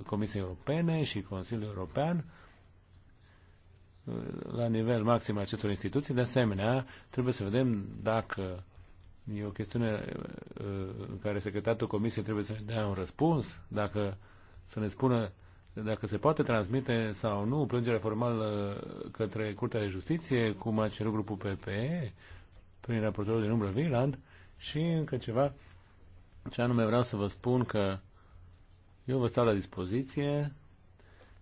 Comisiei Europene și Consiliul European la nivel maxim acestor instituții. De asemenea, trebuie să vedem dacă e o chestiune în care Secretatul Comisiei trebuie să dea un răspuns, dacă să ne spună dacă se poate transmite sau nu plângerea formală către Curtea de Justiție, cum a cerut grupul PPE, prin raportorul din umbră Viland, și încă ceva, ce anume vreau să vă spun că eu vă stau la dispoziție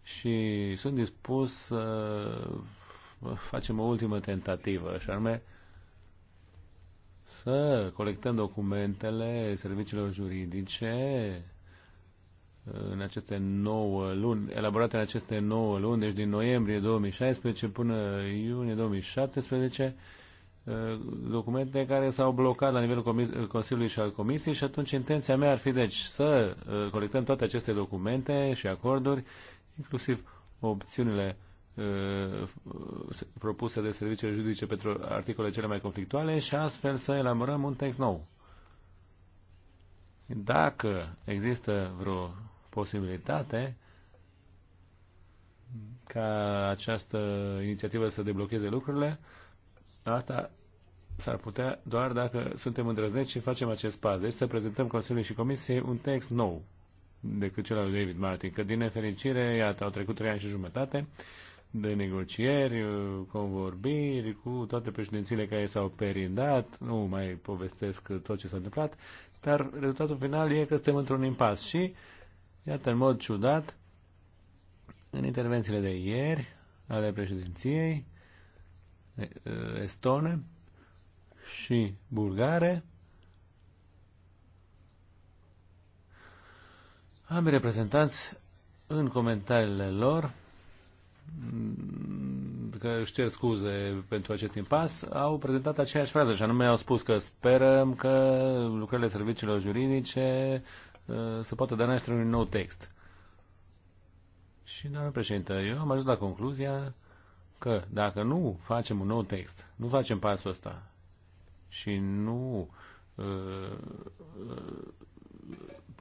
și sunt dispus să facem o ultimă tentativă, și anume să colectăm documentele serviciilor juridice în aceste 9 luni, elaborate în aceste 9 luni, deci din noiembrie 2016 până iunie 2017, uh, documente care s-au blocat la nivelul Consiliului și al Comisiei și atunci intenția mea ar fi deci să uh, colectăm toate aceste documente și acorduri, inclusiv opțiunile uh, propuse de serviciile juridice pentru articolele cele mai conflictuale și astfel să elaborăm un text nou. Dacă există vreo posibilitate ca această inițiativă să deblocheze lucrurile, asta s-ar putea doar dacă suntem îndrăzneți și facem acest pas. Deci să prezentăm Consiliului și Comisiei un text nou decât cel al lui David Martin, că din nefericire, iată, au trecut trei ani și jumătate de negocieri, convorbiri cu toate președințiile care s-au perindat, nu mai povestesc tot ce s-a întâmplat, dar rezultatul final e că suntem într-un impas și uh, Iată, în mod ciudat, în intervențiile de ieri ale președinției estone și bulgare, ambii reprezentanți în comentariile lor mm, că își cer scuze pentru acest impas, au prezentat aceeași frază și anume au spus că sperăm că lucrările serviciilor juridice Uh, să poată da naștere unui nou text. Și, doamnă președinte, eu am ajuns la concluzia că dacă nu facem un nou text, nu facem pasul ăsta și nu uh, uh,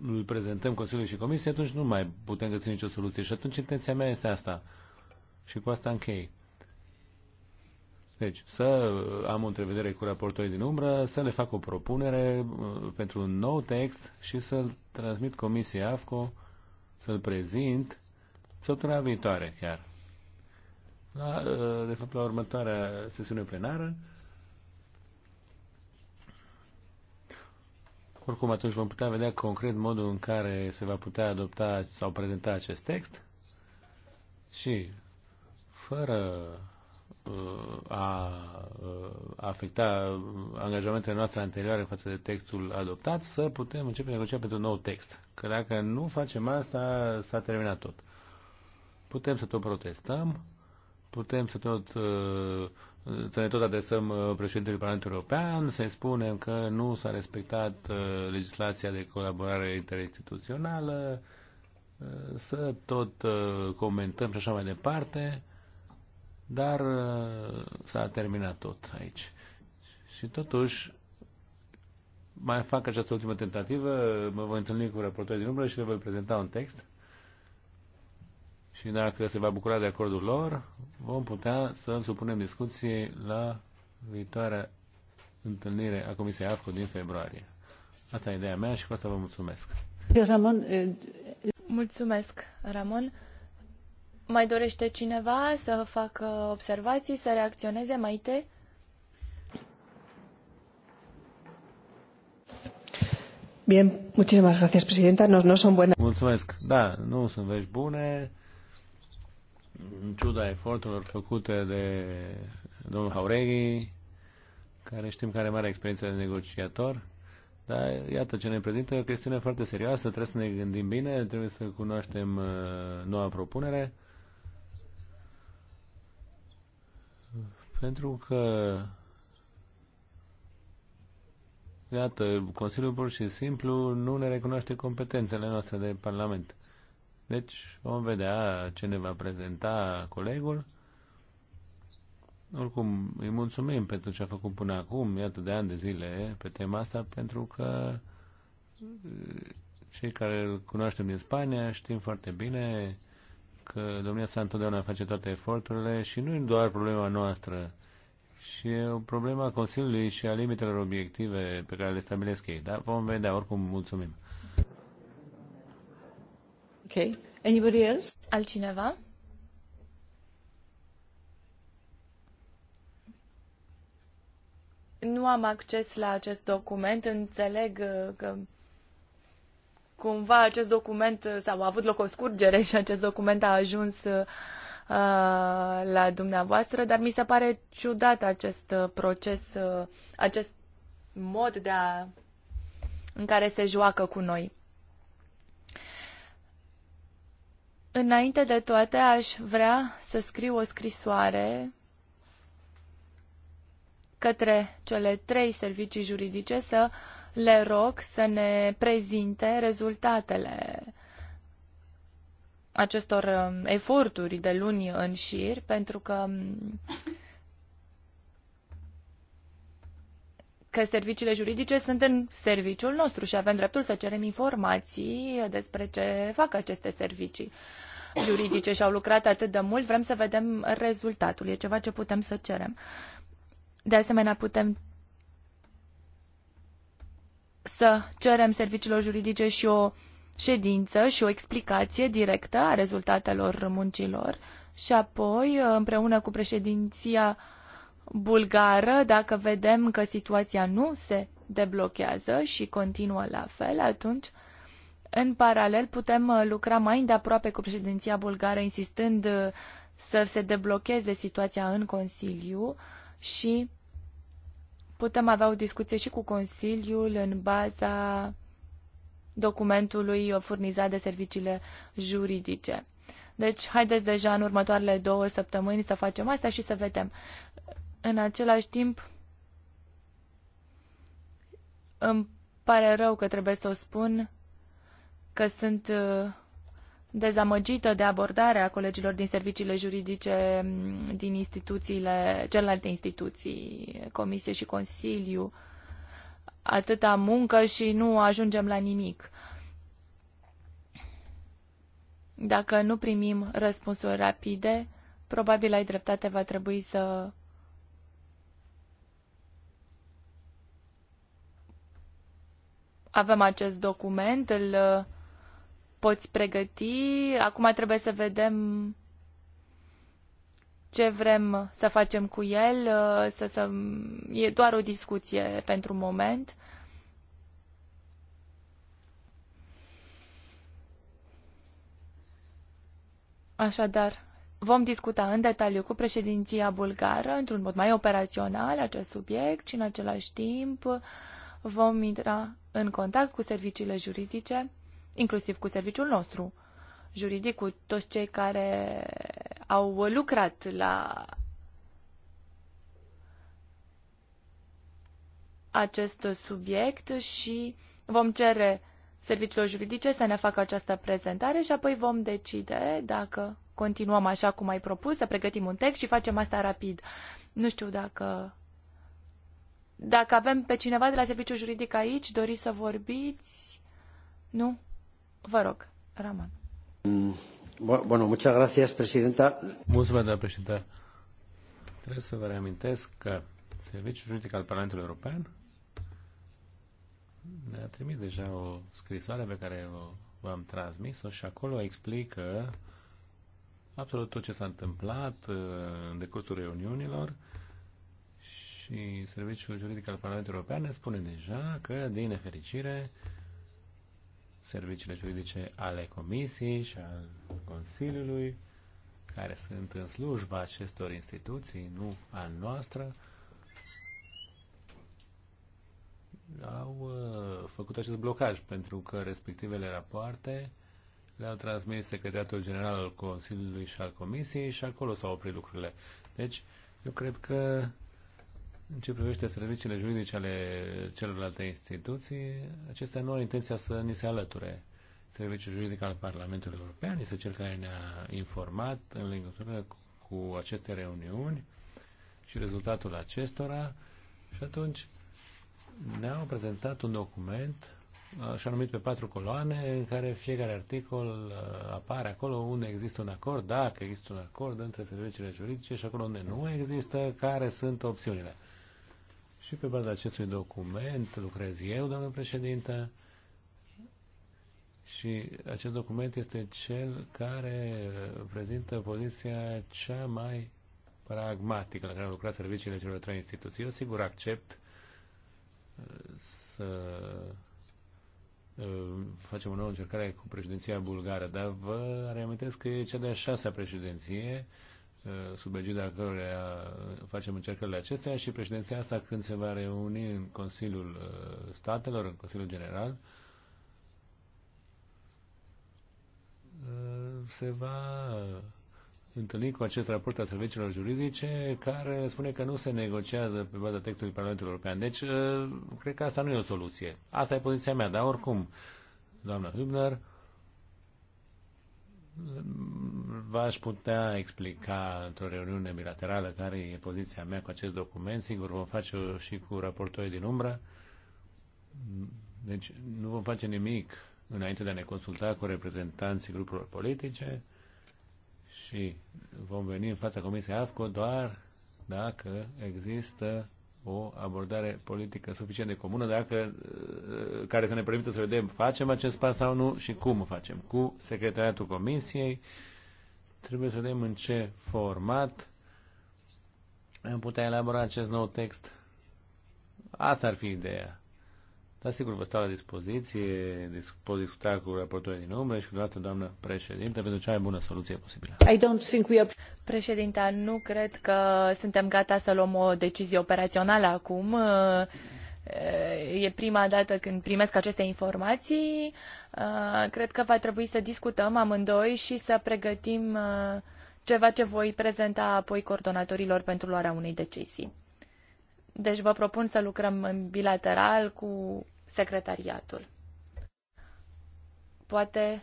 îl prezentăm Consiliului și Comisiei, atunci nu mai putem găsi nicio soluție. Și atunci intenția mea este asta. Și cu asta închei. Deci să am o întrevedere cu raportorii din umbră, să le fac o propunere uh, pentru un nou text și să-l transmit Comisiei AFCO, să-l prezint săptămâna viitoare chiar. La, uh, de fapt, la următoarea sesiune plenară. Oricum, atunci vom putea vedea concret modul în care se va putea adopta sau prezenta acest text și fără a afecta angajamentele noastre anterioare față de textul adoptat, să putem începe negocia pentru un nou text. Că dacă nu facem asta, s-a terminat tot. Putem să tot protestăm, putem să tot uh, să ne tot adresăm uh, președintelui Parlamentului European, să-i spunem că nu s-a respectat uh, legislația de colaborare interinstituțională, să tot comentăm și așa mai departe dar uh, s-a terminat tot aici. Și totuși, mai fac această ultimă tentativă, mă voi întâlni cu raportorii din umbră și le voi prezenta un text. Și dacă se va bucura de acordul lor, vom putea să îl supunem discuții la viitoarea întâlnire a Comisiei AFCO din februarie. Asta e ideea mea și cu asta vă mulțumesc. Ramon, eh, Mulțumesc, Ramon. Mai dorește cineva să facă observații, să reacționeze mai te? Bien, muchísimas gracias, presidenta. No, no son buenas. Mulțumesc. Da, nu sunt vești bune. În ciuda eforturilor făcute de domnul Haureghi, care știm că are mare experiență de negociator, dar iată ce ne prezintă o chestiune foarte serioasă, trebuie să ne gândim bine, trebuie să cunoaștem uh, noua propunere Pentru că, iată, Consiliul pur și simplu nu ne recunoaște competențele noastre de Parlament. Deci vom vedea ce ne va prezenta colegul. Oricum, îi mulțumim pentru ce a făcut până acum, iată de ani de zile, pe tema asta, pentru că eh, cei care îl cunoaștem din Spania știm foarte bine că domnia sa întotdeauna face toate eforturile și nu e doar problema noastră, și e o problemă a Consiliului și a limitelor obiective pe care le stabilesc ei. Dar vom vedea, oricum, mulțumim. Ok. Anybody else? Altcineva? Nu am acces la acest document, înțeleg uh, că cumva acest document sau a avut loc o scurgere și acest document a ajuns uh, la dumneavoastră, dar mi se pare ciudat acest uh, proces, uh, acest mod de a, în care se joacă cu noi. Înainte de toate, aș vrea să scriu o scrisoare către cele trei servicii juridice să uh, le rog să ne prezinte rezultatele acestor um, eforturi de luni în șir, pentru că um, că serviciile juridice sunt în serviciul nostru și avem dreptul să cerem informații despre ce fac aceste servicii juridice și au lucrat atât de mult, vrem să vedem rezultatul. E ceva ce putem să cerem. De asemenea, putem să cerem serviciilor juridice și o ședință și o explicație directă a rezultatelor muncilor și apoi, împreună cu președinția bulgară, dacă vedem că situația nu se deblochează și continuă la fel, atunci, în paralel, putem uh, lucra mai îndeaproape cu președinția bulgară, insistând uh, să se deblocheze situația în Consiliu și putem avea o discuție și cu Consiliul în baza documentului furnizat de serviciile juridice. Deci, haideți deja în următoarele două săptămâni să facem asta și să vedem. În același timp, îmi pare rău că trebuie să o spun, că sunt uh, dezamăgită de abordarea colegilor din serviciile juridice mm, din instituțiile, celelalte instituții, Comisie și Consiliu. Atâta muncă și nu ajungem la nimic. Dacă nu primim răspunsuri rapide, probabil ai dreptate, va trebui să avem acest document, îl poți pregăti. Acum trebuie să vedem ce vrem să facem cu el. Să, să... E doar o discuție pentru moment. Așadar, vom discuta în detaliu cu președinția bulgară, într-un mod mai operațional, acest subiect și, în același timp, vom intra în contact cu serviciile juridice inclusiv cu serviciul nostru juridic, cu toți cei care au lucrat la acest subiect și vom cere serviciilor juridice să ne facă această prezentare și apoi vom decide dacă continuăm așa cum ai propus, să pregătim un text și facem asta rapid. Nu știu dacă dacă avem pe cineva de la serviciul juridic aici, doriți să vorbiți? Nu? Vă rog, Ramon. Bueno, muchas gracias, presidenta. Mulțumesc, doamnă președintă. Trebuie să vă reamintesc că Serviciul Juridic al Parlamentului European ne-a trimis deja o scrisoare pe care o v-am transmis-o și acolo explică absolut tot ce s-a întâmplat uh, în decursul reuniunilor și Serviciul Juridic al Parlamentului European ne spune deja că, din nefericire, serviciile juridice ale Comisiei și al Consiliului, care sunt în slujba acestor instituții, nu a noastră, au uh, făcut acest blocaj pentru că respectivele rapoarte le-au transmis Secretariatul General al Consiliului și al Comisiei și acolo s-au oprit lucrurile. Deci, eu cred că în ce privește serviciile juridice ale celorlalte instituții, acestea nu au intenția să ni se alăture. Serviciul juridic al Parlamentului European este cel care ne-a informat în legătură cu aceste reuniuni și rezultatul acestora și atunci ne-au prezentat un document așa numit pe patru coloane, în care fiecare articol uh, apare acolo unde există un acord, dacă există un acord între serviciile juridice și acolo unde nu există, care sunt opțiunile. Și pe baza acestui document lucrez eu, doamnă președintă, și acest document este cel care prezintă poziția cea mai pragmatică la care lucrat serviciile celor trei instituții. Eu sigur accept uh, să uh, facem o nouă încercare cu președinția bulgară, dar vă reamintesc că e cea de-a șasea președinție Uh, sub egida căruia uh, facem încercările acestea și președinția asta când se va reuni în Consiliul uh, Statelor, în Consiliul General, se va întâlni cu acest raport al serviciilor juridice care spune că nu se negociază pe baza textului Parlamentului European. Deci, cred că asta nu e o soluție. Asta e poziția mea, dar oricum, doamna Hübner, v-aș putea explica într-o reuniune bilaterală care e poziția mea cu acest document. Sigur, vom face și cu raportorii din umbră. Deci nu vom face nimic înainte de a ne consulta cu reprezentanții grupurilor politice și vom veni în fața Comisiei AFCO doar dacă există o abordare politică suficient de comună dacă, uh, care să ne permită să vedem facem acest pas sau nu și cum o facem. Cu secretariatul Comisiei trebuie să vedem în ce format am putea elabora acest nou text. Asta ar fi ideea. Da, sigur, vă stau la dispoziție, pot discuta cu raportorii din umbră și cu dată, doamnă președinte, pentru cea mai bună soluție posibilă. I don't think we are... Președinta, nu cred că suntem gata să luăm o decizie operațională acum. E prima dată când primesc aceste informații. Cred că va trebui să discutăm amândoi și să pregătim ceva ce voi prezenta apoi coordonatorilor pentru luarea unei decizii. Deci vă propun să lucrăm bilateral cu secretariatul. Poate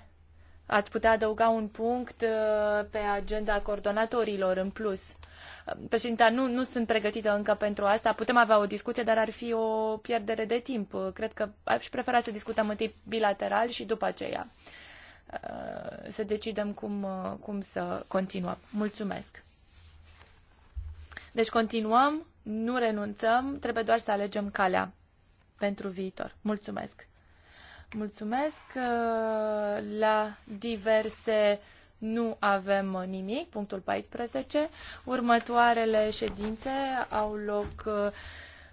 ați putea adăuga un punct uh, pe agenda coordonatorilor în plus. Președinta, nu, nu sunt pregătită încă pentru asta. Putem avea o discuție, dar ar fi o pierdere de timp. Cred că aș prefera să discutăm întâi bilateral și după aceea uh, să decidem cum, uh, cum să continuăm. Mulțumesc! Deci continuăm, nu renunțăm, trebuie doar să alegem calea pentru viitor. Mulțumesc! Mulțumesc! Uh, la diverse nu avem nimic, punctul 14. Următoarele ședințe au loc uh,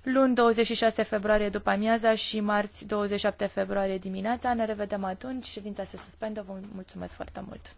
luni 26 februarie după amiaza și marți 27 februarie dimineața. Ne revedem atunci. Ședința se suspendă. Vă mulțumesc foarte mult!